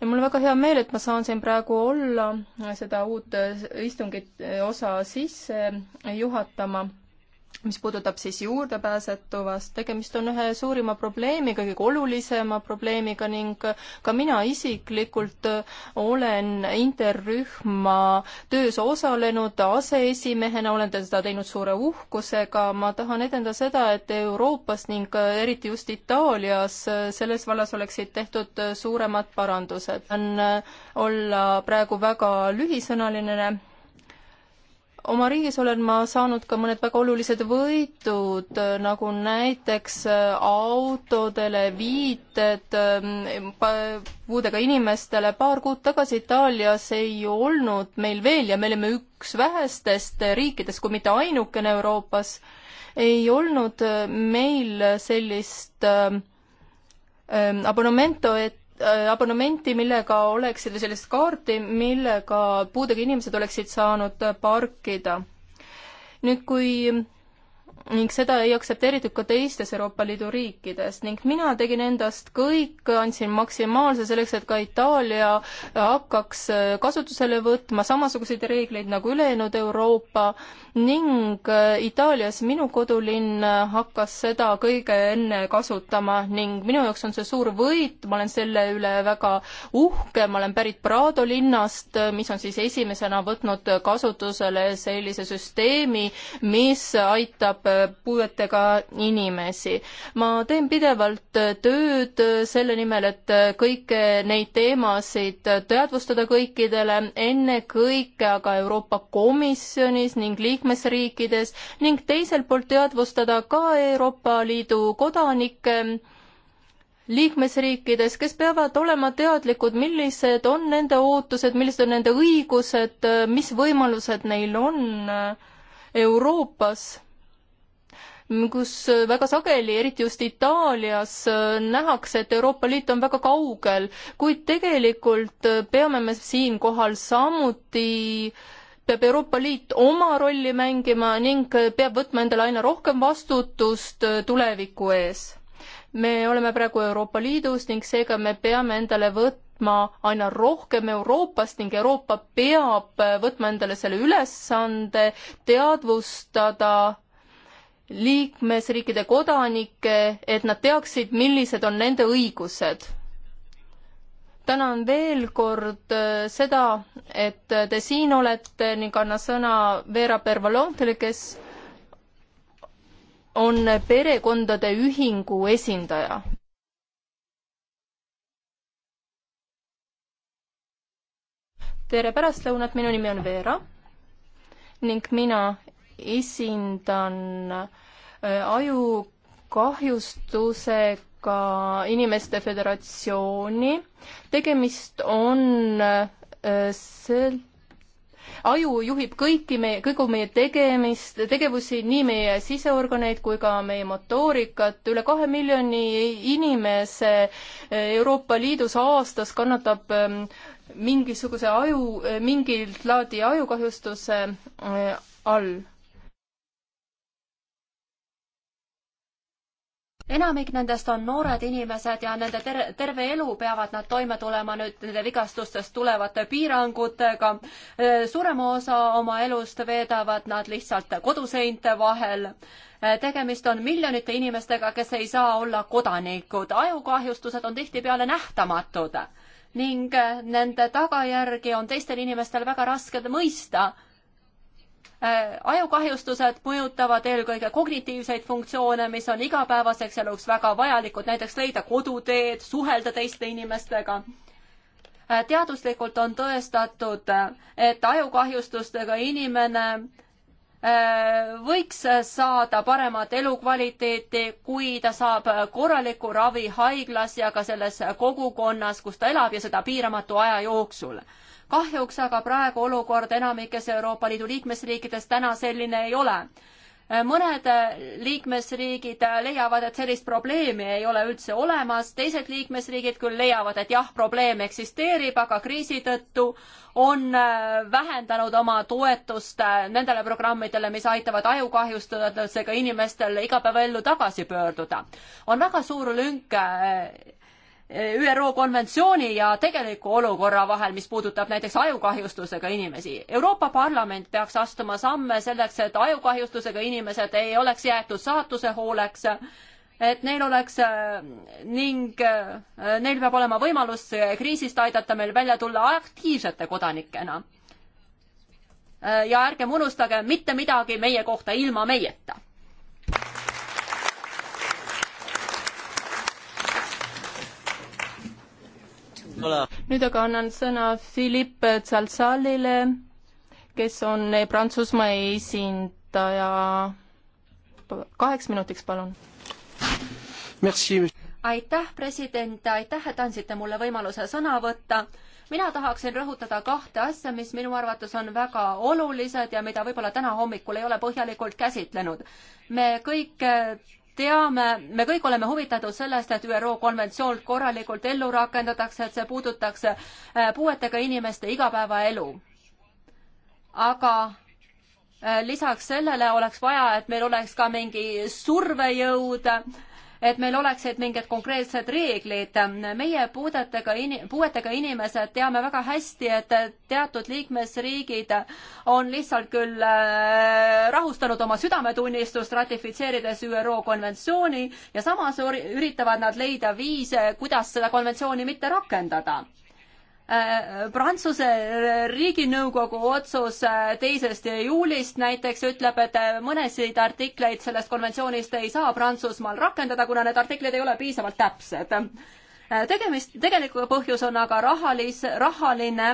ja mul on väga hea meel, et ma saan siin praegu olla, seda uut eh, istungit eh, osa sisse juhatama mis puudutab siis juurdepääsetavast, tegemist on ühe suurima probleemiga, kõige olulisema probleemiga ning ka mina isiklikult olen interrühma töös osalenud aseesimehena, olen seda teinud suure uhkusega, ma tahan edendada seda, et Euroopas ning eriti just Itaalias selles vallas oleksid tehtud suuremad parandused. on olla praegu väga lühisõnaline oma riigis olen ma saanud ka mõned väga olulised võitud, äh, nagu näiteks äh, autodele viited ähm, puudega inimestele. paar kuud tagasi Itaalias ei olnud meil veel ja me olime üks vähestest riikidest, kui mitte ainukene Euroopas, ei olnud äh, meil sellist ähm, ähm, abonemento, et Äh, abonementi, millega oleks, sellist kaarti, millega puudega inimesed oleksid saanud äh, parkida. nüüd, kui ning seda ei aktsepteeritud ka teistes Euroopa Liidu riikides ning mina tegin endast kõik, andsin maksimaalse selleks, et ka Itaalia hakkaks äh, kasutusele võtma samasuguseid reegleid nagu ülejäänud Euroopa ning äh, Itaalias minu kodulinn äh, hakkas seda kõige enne kasutama ning minu jaoks on see suur võit, ma olen selle üle väga uhke, ma olen pärit Prado linnast, mis on siis esimesena võtnud kasutusele sellise süsteemi, mis aitab puuetega inimesi. ma teen pidevalt tööd selle nimel, et kõiki neid teemasid teadvustada kõikidele, ennekõike aga Euroopa Komisjonis ning liikmesriikides ning teiselt poolt teadvustada ka Euroopa Liidu kodanikke liikmesriikides, kes peavad olema teadlikud, millised on nende ootused, millised on nende õigused, mis võimalused neil on Euroopas kus äh, väga sageli, eriti just Itaalias, äh, nähakse, et Euroopa Liit on väga kaugel, kuid tegelikult äh, peame me siinkohal samuti peab Euroopa Liit oma rolli mängima ning peab võtma endale aina rohkem vastutust tuleviku ees. me oleme praegu Euroopa Liidus ning seega me peame endale võtma aina rohkem Euroopast ning Euroopa peab võtma endale selle ülesande teadvustada liikmesriikide kodanikke, et nad teaksid, millised on nende õigused. tänan veel kord äh, seda, et te siin olete ning annan sõna Vera Pervalontele, kes on perekondade ühingu esindaja. tere pärastlõunat, minu nimi on Veera ning mina esindan äh, ajukahjustusega inimeste föderatsiooni. tegemist on äh, sel-, aju juhib kõiki meie, kõigu meie tegemist, tegevusi, nii meie siseorganeid kui ka meie motoorikat. üle kahe miljoni inimese äh, Euroopa Liidus aastas kannatab ähm, mingisuguse aju, mingit laadi ajukahjustuse all enamik nendest on noored inimesed ja nende ter-, terve elu peavad nad toime tulema nüüd nende vigastustest tulevate piirangutega. suurema osa oma elust veedavad nad lihtsalt koduseinte vahel tegemist on miljonite inimestega, kes ei saa olla kodanikud. ajukahjustused on tihtipeale nähtamatud ning nende tagajärgi on teistel inimestel väga raske mõista Äh, ajukahjustused mõjutavad eelkõige kognitiivseid funktsioone, mis on igapäevaseks eluks väga vajalikud, näiteks leida koduteed, suhelda teiste inimestega. Äh, teaduslikult on tõestatud, et ajukahjustustega inimene äh, võiks saada paremat elukvaliteeti, kui ta saab korralikku ravi haiglas ja ka selles kogukonnas, kus ta elab ja seda piiramatu aja jooksul kahjuks aga praegu olukord enamikes Euroopa Liidu liikmesriikides täna selline ei ole. mõned liikmesriigid leiavad, et sellist probleemi ei ole üldse olemas, teised liikmesriigid küll leiavad, et jah, probleem eksisteerib, aga kriisi tõttu on äh, vähendanud oma toetust äh, nendele programmidele, mis aitavad ajukahjustujatega inimestel igapäevaellu tagasi pöörduda. on väga suur lünk äh, ÜRO konventsiooni ja tegeliku olukorra vahel, mis puudutab näiteks ajukahjustusega inimesi. Euroopa Parlament peaks astuma samme selleks, et ajukahjustusega inimesed ei oleks jäetud saatuse hooleks, et neil oleks ning neil peab olema võimalus kriisist aidata meil välja tulla aktiivsete kodanikena. ja ärgem unustage mitte midagi meie kohta ilma meieta. nüüd aga annan sõna Philippe Tsaltsalile, kes on Prantsusmaa esindaja. kaheks minutiks, palun. aitäh, president, aitäh, et andsite mulle võimaluse sõna võtta mina tahaksin rõhutada kahte asja, mis minu arvates on väga olulised ja mida võib-olla täna hommikul ei ole põhjalikult käsitlenud. me kõik teame, me kõik oleme huvitatud sellest, et ÜRO konventsioon korralikult ellu rakendatakse, et see puudutaks äh, puuetega inimeste igapäevaelu. aga äh, lisaks sellele oleks vaja, et meil oleks ka mingi survejõud äh, et meil oleksid mingid konkreetsed reeglid. meie puudetega in-, puuetega inimesed teame väga hästi, et teatud liikmesriigid on lihtsalt küll äh, rahustanud oma südametunnistust, ratifitseerides ÜRO konventsiooni ja samas üritavad nad leida viise, kuidas seda konventsiooni mitte rakendada Prantsuse riiginõukogu otsus äh, teisest juulist näiteks ütleb, et äh, mõnesid artikleid sellest konventsioonist ei saa Prantsusmaal rakendada, kuna need artiklid ei ole piisavalt täpsed. Äh, tegemist, tegelik põhjus on aga rahalis-, rahaline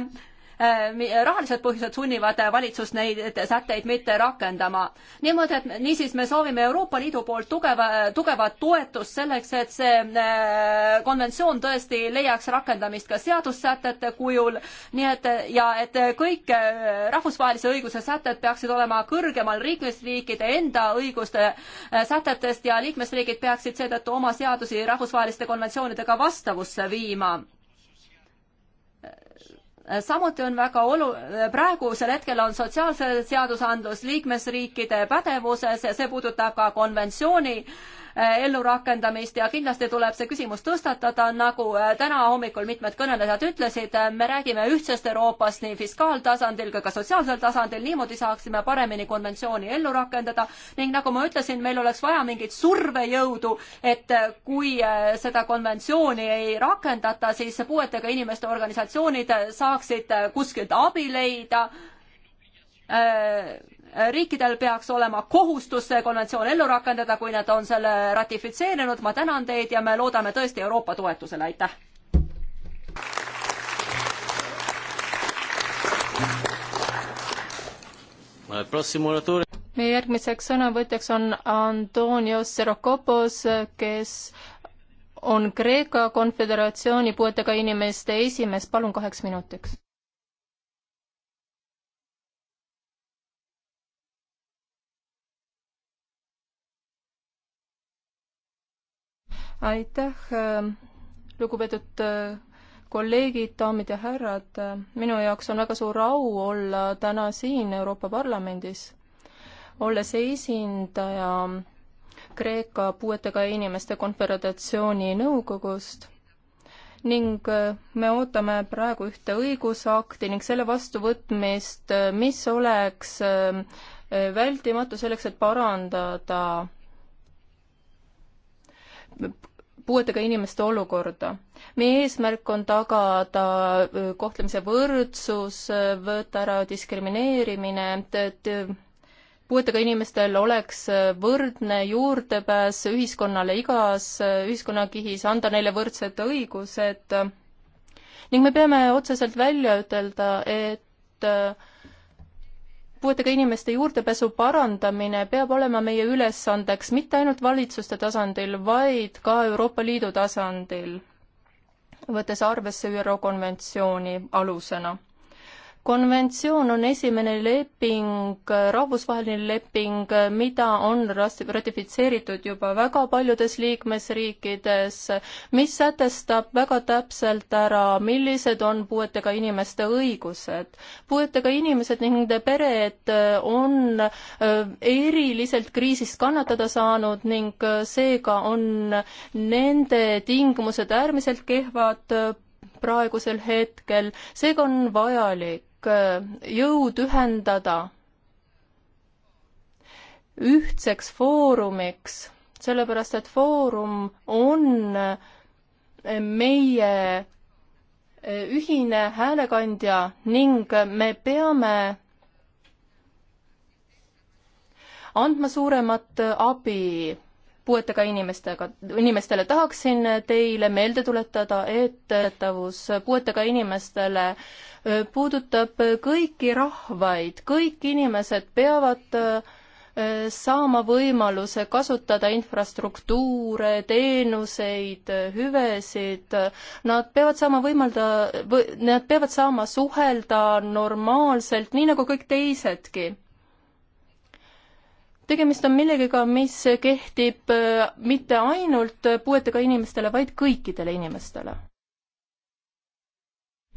Äh, rahalised põhjused sunnivad valitsust neid sätteid mitte rakendama. niimoodi, et niisiis me soovime Euroopa Liidu poolt tugeva, tugevat toetust selleks, et see äh, konventsioon tõesti leiaks rakendamist ka seadussätete kujul, nii et ja et kõik äh, rahvusvahelise õiguse sätted peaksid olema kõrgemal liikmesriikide enda õiguste sätetest ja liikmesriigid peaksid seetõttu oma seadusi rahvusvaheliste konventsioonidega vastavusse viima samuti on väga olu-, praegusel hetkel on sotsiaalse seadusandlus liikmesriikide pädevuses ja see puudutab ka konventsiooni äh, Äh, ellurakendamist ja kindlasti tuleb see küsimus tõstatada, nagu äh, täna hommikul mitmed kõnelejad ütlesid, äh, me räägime ühtsest Euroopast nii fiskaaltasandil kui ka sotsiaalsel tasandil, niimoodi saaksime paremini konventsiooni ellu rakendada ning nagu ma ütlesin, meil oleks vaja mingit survejõudu, et kui seda konventsiooni ei rakendata, siis puuetega inimeste organisatsioonid saaksid kuskilt abi leida riikidel peaks olema kohustus see konventsioon ellu rakendada, kui nad on selle ratifitseerinud. ma tänan teid ja me loodame tõesti Euroopa toetusele, aitäh! meie järgmiseks sõnavõtjaks on Antonios Serokopos, kes on Kreeka Konföderatsiooni puuetega inimeste esimees, palun kaheks minutiks aitäh, äh, lugupeetud äh, kolleegid, daamid ja härrad, minu jaoks on väga suur au olla täna siin Euroopa Parlamendis, olles esindaja Kreeka puuetega inimeste konföderatsiooni nõukogust ning äh, me ootame praegu ühte õigusakti ning selle vastuvõtmist, mis oleks vältimatu selleks, et parandada puuetega inimeste olukorda. meie eesmärk on tagada äh, kohtlemise võrdsus, äh, võtta ära diskrimineerimine, et äh, puuetega inimestel oleks võrdne juurdepääs ühiskonnale igas ühiskonnakihis, anda neile võrdsed õigused ning me peame otseselt välja ütelda, et puuetega inimeste juurdepääsu parandamine peab olema meie ülesandeks mitte ainult valitsuste tasandil, vaid ka Euroopa Liidu tasandil, võttes arvesse ÜRO konventsiooni alusena konventsioon on esimene leping, rahvusvaheline leping, mida on ratifitseeritud juba väga paljudes liikmesriikides, mis sätestab väga täpselt ära, millised on puuetega inimeste õigused. puuetega inimesed ning nende pered on eriliselt kriisist kannatada saanud ning seega on nende tingimused äärmiselt kehvad praegusel hetkel, seega on vajalik Äh, jõud ühendada ühtseks foorumiks, sellepärast et foorum on äh, meie äh, ühine häälekandja ning me peame andma suuremat abi puuetega inimestega, inimestele tahaksin teile meelde tuletada, et teatavus puuetega inimestele puudutab kõiki rahvaid, kõik inimesed peavad saama võimaluse kasutada infrastruktuure, teenuseid, hüvesid, nad peavad saama võimalda või,, nad peavad saama suhelda normaalselt, nii nagu kõik teisedki tegemist on millegiga, mis kehtib äh, mitte ainult puuetega inimestele, vaid kõikidele inimestele.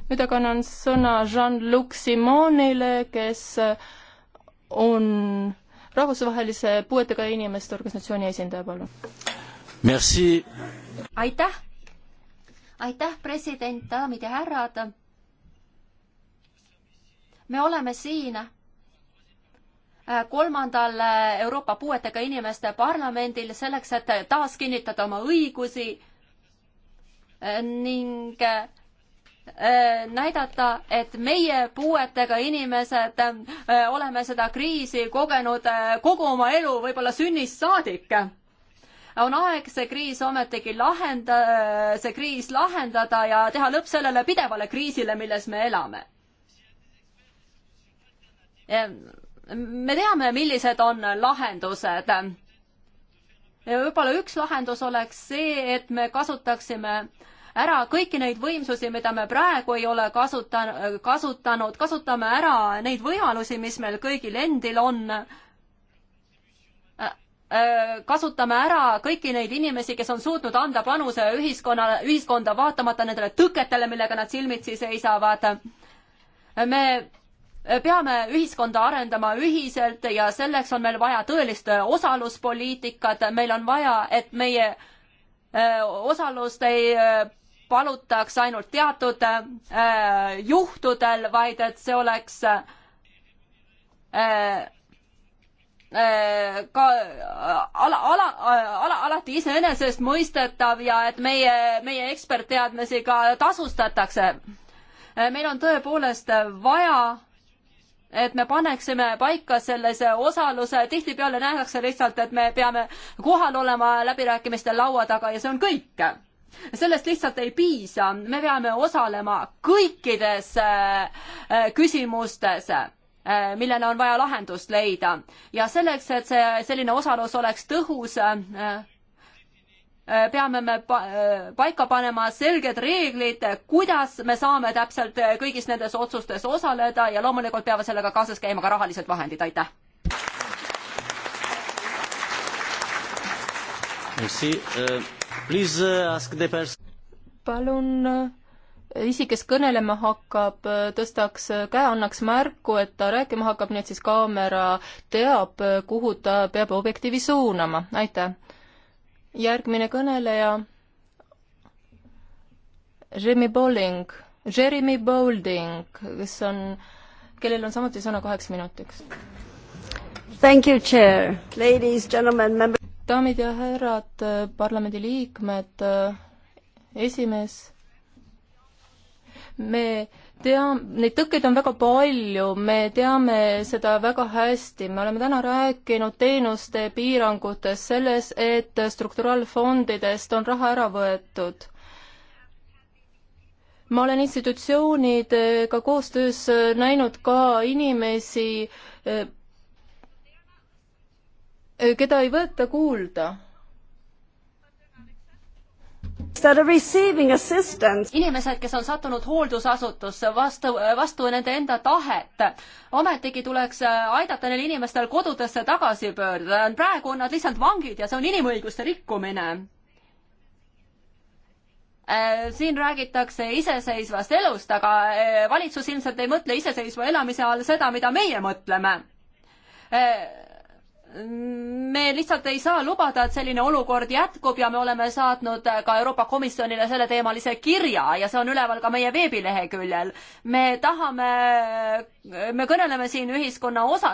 nüüd aga annan sõna Jean-Luc Simonile, kes äh, on rahvusvahelise puuetega inimeste organisatsiooni esindaja, palun. Merci. aitäh. aitäh, president, daamid ja härrad. me oleme siin Äh, kolmandal äh, Euroopa puuetega inimeste parlamendil selleks, et taaskinnitada oma õigusi äh, ning näidata, et meie puuetega inimesed oleme seda kriisi kogenud kogu oma elu, võib-olla sünnist saadik. on aeg see kriis ometigi lahenda, see kriis lahendada ja teha lõpp sellele pidevale kriisile, milles me elame me teame, millised on lahendused. võib-olla üks lahendus oleks see, et me kasutaksime ära kõiki neid võimsusi, mida me praegu ei ole kasuta-, kasutanud, kasutame ära neid võimalusi, mis meil kõigil endil on äh, äh, kasutame ära kõiki neid inimesi, kes on suutnud anda panuse ühiskonna, ühiskonda, vaatamata nendele tõketele, millega nad silmitsi seisavad. me peame ühiskonda arendama ühiselt ja selleks on meil vaja tõelist äh, osaluspoliitikat, meil on vaja, et meie äh, osalust ei äh, palutaks ainult teatud juhtudel, vaid et see oleks ka ala, ala, ala, alati iseenesestmõistetav ja et meie, meie ekspertteadmisi ka tasustatakse. meil on tõepoolest vaja et me paneksime paika sellise osaluse, tihtipeale nähakse lihtsalt, et me peame kohal olema läbirääkimiste laua taga ja see on kõik. sellest lihtsalt ei piisa, me peame osalema kõikides äh, küsimustes äh, millele on vaja lahendust leida ja selleks, et see selline osalus oleks tõhus, äh, Äh, peame me äh, paika panema selged reeglid, kuidas me saame täpselt äh, kõigis nendes otsustes osaleda ja loomulikult peavad sellega kaasas käima ka rahalised vahendid, aitäh. Euh, euh, palun isik, kes kõnelema hakkab, tõstaks käe, annaks märku, et ta rääkima hakkab, nii et siis kaamera teab, kuhu ta peab objektiivi suunama, aitäh järgmine kõneleja, Jeremy Bowling, Jeremy Bowling, kes on, kellel on samuti sõna kaheks minutiks. Thank you, chair, ladies, gentlemen, member-. daamid ja härrad, parlamendiliikmed, esimees, me tea, neid tõkkeid on väga palju, me teame seda väga hästi, me oleme täna rääkinud teenuste piirangutest, selles, et strukturaalfondidest on raha ära võetud. ma olen institutsioonidega koostöös näinud ka inimesi, eh, keda ei võeta kuulda inimesed, kes on sattunud hooldusasutusse vastu, äh, vastu nende enda tahet. ometigi tuleks äh, aidata neil inimestel kodudesse tagasi pöörduda. praegu on nad lihtsalt vangid ja see on inimõiguste rikkumine. Äh, siin räägitakse iseseisvast elust, aga valitsus ilmselt ei mõtle iseseisva elamise all seda, mida meie mõtleme me lihtsalt ei saa lubada, et selline olukord jätkub ja me oleme saatnud ka Euroopa Komisjonile selleteemalise kirja ja see on üleval ka meie veebileheküljel. me tahame, me kõneleme siin ühiskonna osa,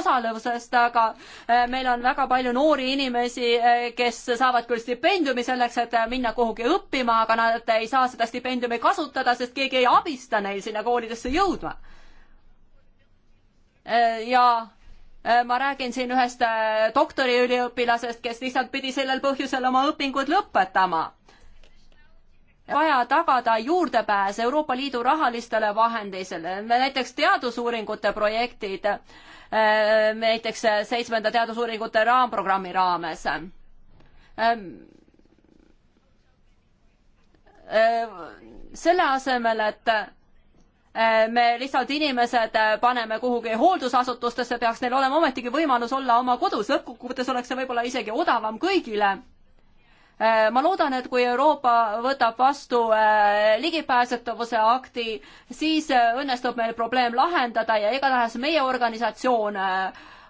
osalevusest, aga eh, meil on väga palju noori inimesi, eh, kes saavad küll stipendiumi selleks, et minna kuhugi õppima, aga nad ei saa seda stipendiumi kasutada, sest keegi ei abista neil sinna koolidesse jõudma. Eh, ja Äh, ma räägin siin ühest äh, doktoriüliõpilasest, kes lihtsalt pidi sellel põhjusel oma õpingud lõpetama. vaja tagada juurdepääs Euroopa Liidu rahalistele vahendisele, näiteks teadusuuringute projektid, äh, näiteks seitsmenda teadusuuringute raamprogrammi raames ähm, selle asemel, et Äh, me lihtsalt inimesed äh, paneme kuhugi hooldusasutustesse, peaks neil olema ometigi võimalus olla oma kodus, lõppkokkuvõttes oleks see võib-olla isegi odavam kõigile. Äh, ma loodan, et kui Euroopa võtab vastu ligipääsetavuse akti, siis õnnestub meil probleem lahendada ja igatahes meie organisatsioon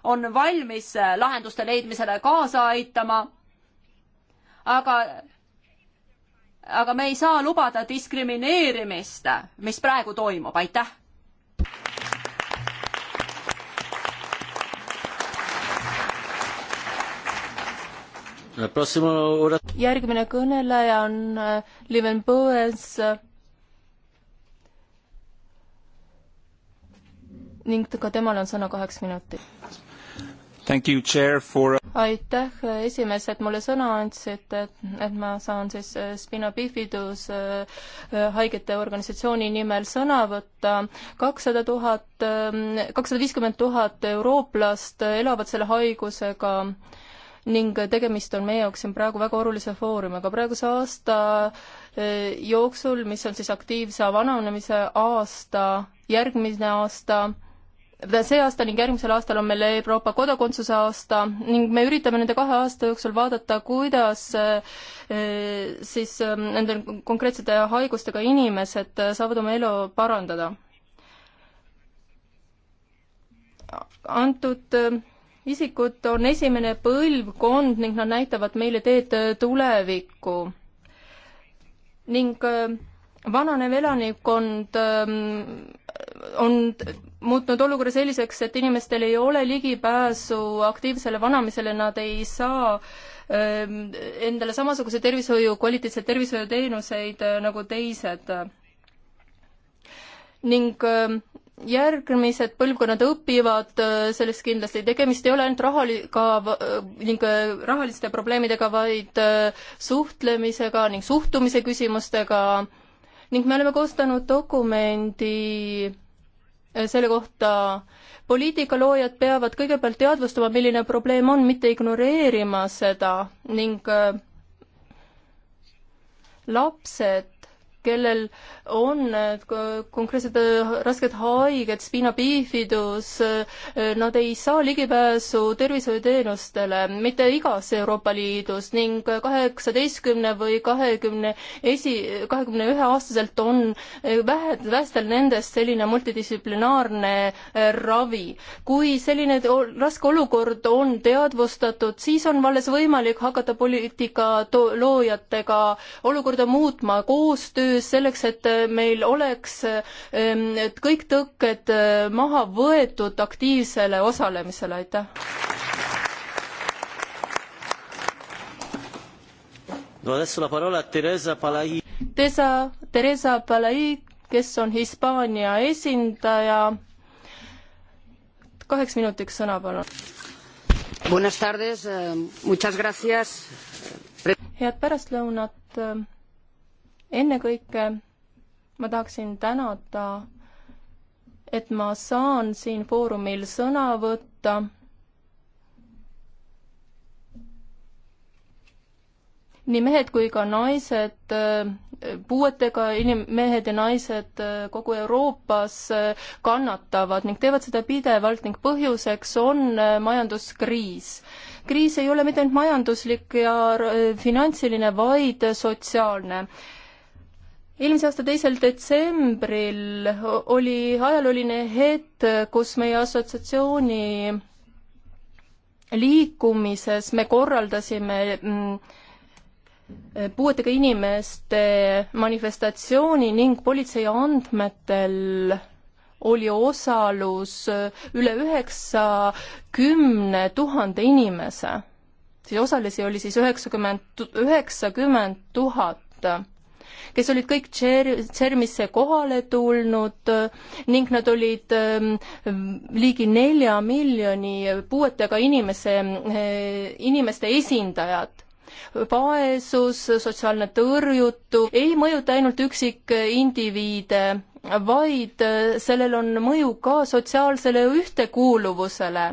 on valmis lahenduste leidmisele kaasa aitama. aga aga me ei saa lubada diskrimineerimist, mis praegu toimub, aitäh. järgmine kõneleja on äh, Liven Põues ning ka temal on sõna kaheks minutiks You, chair, for... Uh, aitäh, esimees, et mulle sõna andsite, et, et ma saan siis äh, Spina Bifidus äh, äh, haigete organisatsiooni nimel sõna võtta. kakssada tuhat, ähm, kakssada viiskümmend tuhat eurooplast elavad selle haigusega ning tegemist on meie jaoks siin praegu väga olulise foorumiga. praeguse aasta jooksul, mis on siis aktiivse vananemise aasta, järgmine aasta see aasta ning järgmisel aastal on meil Euroopa kodakondsuse aasta ning me üritame nende kahe aasta jooksul vaadata, kuidas äh, siis ähm, nende konkreetsete haigustega inimesed äh, saavad oma elu parandada. antud ähm, isikud on esimene põlvkond ning nad näitavad meile teed äh, tulevikku. ning vananev elanikkond ähm, on muutnud olukorra selliseks, et inimestel ei ole ligipääsu aktiivsele vananemisele, nad ei saa ähm, endale samasuguse tervishoiu, kvaliteetseid tervishoiuteenuseid äh, nagu teised. ning ähm, järgmised põlvkonnad õpivad äh, sellest kindlasti, tegemist ei ole ainult rahaliga äh, ning rahaliste probleemidega, vaid suhtlemisega ning suhtumise küsimustega ning me oleme koostanud dokumendi selle kohta. poliitikaloojad peavad kõigepealt teadvustama, milline probleem on, mitte ignoreerima seda ning äh, lapsed kellel on konkreetsed äh, rasked haiged, spiinapiifidus, äh, nad ei saa ligipääsu tervishoiuteenustele mitte igas Euroopa Liidus ning kaheksateistkümne või kahekümne esi, kahekümne ühe aastaselt on äh, vähe, vähestel nendest selline multidistsiplinaarne ravi. kui selline raske olukord on teadvustatud, siis on alles võimalik hakata poliitika loojatega olukorda muutma, koostööd töös selleks, et äh, meil oleks ähm, et kõik tõkked äh, maha võetud aktiivsele osalemisele, aitäh. Teresa, Teresa Palai, kes on Hispaania esindaja. kaheks minutiks sõna, palun. Buenas tardes, eh, muchas gracias. head pärastlõunat äh, ennekõike ma tahaksin tänada, et ma saan siin foorumil sõna võtta. nii mehed kui ka naised, puuetega inim-, mehed ja naised kogu Euroopas kannatavad ning teevad seda pidevalt ning põhjuseks on majanduskriis kriis ei ole mitte ainult majanduslik ja finantsiline, vaid sotsiaalne eelmise aasta teisel detsembril oli ajalooline hetk, kus meie assotsiatsiooni liikumises me korraldasime mm, puuetega inimeste manifestatsiooni ning politsei andmetel oli osalus üle üheksakümne tuhande inimese. siis osalisi oli siis üheksakümmend, üheksakümmend tuhat kes olid kõik CERMisse kohale tulnud äh, ning nad olid ähm, ligi nelja miljoni puuetega inimese, äh, inimeste esindajad vaesus, sotsiaalne tõrjutu ei mõjuta ainult üksikindiviide, vaid äh, sellel on mõju ka sotsiaalsele ühtekuuluvusele.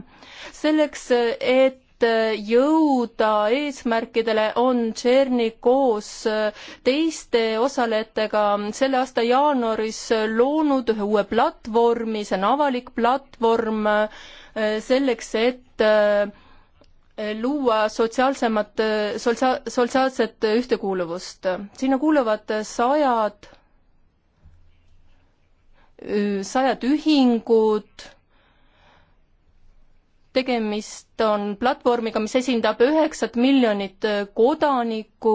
selleks, et et äh, jõuda eesmärkidele, on CERN-i koos äh, teiste osalejatega selle aasta jaanuaris äh, loonud ühe uue platvormi, see on avalik platvorm selleks, et luua sotsiaalsemat, sotsia-, sotsiaalset ühtekuuluvust. sinna kuuluvad sajad, sajad ühingud tegemist on platvormiga, mis esindab üheksat miljonit äh, kodanikku,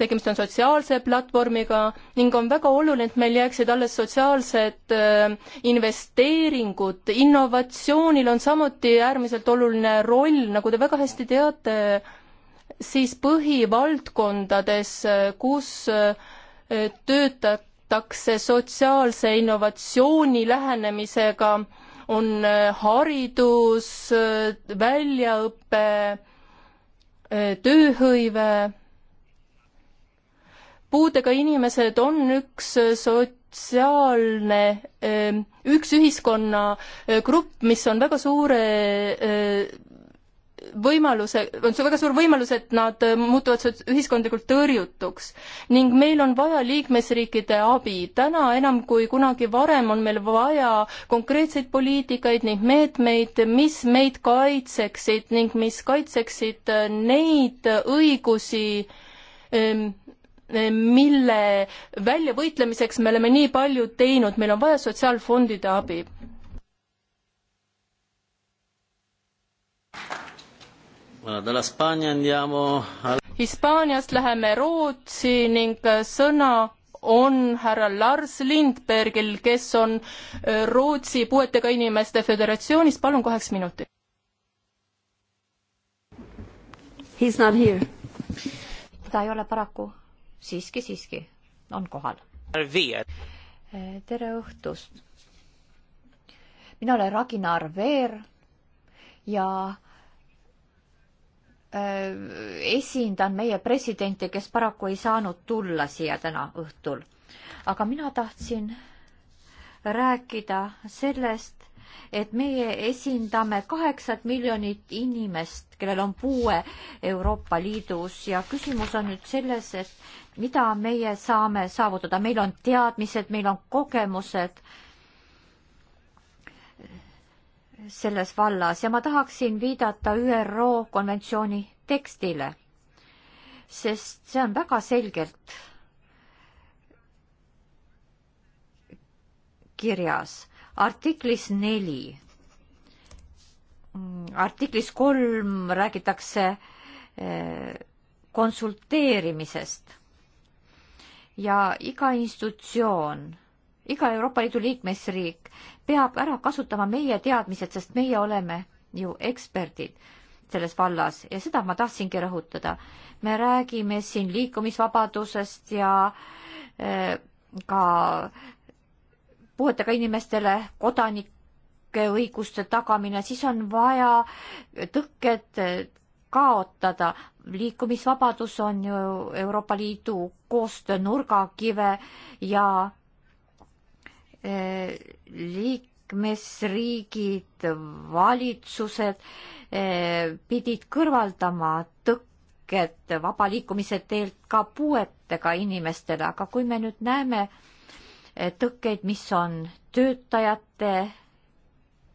tegemist on sotsiaalse platvormiga ning on väga oluline, et meil jääksid alles sotsiaalsed äh, investeeringud, innovatsioonil on samuti äärmiselt oluline roll, nagu te väga hästi teate, siis põhivaldkondades, äh, kus töötatakse sotsiaalse innovatsiooni lähenemisega on äh, haridus, äh, väljaõpe, äh, tööhõive. puudega inimesed on üks sotsiaalne, üks ühiskonnagrupp, mis on väga suure võimaluse, on see väga suur võimalus, et nad äh, muutuvad ühiskondlikult tõrjutuks. ning meil on vaja liikmesriikide abi. täna enam kui kunagi varem on meil vaja konkreetseid poliitikaid ning meetmeid, mis meid kaitseksid ning mis kaitseksid äh, neid õigusi, ähm, äh, mille väljavõitlemiseks me oleme nii palju teinud, meil on vaja sotsiaalfondide abi. Hispaaniast läheme Rootsi ning äh, sõna on härra Lars Lindbergil, kes on äh, Rootsi Puuetega Inimeste Föderatsioonist, palun kaheks minutiks. He is not here. ta ei ole paraku, siiski, siiski on kohal. Äh, tere õhtust. mina olen Ragnar Veer ja Äh, esindan meie presidenti, kes paraku ei saanud tulla siia täna õhtul. aga mina tahtsin rääkida sellest, et meie esindame kaheksat miljonit inimest, kellel on puue Euroopa Liidus ja küsimus on nüüd selles, et mida meie saame saavutada, meil on teadmised, meil on kogemused selles vallas ja ma tahaksin viidata ÜRO konventsiooni tekstile, sest see on väga selgelt kirjas artiklis neli. artiklis kolm räägitakse eh, konsulteerimisest ja iga institutsioon iga Euroopa Liidu liikmesriik peab ära kasutama meie teadmised, sest meie oleme ju eksperdid selles vallas ja seda ma tahtsingi rõhutada. me räägime siin liikumisvabadusest ja eh, ka puuetega inimestele kodanike õiguste tagamine, siis on vaja tõkked eh, kaotada. liikumisvabadus on ju Euroopa Liidu koostöö nurgakive ja Eh, liikmesriigid, valitsused eh, pidid kõrvaldama tõkked vaba liikumise teelt ka puuetega inimestele, aga kui me nüüd näeme eh, tõkkeid, mis on töötajate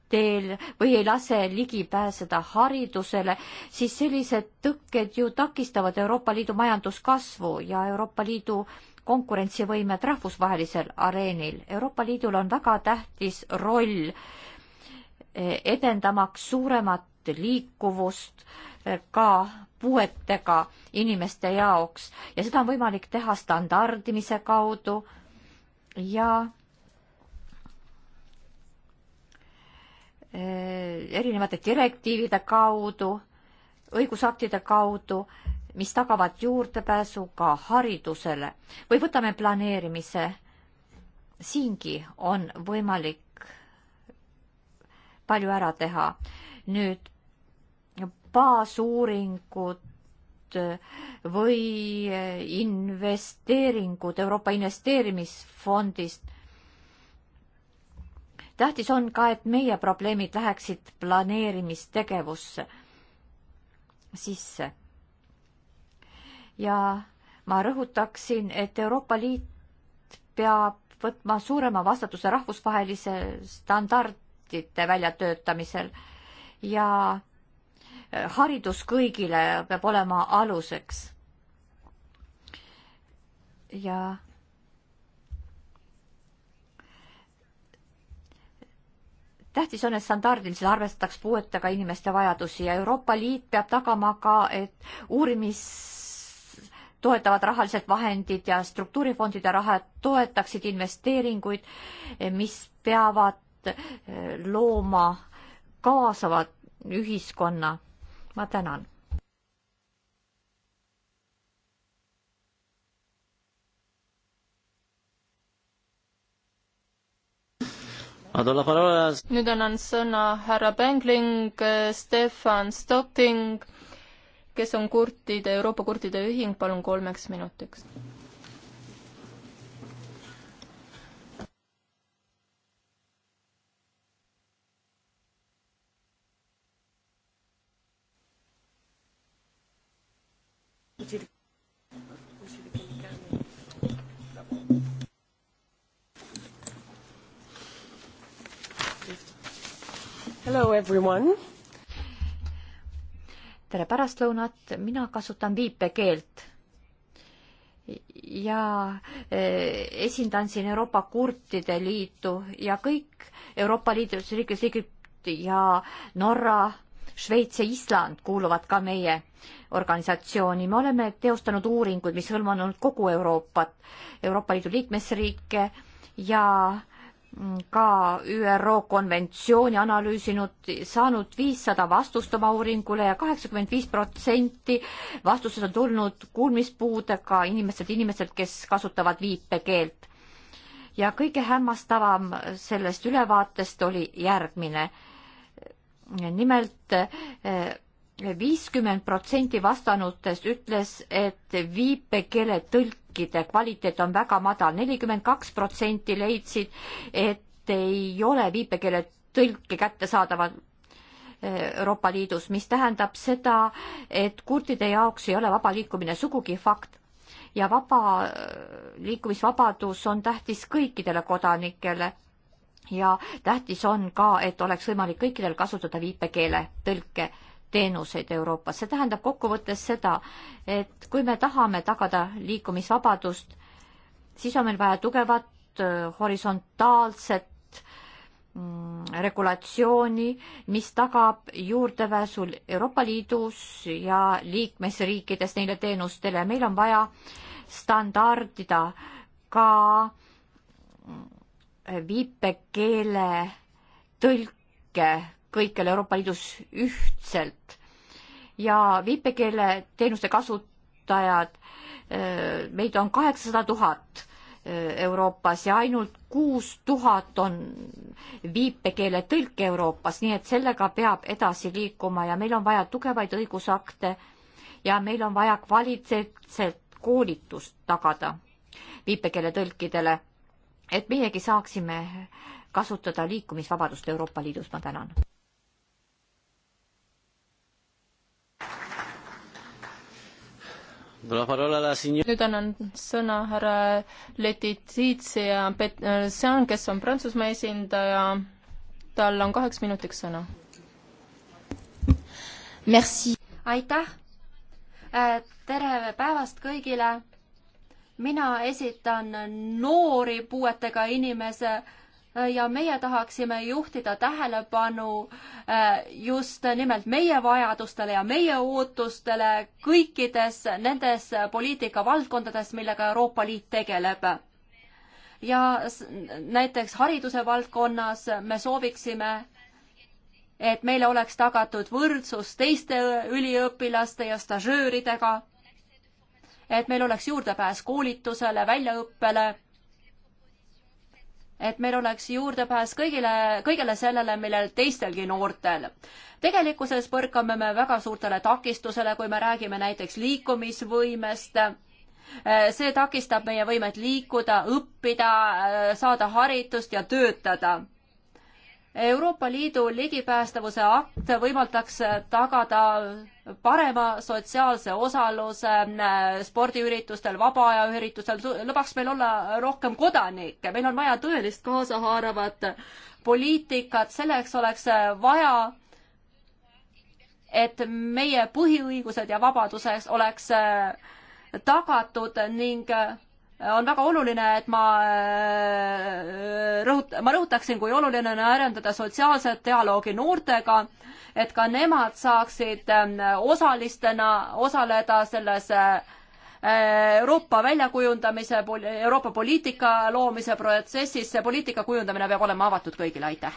teel või ei lase ligi pääseda haridusele, siis sellised tõkked ju takistavad Euroopa Liidu majanduskasvu ja Euroopa Liidu konkurentsivõimet rahvusvahelisel areenil. Euroopa Liidul on väga tähtis roll eh, edendamaks suuremat liikuvust eh, ka puuetega inimeste jaoks ja seda on võimalik teha standardimise kaudu ja eh, erinevate direktiivide kaudu, õigusaktide kaudu mis tagavad juurdepääsu ka haridusele või võtame planeerimise. siingi on võimalik palju ära teha. nüüd baasuuringud või investeeringud Euroopa Investeerimisfondist. tähtis on ka, et meie probleemid läheksid planeerimistegevusse sisse ja ma rõhutaksin, et Euroopa Liit peab võtma suurema vastutuse rahvusvahelise standardite väljatöötamisel ja eh, haridus kõigile peab olema aluseks. ja tähtis on, et standardiliselt arvestataks puuetega inimeste vajadusi ja Euroopa Liit peab tagama ka, et uurimis toetavad rahalised vahendid ja struktuurifondide rahad toetaksid investeeringuid, eh, mis peavad eh, looma kaasavad ühiskonna. ma tänan. nüüd annan sõna härra Bengling, eh, Stefan Stotting kes on kurtide, Euroopa kurtide ühing, palun kolmeks minutiks. Hello everyone tere pärastlõunat, mina kasutan viipekeelt. ja e, esindan siin Euroopa Kurtide Liitu ja kõik Euroopa Liidu liikmesriigid ja Norra, Šveits ja Island kuuluvad ka meie organisatsiooni. me oleme teostanud uuringuid, mis hõlmanud kogu Euroopat, Euroopa Liidu liikmesriike ja äh, ka ÜRO konventsiooni analüüsinud, saanud viissada vastust oma uuringule ja kaheksakümmend viis protsenti vastused on tulnud kuulmispuudega inimestelt, inimestelt, kes kasutavad viipekeelt. ja kõige hämmastavam sellest ülevaatest oli järgmine. nimelt eh, viiskümmend protsenti vastanutest ütles, et viipekeele tõlk riikide kvaliteet on väga madal, nelikümmend kaks protsenti leidsid, et ei ole viipekeele tõlke kättesaadavat Euroopa Liidus, mis tähendab seda, et kurdide jaoks ei ole vaba liikumine sugugi fakt ja vaba, liikumisvabadus on tähtis kõikidele kodanikele. ja tähtis on ka, et oleks võimalik kõikidel kasutada viipekeele tõlke teenuseid Euroopas. see tähendab kokkuvõttes seda, et kui me tahame tagada liikumisvabadust, siis on meil vaja tugevat äh, horisontaalset mm, regulatsiooni, mis tagab juurdepääsul Euroopa Liidus ja liikmesriikides neile teenustele. meil on vaja standardida ka mm, viipekeele tõlke kõikjal Euroopa Liidus ühtselt ja viipekeeleteenuste kasutajad, äh, meid on kaheksasada tuhat äh, Euroopas ja ainult kuus tuhat on viipekeeletõlke Euroopas, nii et sellega peab edasi liikuma ja meil on vaja tugevaid õigusakte ja meil on vaja kvaliteetset koolitust tagada viipekeeletõlkidele, et meiegi saaksime kasutada liikumisvabadust Euroopa Liidus, ma tänan nüüd annan sõna härra Letititsi ja Pet-, äh, see on, kes on Prantsusmaa esindaja, tal on kaheks minutiks sõna. aitäh! Äh, tere päevast kõigile! mina esitan noori puuetega inimese äh, ja meie tahaksime juhtida tähelepanu äh, just nimelt meie vajadustele ja meie ootustele kõikides nendes poliitikavaldkondades, millega Euroopa Liit tegeleb. ja näiteks hariduse valdkonnas me sooviksime et meile oleks tagatud võrdsus teiste üliõpilaste ja stažööridega, et meil oleks juurdepääs koolitusele, väljaõppele et meil oleks juurdepääs kõigile, kõigele sellele, millel teistelgi noortel. tegelikkuses põrkame me väga suurtele takistusele, kui me räägime näiteks liikumisvõimest. see takistab meie võimet liikuda, õppida, saada haritust ja töötada Euroopa Liidu ligipäästavuse akt võimaldaks tagada parema sotsiaalse osaluse äh, spordiüritustel, vaba aja üritustel, lubaks meil olla rohkem kodanikke, meil on vaja tõelist kaasahaaravat poliitikat, selleks oleks äh, vaja et meie põhiõigused ja vabadused oleks äh, tagatud ning on väga oluline, et ma äh, rõhut-, ma rõhutaksin, kui oluline on arendada sotsiaalset dialoogi noortega, et ka nemad saaksid ähm, osalistena osaleda selles äh, Euroopa väljakujundamise, Euroopa poliitika loomise protsessis, see poliitika kujundamine peab olema avatud kõigile, aitäh!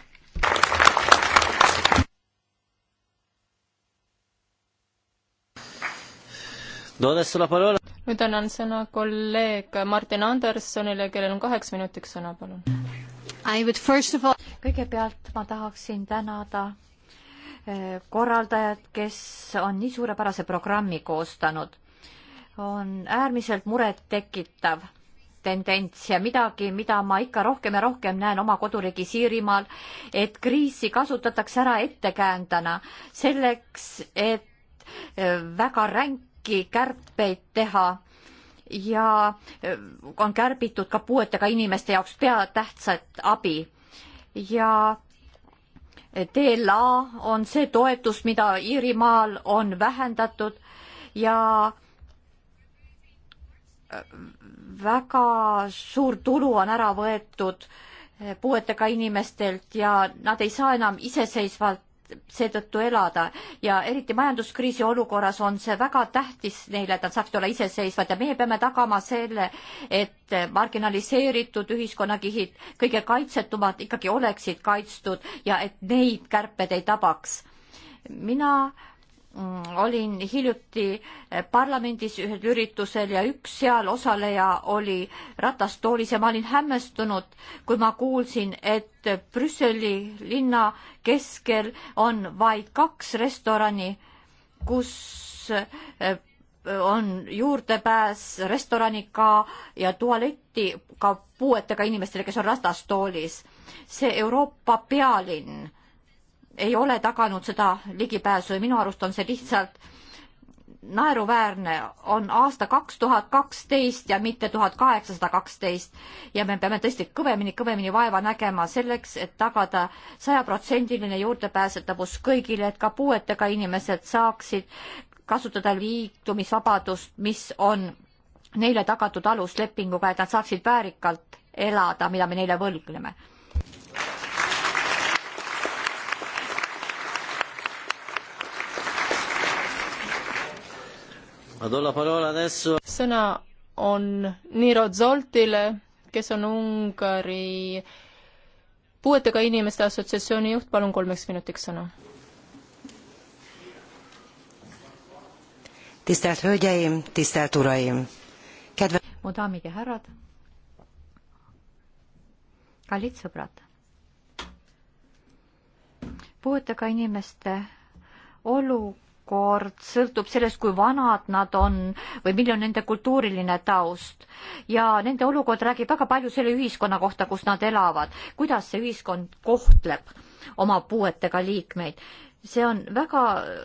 nüüd annan sõna kolleeg Martin Andersonile, kellel on kaheks minutiks sõna, palun. All... kõigepealt ma tahaksin tänada eh, korraldajad, kes on nii suurepärase programmi koostanud, on äärmiselt murettekitav tendents ja midagi, mida ma ikka rohkem ja rohkem näen oma koduriigis Iirimaal, et kriisi kasutatakse ära ettekäändena selleks, et eh, väga ränk kõiki kärpeid teha ja on kärbitud ka puuetega inimeste jaoks peatähtsat abi ja DLA on see toetus, mida Iirimaal on vähendatud ja väga suur tulu on ära võetud puuetega inimestelt ja nad ei saa enam iseseisvalt seetõttu elada ja eriti majanduskriisi olukorras on see väga tähtis neile, et nad saaksid olla iseseisvad ja meie peame tagama selle, et marginaliseeritud ühiskonnakihid, kõige kaitsetumad ikkagi oleksid kaitstud ja et neid kärped ei tabaks. mina Mm, olin hiljuti eh, parlamendis ühel üritusel ja üks seal osaleja oli ratastoolis ja ma olin hämmestunud, kui ma kuulsin, et Brüsseli linna keskel on vaid kaks restorani, kus eh, on juurdepääs restoraniga ja tualetti ka puuetega inimestele, kes on ratastoolis. see Euroopa pealinn ei ole taganud seda ligipääsu ja minu arust on see lihtsalt naeruväärne, on aasta kaks tuhat kaksteist ja mitte tuhat kaheksasada kaksteist ja me peame tõesti kõvemini, kõvemini vaeva nägema selleks, et tagada sajaprotsendiline juurdepääsetavus kõigile, et ka puuetega inimesed saaksid kasutada liitumisvabadust, mis on neile tagatud aluslepinguga, et nad saaksid väärikalt elada, mida me neile võlgneme sõna on Niro Zoltile, kes on Ungari puuetega inimeste assotsiatsiooni juht, palun kolmeks minutiks sõna. tisztelt hölgyeim, tisztelt uraim! Kedve... mu daamid ja härrad, kallid sõbrad! puuetega inimeste olukord olukord sõltub sellest, kui vanad nad on või milline on nende kultuuriline taust. ja nende olukord räägib väga palju selle ühiskonna kohta, kus nad elavad, kuidas see ühiskond kohtleb oma puuetega liikmeid. see on väga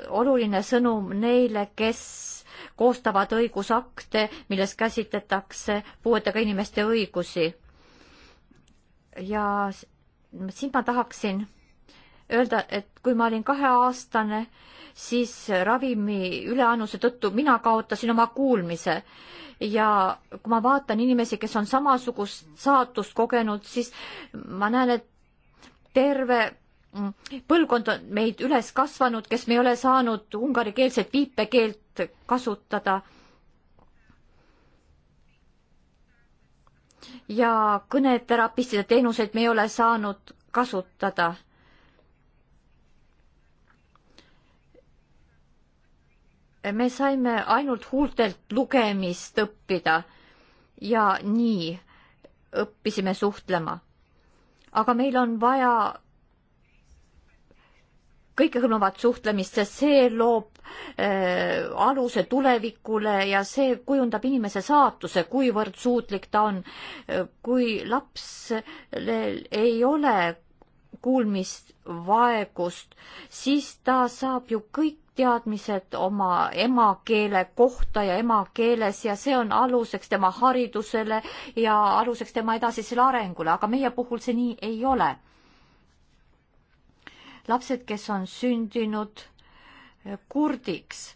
oluline sõnum neile, kes koostavad õigusakte, milles käsitletakse puuetega inimeste õigusi. ja siin ma tahaksin öelda, et kui ma olin kaheaastane, siis ravimi üleannuse tõttu mina kaotasin oma kuulmise. ja kui ma vaatan inimesi, kes on samasugust saatust kogenud, siis ma näen, et terve põlvkond on meid üles kasvanud, kes me ei ole saanud ungarikeelset viipekeelt kasutada. ja kõneterapistide teenuseid me ei ole saanud kasutada me saime ainult huultelt lugemist õppida ja nii õppisime suhtlema. aga meil on vaja kõikehõlmavat suhtlemist, sest see loob äh, aluse tulevikule ja see kujundab inimese saatuse, kuivõrd suutlik ta on. kui lapsel ei ole kuulmisvaegust, siis ta saab ju kõik teadmised oma emakeele kohta ja emakeeles ja see on aluseks tema haridusele ja aluseks tema edasisele arengule, aga meie puhul see nii ei ole. lapsed, kes on sündinud eh, kurdiks,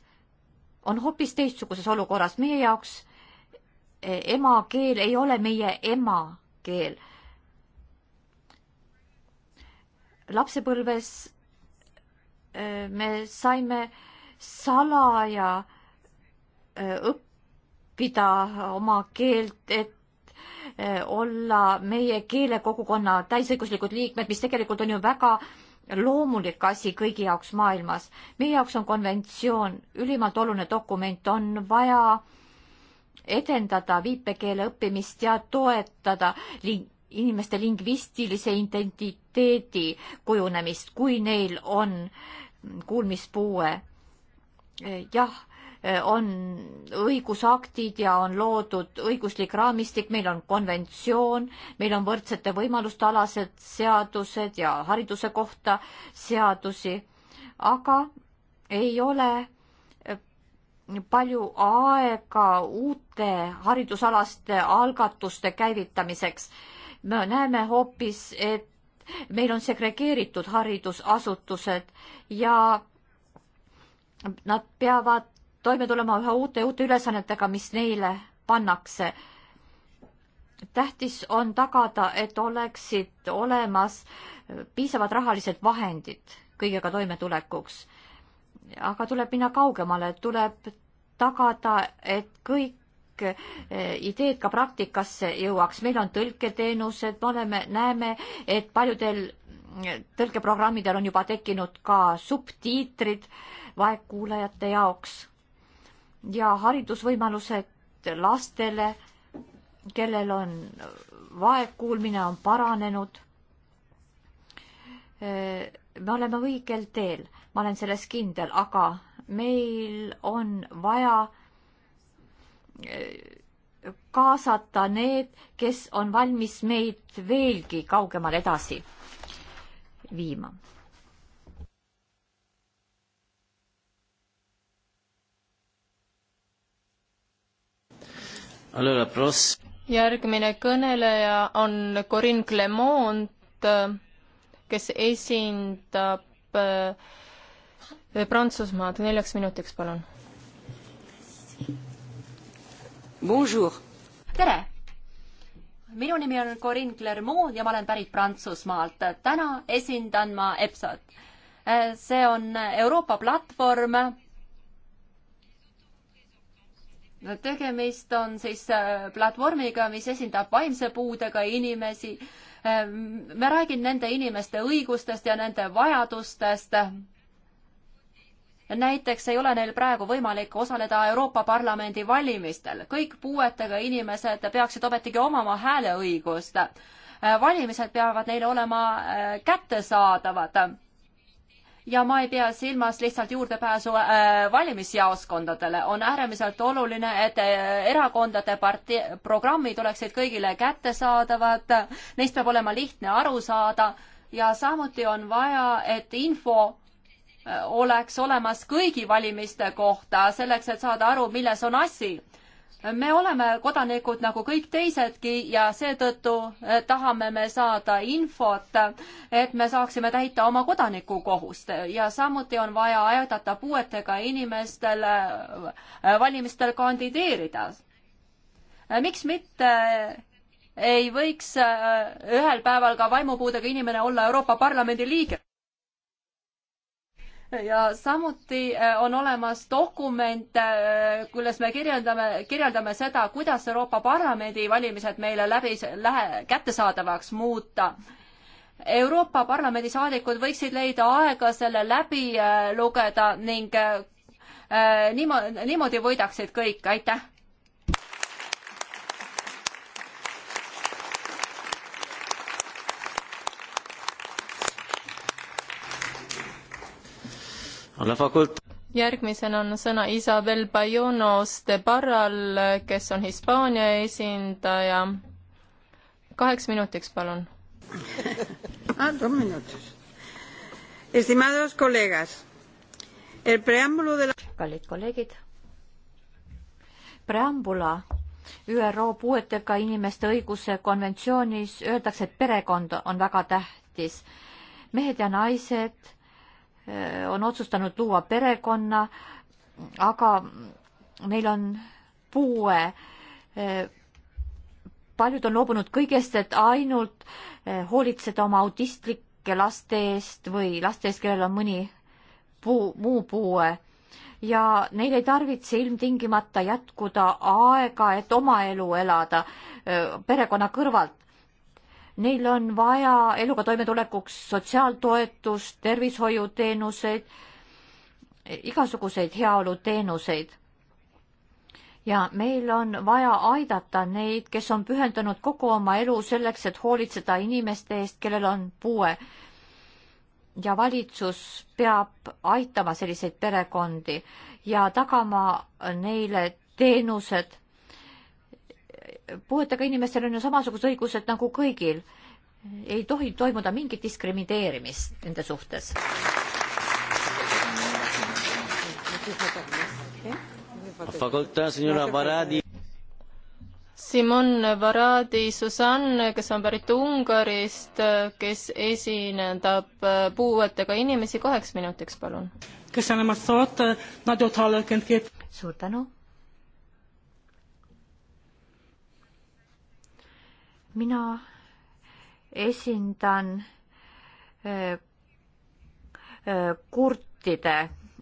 on hoopis teistsuguses olukorras, meie jaoks eh, emakeel ei ole meie emakeel. lapsepõlves me saime salaja äh, õppida oma keelt, et äh, olla meie keelekogukonna täisõiguslikud liikmed, mis tegelikult on ju väga loomulik asi kõigi jaoks maailmas. meie jaoks on konventsioon ülimalt oluline dokument, on vaja edendada viipekeele õppimist ja toetada ling inimeste lingvistilise identiteedi kujunemist, kui neil on äh, kuulmispuue. jah, on õigusaktid ja on loodud õiguslik raamistik, meil on konventsioon, meil on võrdsete võimaluste alased seadused ja hariduse kohta seadusi, aga ei ole palju aega uute haridusalaste algatuste käivitamiseks. me näeme hoopis, et meil on segregeeritud haridusasutused ja nad peavad toime tulema üha uute, uute ülesannetega, mis neile pannakse. tähtis on tagada, et oleksid olemas piisavad rahalised vahendid kõigega toimetulekuks. aga tuleb minna kaugemale, tuleb tagada, et kõik Eh, ideed ka praktikasse jõuaks. meil on tõlketeenused, me oleme, näeme, et paljudel eh, tõlkeprogrammidel on juba tekkinud ka subtiitrid vaegkuulajate jaoks ja haridusvõimalused lastele, kellel on vaegkuulmine on paranenud. Eh, me oleme õigel teel, ma olen selles kindel, aga meil on vaja Äh, kaasata need, kes on valmis meid veelgi kaugemale edasi viima. järgmine kõneleja on Corinne Clement, kes esindab äh, Prantsusmaad. neljaks minutiks, palun Bonjour. tere! minu nimi on Corinne Clermont ja ma olen pärit Prantsusmaalt. täna esindan ma EPSO-t. see on Euroopa platvorm. tegemist on siis äh, platvormiga, mis esindab vaimse puudega inimesi. Äh, ma räägin nende inimeste õigustest ja nende vajadustest näiteks ei ole neil praegu võimalik osaleda Euroopa Parlamendi valimistel. kõik puuetega inimesed peaksid ometigi omama hääleõigust. Äh, valimised peavad neile olema äh, kättesaadavad. ja ma ei pea silmas lihtsalt juurdepääsu äh, valimisjaoskondadele. on äärmiselt oluline, et erakondade partei, programmid oleksid kõigile kättesaadavad, neist peab olema lihtne aru saada ja samuti on vaja, et info oleks olemas kõigi valimiste kohta, selleks et saada aru, milles on asi. me oleme kodanikud nagu kõik teisedki ja seetõttu eh, tahame me saada infot, et me saaksime täita oma kodanikukohust ja samuti on vaja aidata puuetega inimestel eh, valimistel kandideerida. Eh, miks mitte ei võiks ühel päeval ka vaimupuudega inimene olla Euroopa Parlamendi liige? ja samuti äh, on olemas dokument, äh, milles me kirjeldame, kirjeldame seda, kuidas Euroopa Parlamendi valimised meile läbi, lähe, kättesaadavaks muuta. Euroopa Parlamendi saadikud võiksid leida aega selle läbi äh, lugeda ning niimoodi, niimoodi võidaksid kõik, aitäh! järgmisena on sõna Isabel Bayonos de Barral, kes on Hispaania esindaja. kaheks minutiks, palun ah, dos minutos. Estimados colegas, el preámbulo de la... Kallid kolleegid, preambula ÜRO puuetega inimeste õiguse konventsioonis öeldakse, et perekond on väga tähtis. mehed ja naised Äh, on otsustanud luua perekonna, aga neil on puue. Äh, paljud on loobunud kõigest, et ainult äh, hoolitseda oma autistlike laste eest või laste eest, kellel on mõni puu, muu puue ja neil ei tarvitse ilmtingimata jätkuda aega, et oma elu elada perekonna kõrvalt, Neil on vaja eluga toimetulekuks sotsiaaltoetust, tervishoiuteenuseid, igasuguseid heaoluteenuseid. ja meil on vaja aidata neid, kes on pühendanud kogu oma elu selleks, et hoolitseda inimeste eest, kellel on puue. ja valitsus peab aitama selliseid perekondi ja tagama neile teenused puuetega inimestel on ju samasugused õigused nagu kõigil. ei tohi toimuda mingit diskrimineerimist nende suhtes. Simon Varadi Susanne, kes on pärit Ungarist, kes esindab puuetega inimesi, kaheks minutiks palun. suur tänu mina esindan äh, äh, kurtide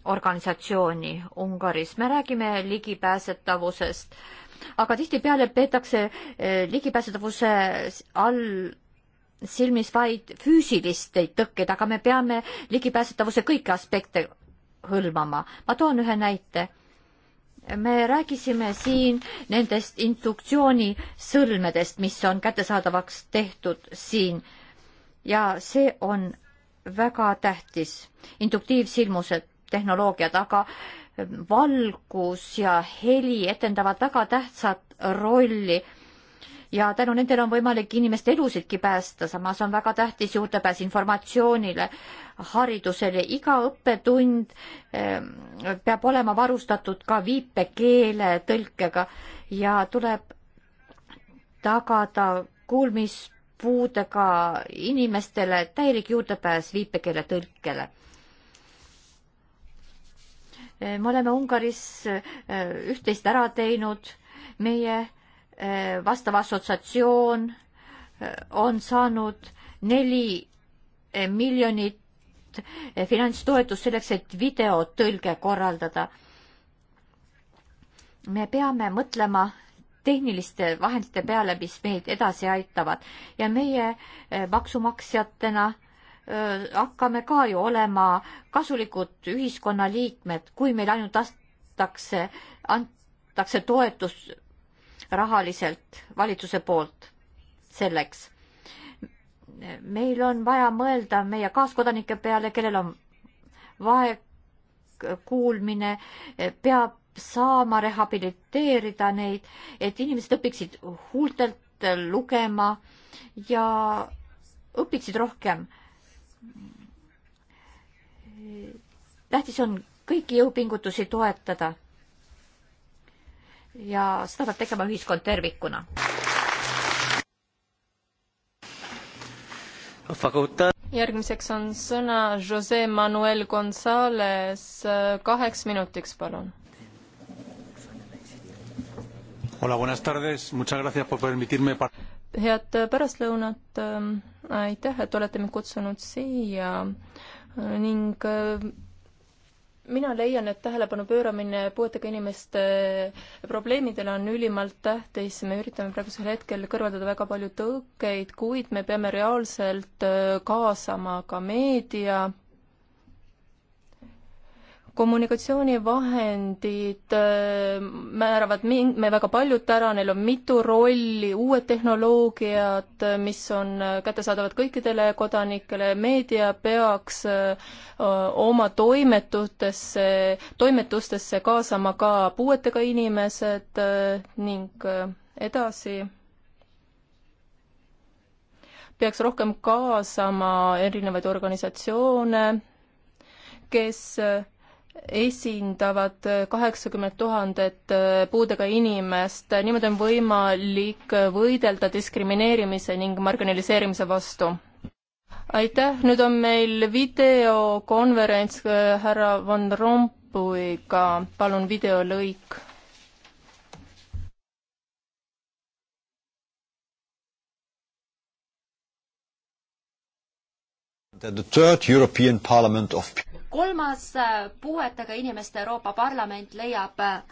organisatsiooni Ungaris. me räägime ligipääsetavusest, aga tihtipeale peetakse äh, ligipääsetavuse all silmis vaid füüsilisteid tõkkeid, aga me peame ligipääsetavuse kõiki aspekte hõlmama. ma toon ühe näite me rääkisime siin nendest induktsioonisõlmedest, mis on kättesaadavaks tehtud siin ja see on väga tähtis. induktiivsilmused, tehnoloogiad, aga valgus ja heli etendavad väga tähtsat rolli ja tänu nendele on võimalik inimeste elusidki päästa, samas on väga tähtis juurdepääs informatsioonile, haridusele, iga õppetund ehm, peab olema varustatud ka viipekeele tõlkega ja tuleb tagada kuulmispuudega inimestele täielik juurdepääs viipekeele tõlkele ehm, me oleme Ungaris ehm, üht-teist ära teinud, meie Eh, vastav assotsiatsioon eh, on saanud neli eh, miljonit finantstoetust selleks, et videotõlge korraldada. me peame mõtlema tehniliste vahendite peale, mis meid edasi aitavad ja meie maksumaksjatena hakkame ka ju olema kasulikud ühiskonnaliikmed, kui meil ainult antakse, antakse toetus rahaliselt valitsuse poolt selleks. meil on vaja mõelda meie kaaskodanike peale, kellel on vaegkuulmine, peab saama rehabiliteerida neid, et inimesed õpiksid huultelt lugema ja õpiksid rohkem. tähtis on kõiki jõupingutusi toetada ja seda peab tegema ühiskond tervikuna. järgmiseks on sõna Jose Manuel Gonzalez, kaheks minutiks, palun. head pärastlõunat, aitäh, et olete mind kutsunud siia ning mina leian, et tähelepanu pööramine puuetega inimeste äh, probleemidele on ülimalt tähtis, me üritame praegusel hetkel kõrvaldada väga palju tõukeid, kuid me peame reaalselt äh, kaasama ka meedia kommunikatsioonivahendid äh, määravad me väga paljut ära, neil on mitu rolli, uued tehnoloogiad, äh, mis on äh, kättesaadavad kõikidele kodanikele, meedia peaks oma toimetustesse, toimetustesse kaasama ka puuetega inimesed ning edasi peaks rohkem kaasama erinevaid organisatsioone, kes esindavad kaheksakümmet tuhandet äh, puudega inimest, niimoodi on võimalik võidelda diskrimineerimise ning marginaliseerimise vastu. aitäh, nüüd on meil videokonverents äh, härra Van Rompuiga, palun videolõik that the third European Parliament of kolmas äh, puuetega inimeste Euroopa Parlament leiab äh,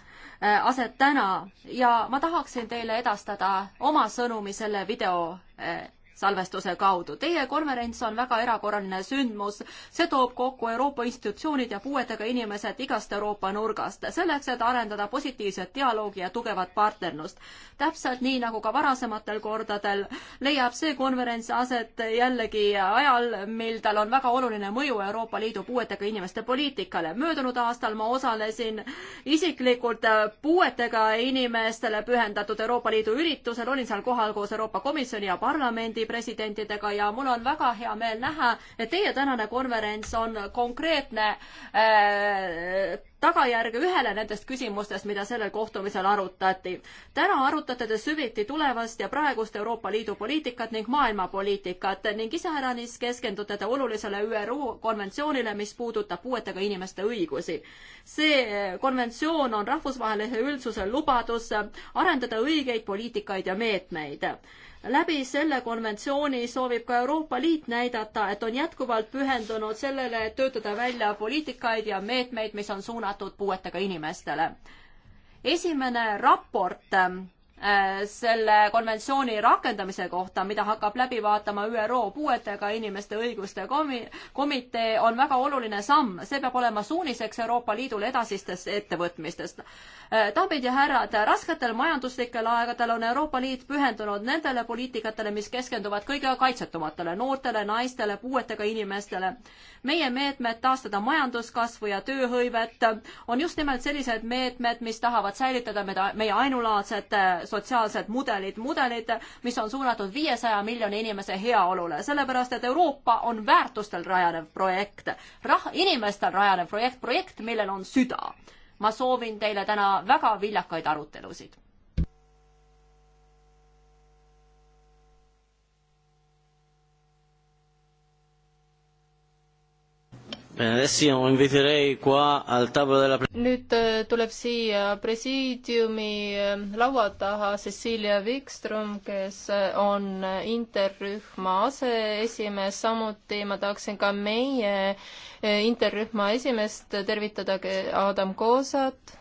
aset täna ja ma tahaksin teile edastada oma sõnumi selle video äh, salvestuse kaudu. Teie konverents on väga erakorraline sündmus, see toob kokku Euroopa institutsioonid ja puuetega inimesed igast Euroopa nurgast, selleks, et arendada positiivset dialoogi ja tugevat partnerlust. täpselt nii, nagu ka varasematel kordadel, leiab see konverents aset jällegi ajal, mil tal on väga oluline mõju Euroopa Liidu puuetega inimeste poliitikale. möödunud aastal ma osalesin isiklikult puuetega inimestele pühendatud Euroopa Liidu üritusel, olin seal kohal koos Euroopa Komisjoni ja parlamendi asepresidentidega ja mul on väga hea meel näha, et teie tänane konverents on konkreetne äh, tagajärg ühele nendest küsimustest, mida sellel kohtumisel arutati. täna arutate te süviti tulevast ja praegust Euroopa Liidu poliitikat ning maailmapoliitikat ning iseäranis keskendute te olulisele ÜRO konventsioonile, mis puudutab puuetega inimeste õigusi. see äh, konventsioon on rahvusvahelise üldsuse lubadus arendada õigeid poliitikaid ja meetmeid läbi selle konventsiooni soovib ka Euroopa Liit näidata, et on jätkuvalt pühendunud sellele, et töötada välja poliitikaid ja meetmeid, mis on suunatud puuetega inimestele. esimene raport Äh, selle konventsiooni rakendamise kohta, mida hakkab läbi vaatama ÜRO puuetega inimeste õiguste komi-, komitee, on väga oluline samm. see peab olema suuniseks Euroopa Liidule edasistes ettevõtmistes. Äh, daamid ja härrad, rasketel majanduslikel aegadel on Euroopa Liit pühendunud nendele poliitikatele, mis keskenduvad kõige kaitsetumatele noortele, naistele, puuetega inimestele meie meetmed taastada majanduskasvu ja tööhõivet on just nimelt sellised meetmed, mis tahavad säilitada meda, meie ainulaadsed äh, sotsiaalsed mudelid, mudelid, mis on suunatud viiesaja miljoni inimese heaolule, sellepärast et Euroopa on väärtustel rajanev projekt, rah-, inimestel rajanev projekt, projekt, millel on süda. ma soovin teile täna väga viljakaid arutelusid. Eh, nüüd eh, tuleb siia presiidiumi eh, laua taha Cecilia Wikström, kes on interrühma aseesimees, samuti ma tahaksin ka meie interrühma esimeest tervitada, Adam Koosat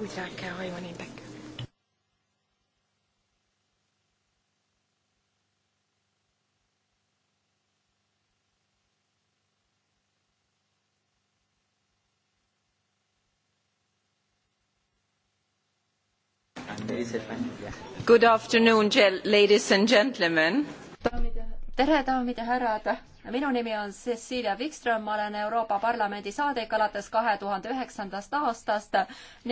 We thank our everyone back. Good afternoon, ladies and gentlemen tere, daamid ja härrad! minu nimi on Cecilia Wikström, ma olen Euroopa Parlamendi saadik alates kahe tuhande üheksandast aastast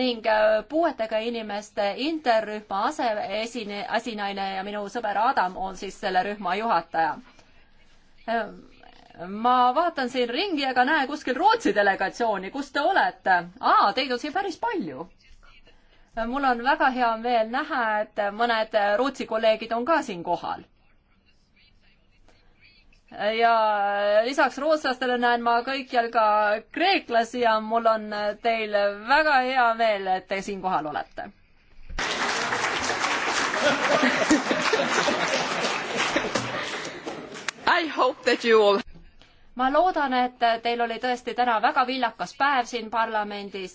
ning äh, puuetega inimeste interrühma aseesine, esinaine ja minu sõber Adam on siis selle rühma juhataja. Äh, ma vaatan siin ringi ega näe kuskil Rootsi delegatsiooni, kus te olete? aa, teid on siin päris palju mul on väga hea meel näha, et mõned Rootsi kolleegid on ka siin kohal ja äh, lisaks rootslastele näen ma kõikjal ka kreeklasi ja mul on äh, teil väga hea meel, et te siin kohal olete. I hope that you all ma loodan, et teil oli tõesti täna väga viljakas päev siin parlamendis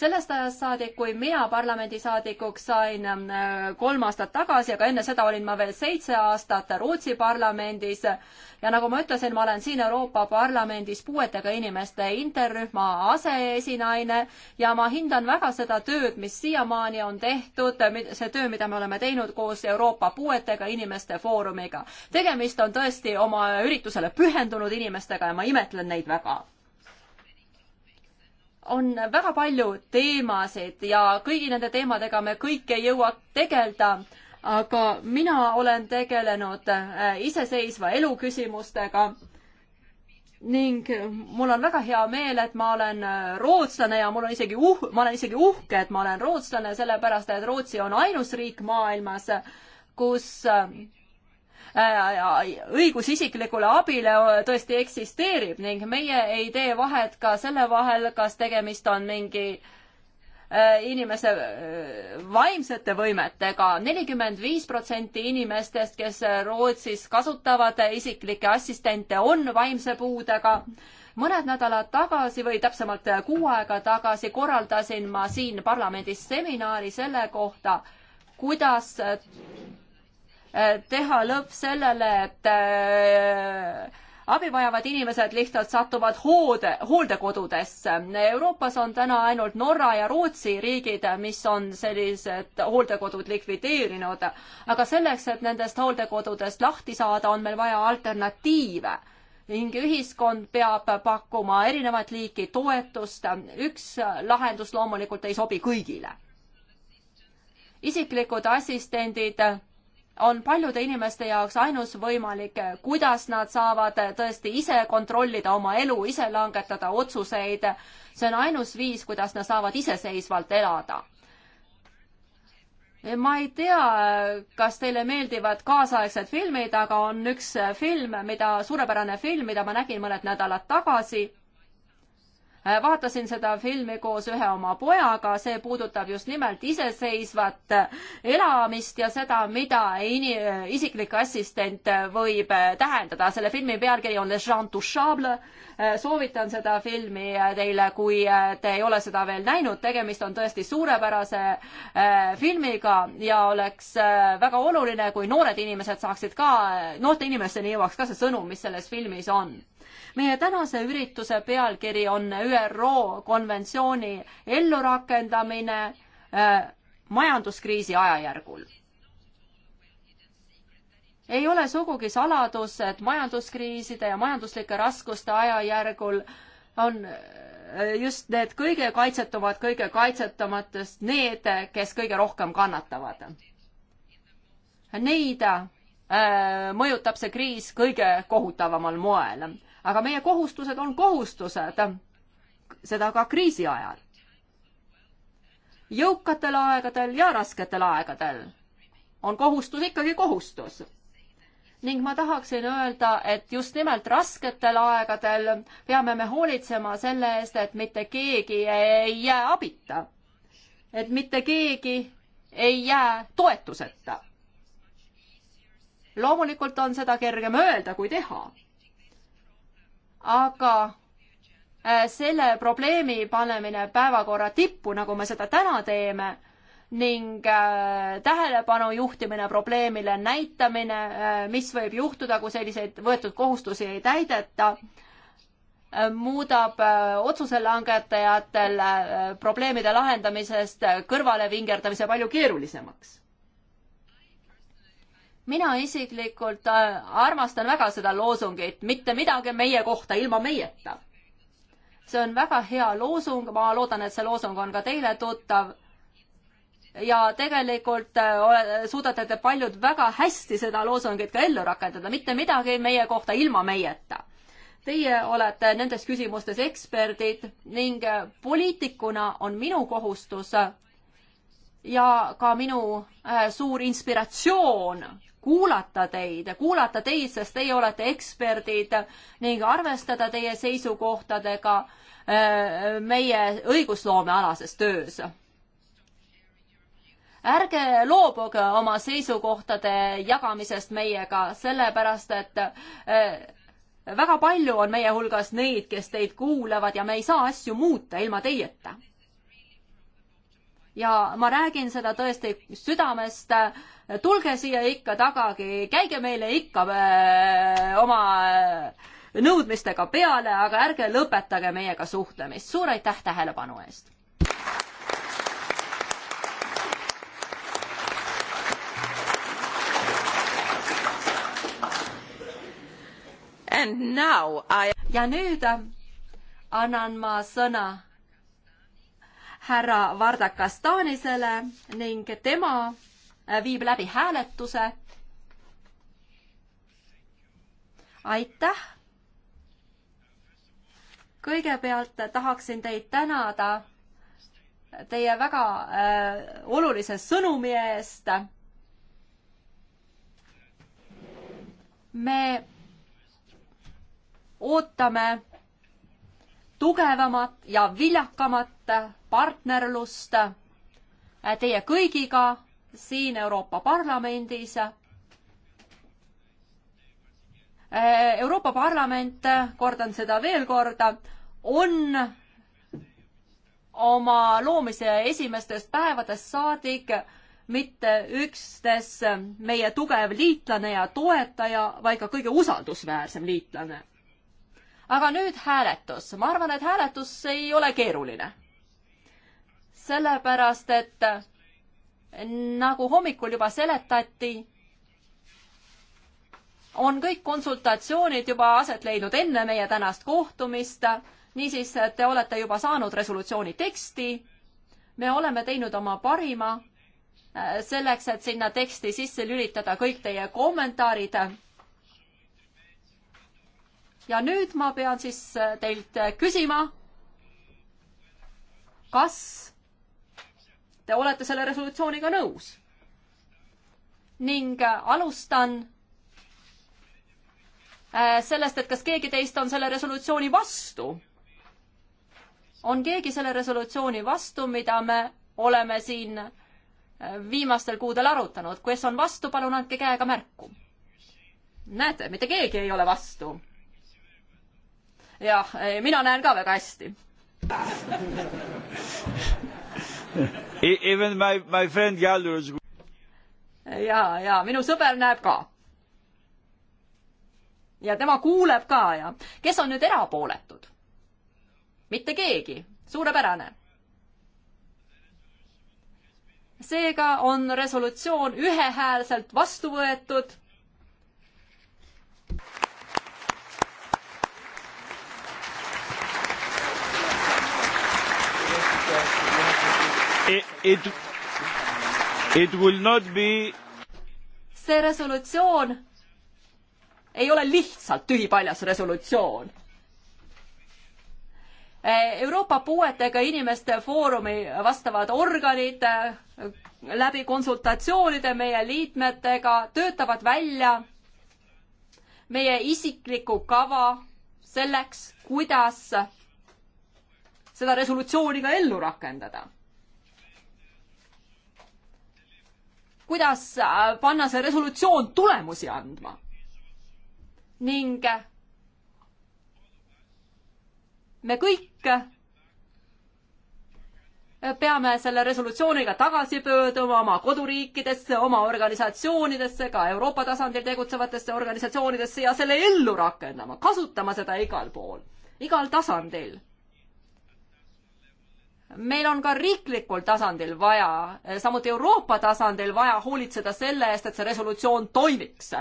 sellest ajast saadik, kui mina parlamendisaadikuks sain äh, kolm aastat tagasi, aga enne seda olin ma veel seitse aastat Rootsi parlamendis ja nagu ma ütlesin, ma olen siin Euroopa Parlamendis puuetega inimeste interrühma aseesinaine ja ma hindan väga seda tööd, mis siiamaani on tehtud, see töö, mida me oleme teinud koos Euroopa puuetega inimeste foorumiga. tegemist on tõesti oma üritusele pühendunud inimestega ja ma imetlen neid väga on väga palju teemasid ja kõigi nende teemadega me kõik ei jõua tegeleda, aga mina olen tegelenud äh, iseseisva elu küsimustega ning mul on väga hea meel, et ma olen äh, rootslane ja mul on isegi uh-, ma olen isegi uhke, et ma olen rootslane, sellepärast et Rootsi on ainus riik maailmas, kus äh, Äh, õigus isiklikule abile äh, tõesti eksisteerib ning meie ei tee vahet ka selle vahel, kas tegemist on mingi äh, inimese vaimsete võimetega. nelikümmend viis protsenti inimestest, kes Rootsis kasutavad isiklikke assistente, on vaimse puudega. mõned nädalad tagasi või täpsemalt kuu aega tagasi korraldasin ma siin parlamendis seminari selle kohta, kuidas Äh, teha lõpp sellele, et äh, abi vajavad inimesed lihtsalt satuvad hoode, hooldekodudesse. Euroopas on täna ainult Norra ja Rootsi riigid, mis on sellised hooldekodud likvideerinud. aga selleks, et nendest hooldekodudest lahti saada, on meil vaja alternatiive ning ühiskond peab pakkuma erinevat liiki toetust. üks lahendus loomulikult ei sobi kõigile. isiklikud assistendid on paljude inimeste jaoks ainus võimalik, kuidas nad saavad tõesti ise kontrollida oma elu, ise langetada otsuseid. see on ainus viis, kuidas nad saavad iseseisvalt elada. ma ei tea, kas teile meeldivad kaasaegsed filmid, aga on üks film, mida, suurepärane film, mida ma nägin mõned nädalad tagasi Äh, vaatasin seda filmi koos ühe oma pojaga, see puudutab just nimelt iseseisvat äh, elamist ja seda, mida in-, äh, isiklik assistent võib tähendada. selle filmi pealkiri on Les gens touchables. soovitan seda filmi teile, kui te ei ole seda veel näinud, tegemist on tõesti suurepärase filmiga ja oleks väga oluline, kui noored inimesed saaksid ka, noorte inimesteni jõuaks ka see sõnum, mis selles filmis on meie tänase ürituse pealkiri on ÜRO konventsiooni ellurakendamine äh, majanduskriisi ajajärgul ei ole sugugi saladus, et majanduskriiside ja majanduslike raskuste ajajärgul on äh, just need kõige kaitsetumad kõige kaitsetumatest need, kes kõige rohkem kannatavad. Neid äh, mõjutab see kriis kõige kohutavamal moel aga meie kohustused on kohustused, seda ka kriisi ajal. jõukatel aegadel ja rasketel aegadel on kohustus ikkagi kohustus. ning ma tahaksin öelda, et just nimelt rasketel aegadel peame me hoolitsema selle eest, et mitte keegi ei jää abita. et mitte keegi ei jää toetuseta loomulikult on seda kergem öelda kui teha aga äh, selle probleemi panemine päevakorra tippu, nagu me seda täna teeme, ning äh, tähelepanu juhtimine probleemile, näitamine, äh, mis võib juhtuda, kui selliseid võetud kohustusi ei täideta, muudab otsuse langetajatel probleemide lahendamisest kõrvale vingerdamise palju keerulisemaks mina isiklikult äh, armastan väga seda loosungit, mitte midagi meie kohta ilma meieta. see on väga hea loosung, ma loodan, et see loosung on ka teile tuttav. ja tegelikult äh, suudate te paljud väga hästi seda loosungit ka ellu rakendada, mitte midagi meie kohta ilma meieta. Teie olete nendes küsimustes eksperdid ning äh, poliitikuna on minu kohustus ja ka minu suur inspiratsioon kuulata teid, kuulata teid, sest teie olete eksperdid ning arvestada teie seisukohtadega äh, meie õigusloomealases töös. ärge loobuge oma seisukohtade jagamisest meiega, sellepärast et äh, väga palju on meie hulgas neid, kes teid kuulavad ja me ei saa asju muuta ilma teieta ja ma räägin seda tõesti südamest. tulge siia ikka tagasi, käige meile ikka äh, oma nõudmistega peale, aga ärge lõpetage meiega suhtlemist. suur aitäh tähelepanu eest! I... ja nüüd annan ma sõna härra Vardakas Taanisele ning tema äh, viib läbi hääletuse. aitäh! kõigepealt tahaksin teid tänada teie väga äh, olulise sõnumi eest. me ootame tugevamat ja viljakamat partnerlust äh, teie kõigiga siin Euroopa Parlamendis. Äh, Euroopa Parlament, kordan seda veel korda, on oma loomise esimestest päevadest saadik mitte üksnes meie tugev liitlane ja toetaja, vaid ka kõige usaldusväärsem liitlane. aga nüüd hääletus. ma arvan, et hääletus ei ole keeruline sellepärast et nagu hommikul juba seletati, on kõik konsultatsioonid juba aset leidnud enne meie tänast kohtumist, niisiis te olete juba saanud resolutsiooni teksti, me oleme teinud oma parima eh, selleks, et sinna teksti sisse lülitada kõik teie kommentaarid. ja nüüd ma pean siis teilt küsima, kas Te olete selle resolutsiooniga nõus? ning äh, alustan äh, sellest, et kas keegi teist on selle resolutsiooni vastu. on keegi selle resolutsiooni vastu, mida me oleme siin äh, viimastel kuudel arutanud, kes on vastu, palun andke käega märku. näete, mitte keegi ei ole vastu. jah, mina näen ka väga hästi E-, even my, my friend Galdus. ja, ja minu sõber näeb ka. ja tema kuuleb ka ja kes on nüüd erapooletud? mitte keegi, suurepärane. seega on resolutsioon ühehäälselt vastu võetud It, it, it will not be see resolutsioon ei ole lihtsalt tühipaljas resolutsioon. Eh, Euroopa Puuetega Inimeste Foorumi vastavad organid eh, läbi konsultatsioonide meie liikmetega töötavad välja meie isikliku kava selleks, kuidas seda resolutsiooni ka ellu rakendada kuidas äh, panna see resolutsioon tulemusi andma. ning äh, me kõik äh, peame selle resolutsiooniga tagasi pöörduma oma koduriikidesse, oma organisatsioonidesse, ka Euroopa tasandil tegutsevatesse organisatsioonidesse ja selle ellu rakendama, kasutama seda igal pool, igal tasandil meil on ka riiklikul tasandil vaja, samuti Euroopa tasandil vaja hoolitseda selle eest, et see resolutsioon toimiks,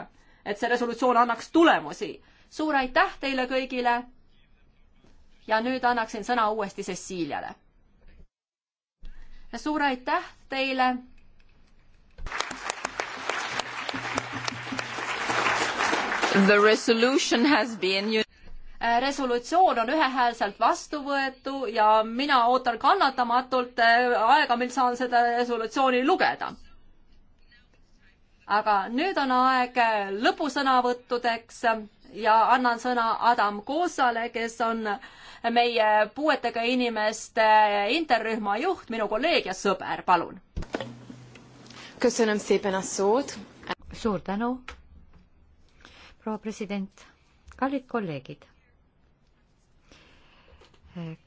et see resolutsioon annaks tulemusi. suur aitäh teile kõigile. ja nüüd annaksin sõna uuesti Ceciliale. suur aitäh teile. The resolution has been resolutsioon on ühehäälselt vastu võetu ja mina ootan kannatamatult äh, aega, mil saan seda resolutsiooni lugeda. aga nüüd on aeg äh, lõpusõnavõttudeks ja annan sõna Adam Koosale, kes on meie puuetega inimeste interrühma juht, minu kolleeg ja sõber, palun. suur tänu, proua president, kallid kolleegid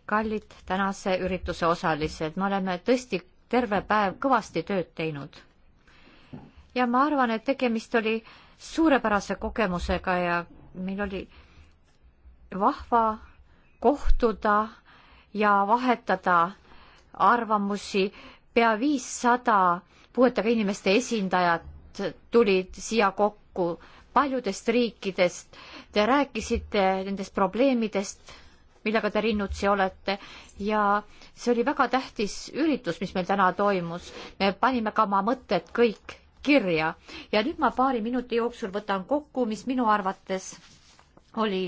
kallid tänase ürituse osalised, me oleme tõesti terve päev kõvasti tööd teinud. ja ma arvan, et tegemist oli suurepärase kogemusega ja meil oli vahva kohtuda ja vahetada arvamusi. pea viissada puuetega inimeste esindajat tulid siia kokku paljudest riikidest. Te rääkisite nendest probleemidest millega te rinnutsi olete ja see oli väga tähtis üritus, mis meil täna toimus. me panime ka oma mõtted kõik kirja ja nüüd ma paari minuti jooksul võtan kokku, mis minu arvates oli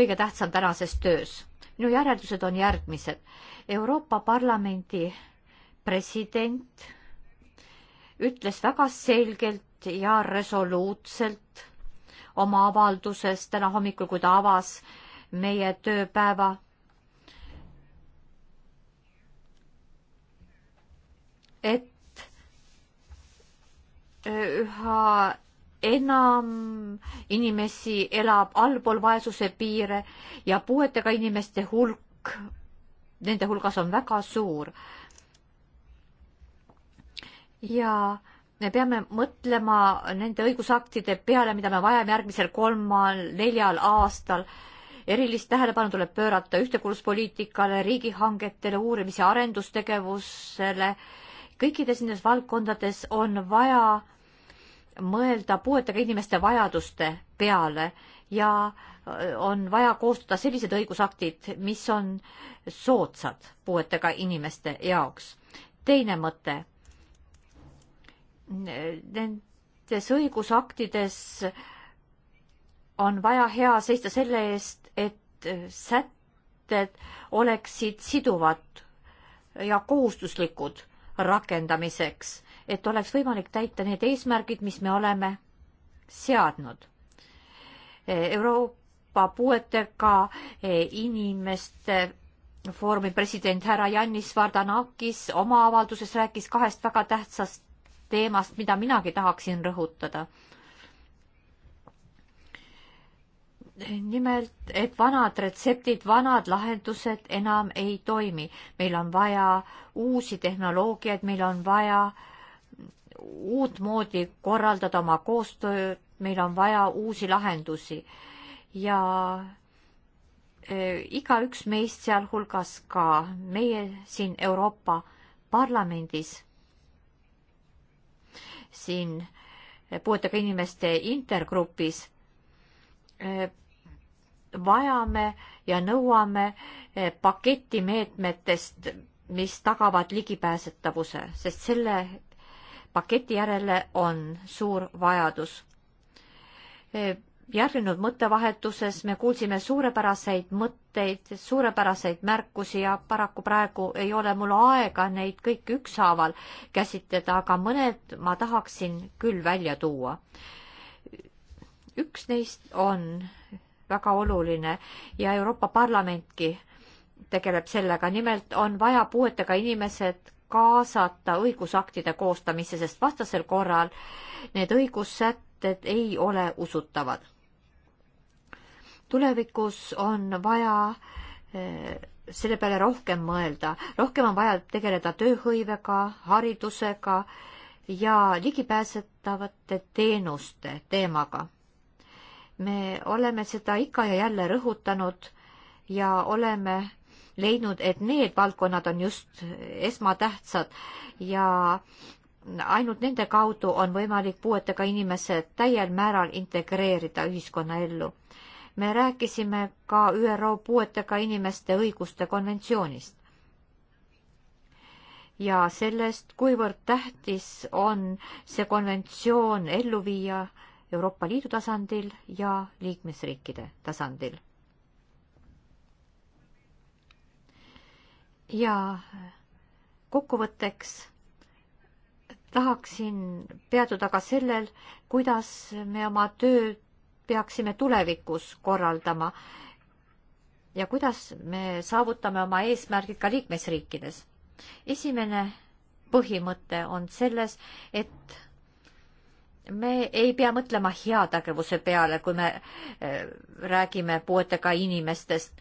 kõige tähtsam tänases töös. minu järeldused on järgmised. Euroopa Parlamendi president ütles väga selgelt ja resoluutselt oma avalduses täna hommikul, kui ta avas meie tööpäeva. et üha enam inimesi elab allpool vaesuse piire ja puuetega inimeste hulk, nende hulgas on väga suur. ja me peame mõtlema nende õigusaktide peale, mida me vajame järgmisel kolmal-neljal aastal erilist tähelepanu tuleb pöörata ühtekuuluspoliitikale, riigihangetele, uurimise arendustegevusele. kõikides nendes valdkondades on vaja mõelda puuetega inimeste vajaduste peale ja äh, on vaja koostada sellised õigusaktid, mis on soodsad puuetega inimeste jaoks. teine mõte. Nendes õigusaktides on vaja hea seista selle eest, et sätted oleksid siduvad ja kohustuslikud rakendamiseks, et oleks võimalik täita need eesmärgid, mis me oleme seadnud. Euroopa puuetega inimeste foorumi president härra Jannis Vardanakis oma avalduses rääkis kahest väga tähtsast teemast, mida minagi tahaksin rõhutada nimelt, et vanad retseptid, vanad lahendused enam ei toimi. meil on vaja uusi tehnoloogiaid, meil on vaja uutmoodi korraldada oma koostööd, meil on vaja uusi lahendusi ja e, igaüks meist, sealhulgas ka meie siin Euroopa Parlamendis, siin puuetega inimeste intergrupis e, vajame ja nõuame eh, paketi meetmetest, mis tagavad ligipääsetavuse, sest selle paketi järele on suur vajadus. Eh, järgnenud mõttevahetuses me kuulsime suurepäraseid mõtteid, suurepäraseid märkusi ja paraku praegu ei ole mul aega neid kõiki ükshaaval käsitleda, aga mõned ma tahaksin küll välja tuua. üks neist on väga oluline ja Euroopa Parlamentki tegeleb sellega, nimelt on vaja puuetega inimesed kaasata õigusaktide koostamisse, sest vastasel korral need õigussätted ei ole usutavad. tulevikus on vaja eh, selle peale rohkem mõelda, rohkem on vaja tegeleda tööhõivega, haridusega ja ligipääsetavate teenuste teemaga me oleme seda ikka ja jälle rõhutanud ja oleme leidnud, et need valdkonnad on just esmatähtsad ja ainult nende kaudu on võimalik puuetega inimesed täiel määral integreerida ühiskonnaellu. me rääkisime ka ÜRO puuetega inimeste õiguste konventsioonist ja sellest, kuivõrd tähtis on see konventsioon ellu viia Euroopa Liidu tasandil ja liikmesriikide tasandil. ja kokkuvõtteks tahaksin peatuda ka sellel, kuidas me oma tööd peaksime tulevikus korraldama ja kuidas me saavutame oma eesmärgid ka liikmesriikides. esimene põhimõte on selles, et me ei pea mõtlema heategevuse peale, kui me eh, räägime puuetega inimestest.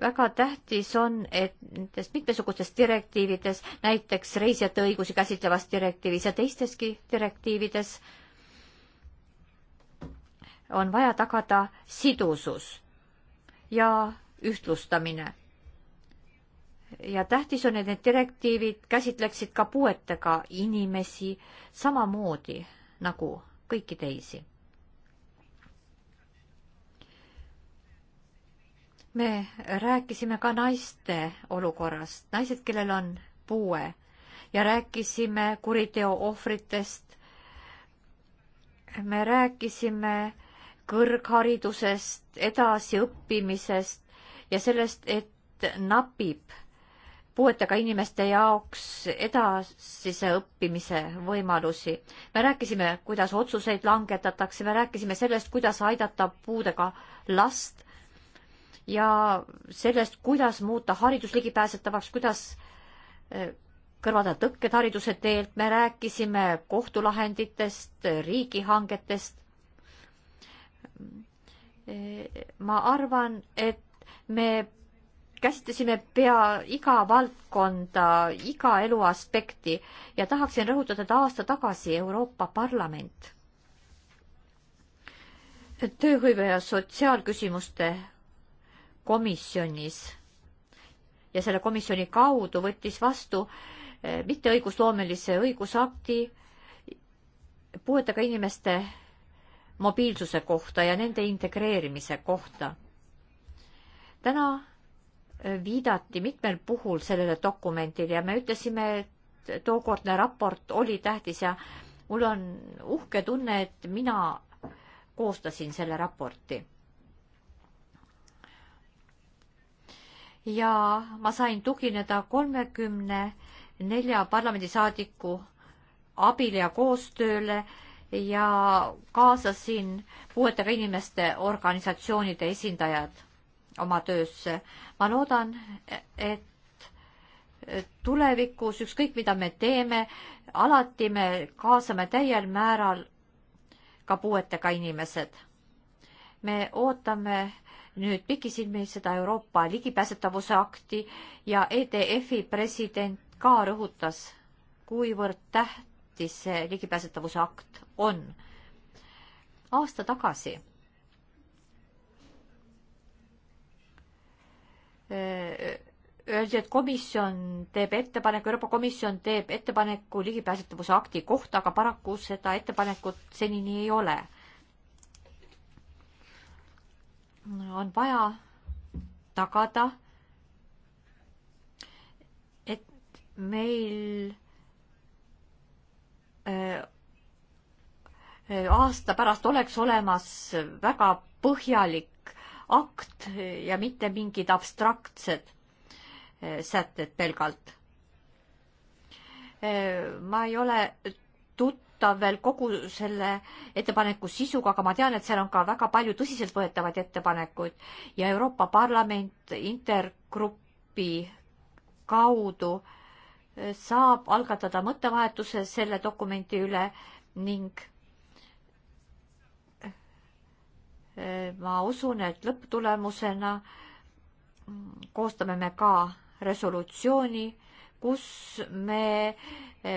väga tähtis on, et nendes mitmesugustes direktiivides, näiteks reisijate õigusi käsitlevas direktiivis ja teisteski direktiivides, on vaja tagada sidusus ja ühtlustamine. ja tähtis on, et need direktiivid käsitleksid ka puuetega inimesi samamoodi nagu kõiki teisi. me rääkisime ka naiste olukorrast, naised, kellel on puue ja rääkisime kuriteo ohvritest. me rääkisime kõrgharidusest, edasiõppimisest ja sellest, et napib puuetega inimeste jaoks edasise õppimise võimalusi. me rääkisime, kuidas otsuseid langetatakse, me rääkisime sellest, kuidas aidata puudega last ja sellest, kuidas muuta haridus ligipääsetavaks, kuidas eh, kõrvaldada tõkked hariduse teelt, me rääkisime kohtulahenditest, riigihangetest. Eh, ma arvan, et me käsitlesime pea iga valdkonda, iga elu aspekti ja tahaksin rõhutada, et aasta tagasi Euroopa Parlament tööhõive ja sotsiaalküsimuste komisjonis ja selle komisjoni kaudu võttis vastu eh, mitteõigusloomelise õigusakti puuetega inimeste mobiilsuse kohta ja nende integreerimise kohta. täna viidati mitmel puhul sellele dokumendile ja me ütlesime, et tookordne raport oli tähtis ja mul on uhke tunne, et mina koostasin selle raporti. ja ma sain tugineda kolmekümne nelja parlamendisaadiku abile ja koostööle ja kaasasin puuetega inimeste organisatsioonide esindajad oma töösse. ma loodan, et tulevikus ükskõik, mida me teeme, alati me kaasame täiel määral ka puuetega inimesed. me ootame nüüd pikisilmi seda Euroopa ligipääsetavuse akti ja EDF-i president ka rõhutas, kuivõrd tähtis see ligipääsetavuse akt on. aasta tagasi öeldi, et komisjon teeb ettepaneku, Euroopa Komisjon teeb ettepaneku ligipääsetavuse akti kohta, aga paraku seda ettepanekut senini ei ole. on vaja tagada, et meil äh, äh, aasta pärast oleks olemas väga põhjalik akt ja mitte mingid abstraktsed eh, sätted pelgalt. Eh, ma ei ole tuttav veel kogu selle ettepaneku sisuga, aga ma tean, et seal on ka väga palju tõsiseltvõetavaid ettepanekuid ja Euroopa Parlament intergrupi kaudu eh, saab algatada mõttevahetuse selle dokumendi üle ning ma usun, et lõpptulemusena koostame me ka resolutsiooni, kus me e,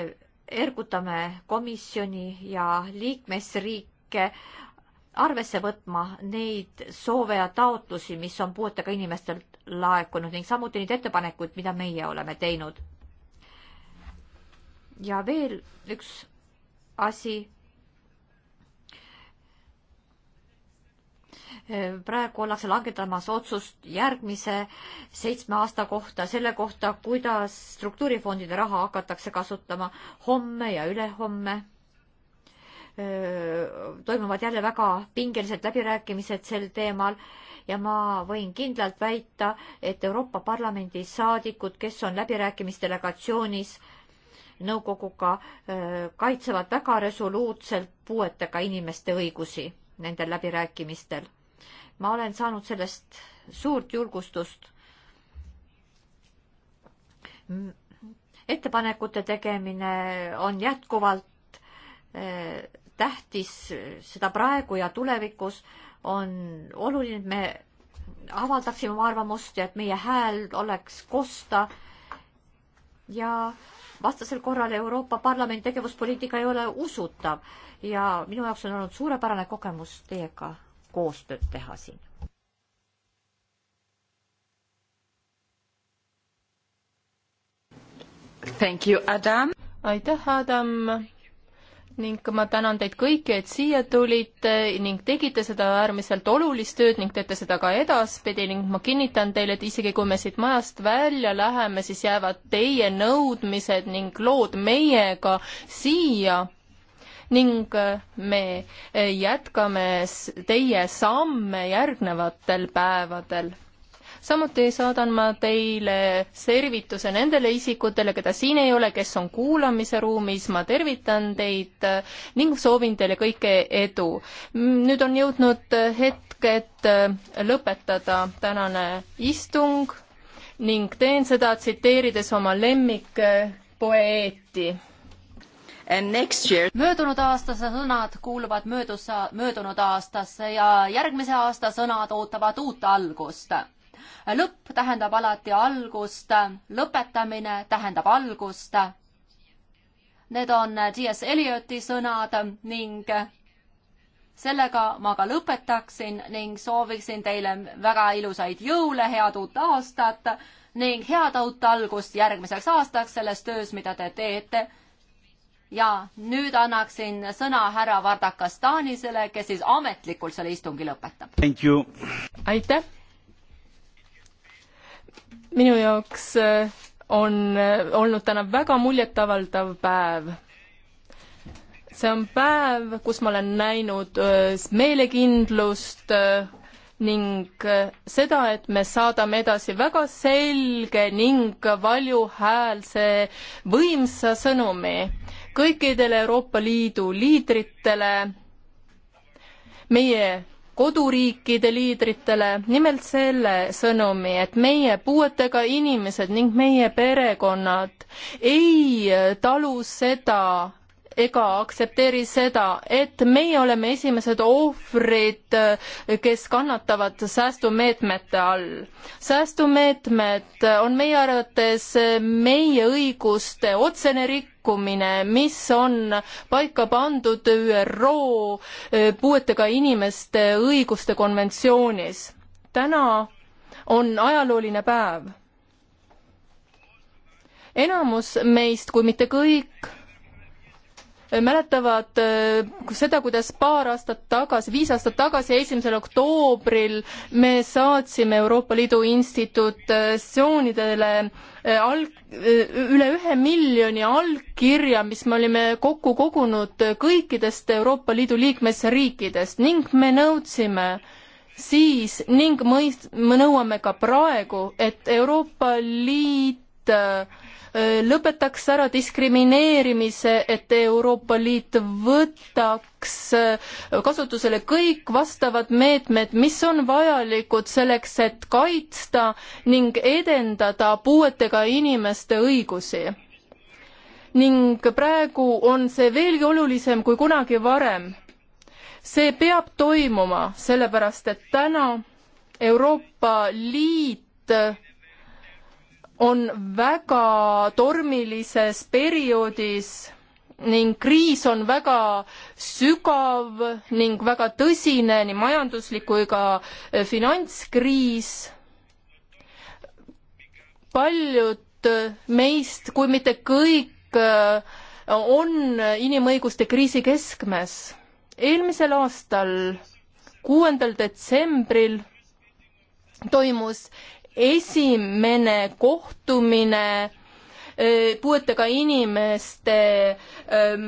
ergutame komisjoni ja liikmesriike arvesse võtma neid soove ja taotlusi, mis on puuetega inimestelt laekunud ning samuti neid ettepanekuid, mida meie oleme teinud. ja veel üks asi praegu ollakse langetamas otsust järgmise seitsme aasta kohta, selle kohta, kuidas struktuurifondide raha hakatakse kasutama homme ja ülehomme. toimuvad jälle väga pingelised läbirääkimised sel teemal ja ma võin kindlalt väita, et Euroopa Parlamendi saadikud, kes on läbirääkimisdelegatsioonis nõukoguga, kaitsevad väga resoluutselt puuetega inimeste õigusi nendel läbirääkimistel ma olen saanud sellest suurt julgustust. ettepanekute tegemine on jätkuvalt eh, tähtis, seda praegu ja tulevikus on oluline, et me avaldaksime oma arvamust ja et meie hääl oleks kosta. ja vastasel korral Euroopa Parlamendi tegevuspoliitika ei ole usutav ja minu jaoks on olnud suurepärane kogemus teiega koostööd teha siin. Thank you, Adam. aitäh, Adam ning ma tänan teid kõiki, et siia tulite ning tegite seda äärmiselt olulist tööd ning teete seda ka edaspidi ning ma kinnitan teile, et isegi kui me siit majast välja läheme, siis jäävad teie nõudmised ning lood meiega siia ning äh, me äh, jätkame teie samme järgnevatel päevadel samuti saadan ma teile servituse nendele isikutele, keda siin ei ole, kes on kuulamise ruumis, ma tervitan teid äh, ning soovin teile kõike edu. nüüd on jõudnud hetk, et lõpetada tänane istung ning teen seda tsiteerides oma lemmikpoeeti möödunud aastase sõnad kuuluvad möödus, möödunud aastasse ja järgmise aasta sõnad ootavad uut algust. lõpp tähendab alati algust, lõpetamine tähendab algust. Need on T.S. Elioti sõnad ning sellega ma ka lõpetaksin ning sooviksin teile väga ilusaid jõule, head uut aastat ning head uut algust järgmiseks aastaks selles töös, mida te teete ja nüüd annaksin sõna härra Vardakastanisele, kes siis ametlikult selle istungi lõpetab. aitäh! minu jaoks äh, on äh, olnud täna väga muljetavaldav päev. see on päev, kus ma olen näinud äh, meelekindlust ning seda, et me saadame edasi väga selge ning valjuhäälse võimsa sõnumi kõikidele Euroopa Liidu liidritele, meie koduriikide liidritele nimelt selle sõnumi, et meie puuetega inimesed ning meie perekonnad ei talu seda, ega aktsepteeri seda, et meie oleme esimesed ohvrid, kes kannatavad säästumeetmete all. säästumeetmed on meie arvates meie õiguste otsene rikkumine, mis on paika pandud ÜRO puuetega inimeste õiguste konventsioonis. täna on ajalooline päev enamus meist, kui mitte kõik, mäletavad äh, seda, kuidas paar aastat tagasi, viis aastat tagasi, esimesel oktoobril me saatsime Euroopa Liidu institutsioonidele äh, alg-, äh, üle ühe miljoni allkirja, mis me olime kokku kogunud kõikidest Euroopa Liidu liikmesriikidest ning me nõudsime siis ning mõist-, me nõuame ka praegu, et Euroopa Liit äh, lõpetaks ära diskrimineerimise, et Euroopa Liit võtaks kasutusele kõik vastavad meetmed, mis on vajalikud selleks, et kaitsta ning edendada puuetega inimeste õigusi. ning praegu on see veelgi olulisem kui kunagi varem. see peab toimuma, sellepärast et täna Euroopa Liit on väga tormilises perioodis ning kriis on väga sügav ning väga tõsine nii majanduslik kui ka eh, finantskriis. paljud eh, meist, kui mitte kõik, eh, on inimõiguste kriisi keskmes. eelmisel aastal, kuuendal detsembril toimus esimene kohtumine puuetega inimeste öö,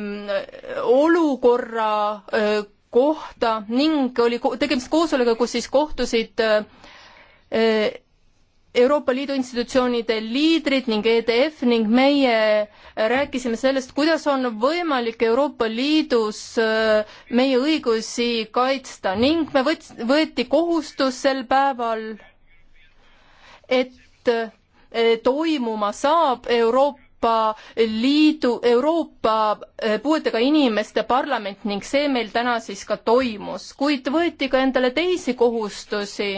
olukorra öö, kohta ning oli tegemist koosolekuga, kus siis kohtusid öö, Euroopa Liidu institutsioonide liidrid ning EDF ning meie rääkisime sellest, kuidas on võimalik Euroopa Liidus meie õigusi kaitsta ning me võts-, võeti kohustus sel päeval et eh, toimuma saab Euroopa Euroopa Liidu, Euroopa eh, puuetega inimeste parlament ning see meil täna siis ka toimus, kuid võeti ka endale teisi kohustusi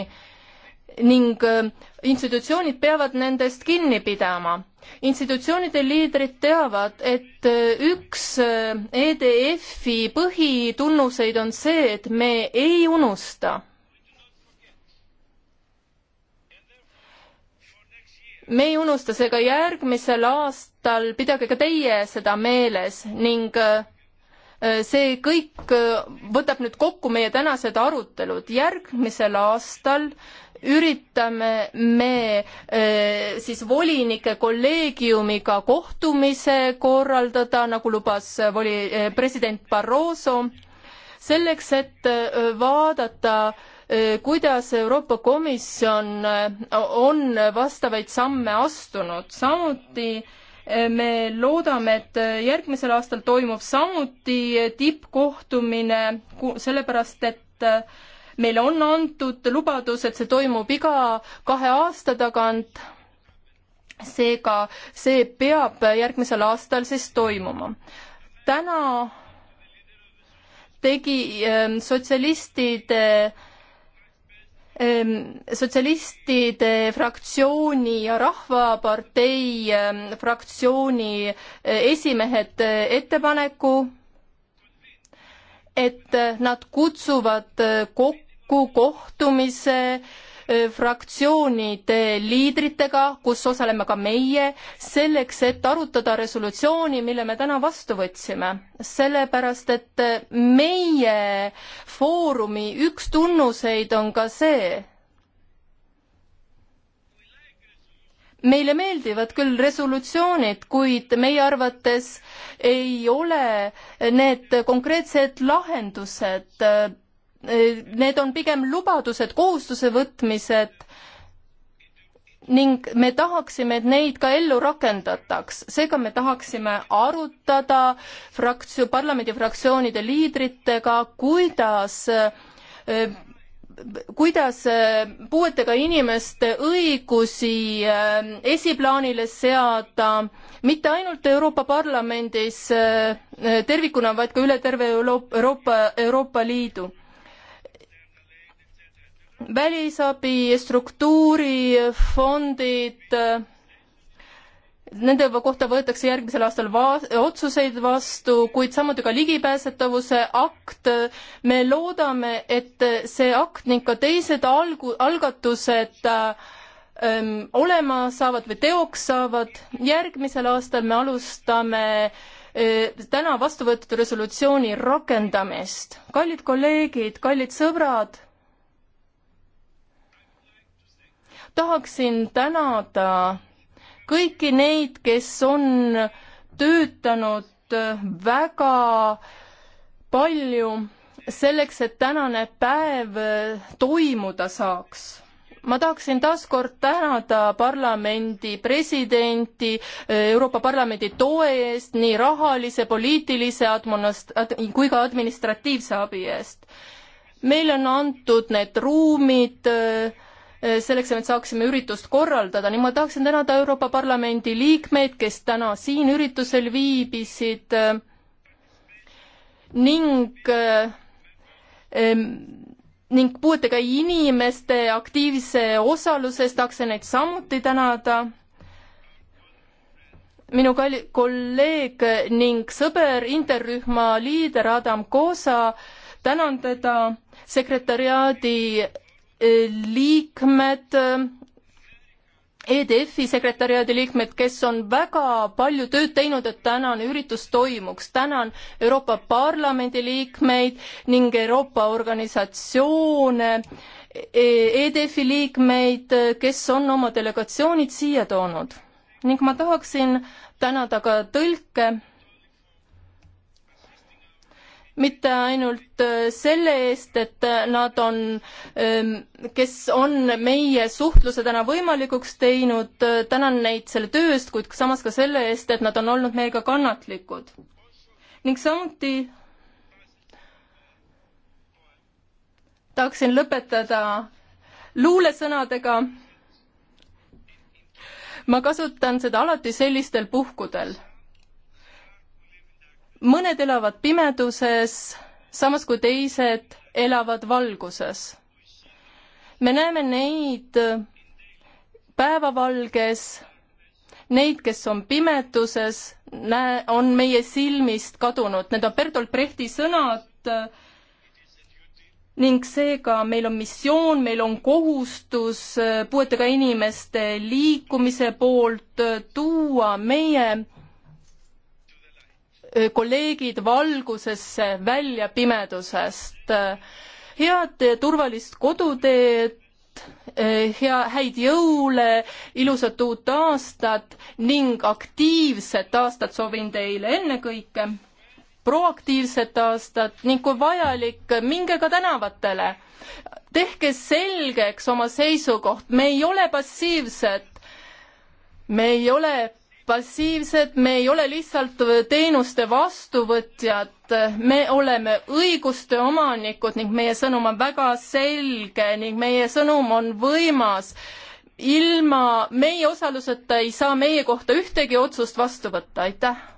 ning eh, institutsioonid peavad nendest kinni pidama. institutsioonide liidrid teavad, et üks EDF-i e põhitunnuseid on see, et me ei unusta me ei unusta seega järgmisel aastal, pidage ka teie seda meeles ning äh, see kõik äh, võtab nüüd kokku meie tänased arutelud. järgmisel aastal üritame me äh, siis volinike kolleegiumiga kohtumise korraldada, nagu lubas voli-, president Barroso, selleks, et vaadata Äh, kuidas Euroopa Komisjon äh, on vastavaid samme astunud, samuti äh, me loodame, et järgmisel aastal toimub samuti tippkohtumine, sellepärast et meile on antud lubadus, et see toimub iga kahe aasta tagant. seega see peab järgmisel aastal siis toimuma. täna tegi ähm, sotsialistide äh, Ehm, sotsialistide fraktsiooni ja Rahvapartei ehm, fraktsiooni eh, esimehed eh, ettepaneku, et nad kutsuvad eh, kokku kohtumise äh, fraktsioonide liidritega, kus osaleme ka meie, selleks, et arutada resolutsiooni, mille me täna vastu võtsime. sellepärast, et meie foorumi üks tunnuseid on ka see, meile meeldivad küll resolutsioonid, kuid meie arvates ei ole need konkreetsed lahendused need on pigem lubadused, kohustuse võtmised ning me tahaksime, et neid ka ellu rakendataks. seega me tahaksime arutada fraktsioon, parlamendifraktsioonide liidritega, kuidas kuidas puuetega inimeste õigusi ähm, esiplaanile seada, mitte ainult Euroopa Parlamendis äh, tervikuna, vaid ka üle terve Euroopa, Euroopa Liidu välisabi, struktuurifondid, nende kohta võetakse järgmisel aastal va-, otsuseid vastu, kuid samuti ka ligipääsetavuse akt. me loodame, et see akt ning ka teised algu-, algatused ähm, olema saavad või teoks saavad. järgmisel aastal me alustame äh, täna vastu võetud resolutsiooni rakendamist. kallid kolleegid, kallid sõbrad tahaksin tänada kõiki neid, kes on töötanud väga palju selleks, et tänane päev toimuda saaks ma tahaksin taaskord tänada parlamendi presidenti Euroopa Parlamendi toe eest, nii rahalise, poliitilise admonast-, kui ka administratiivse abi eest. meile on antud need ruumid äh, Äh, selleks, et saaksime üritust korraldada, nii ma tahaksin tänada Euroopa Parlamendi liikmeid, kes täna siin üritusel viibisid äh, ning äh, ning puuetega inimeste aktiivse osaluse eest tahaksin neid samuti tänada minu kalli-, kolleeg ning sõber, interrühma liider Adam Koosa, tänan teda sekretäriaadi liikmed, EDF-i sekretäriaadi liikmed, kes on väga palju tööd teinud, et tänane üritus toimuks. tänan Euroopa Parlamendi liikmeid ning Euroopa organisatsioone, EDF-i liikmeid, kes on oma delegatsioonid siia toonud. ning ma tahaksin tänada ka tõlke mitte ainult äh, selle eest, et äh, nad on, ähm, kes on meie suhtluse täna võimalikuks teinud, äh, tänan neid selle töö eest, kuid samas ka selle eest, et nad on olnud meiega kannatlikud. ning samuti tahaksin lõpetada luulesõnadega. ma kasutan seda alati sellistel puhkudel mõned elavad pimeduses, samas kui teised elavad valguses. me näeme neid päevavalges, neid, kes on pimeduses, näe, on meie silmist kadunud, need on Bertolt Brechti sõnad ning seega meil on missioon, meil on kohustus puuetega inimeste liikumise poolt tuua meie kolleegid valgusesse välja pimedusest. head turvalist koduteed, hea, häid jõule, ilusat uut aastat ning aktiivset aastat soovin teile ennekõike, proaktiivset aastat ning kui vajalik, minge ka tänavatele. tehke selgeks oma seisukoht, me ei ole passiivsed, me ei ole passiivsed, me ei ole lihtsalt teenuste vastuvõtjad, me oleme õiguste omanikud ning meie sõnum on väga selge ning meie sõnum on võimas. ilma meie osaluseta ei saa meie kohta ühtegi otsust vastu võtta, aitäh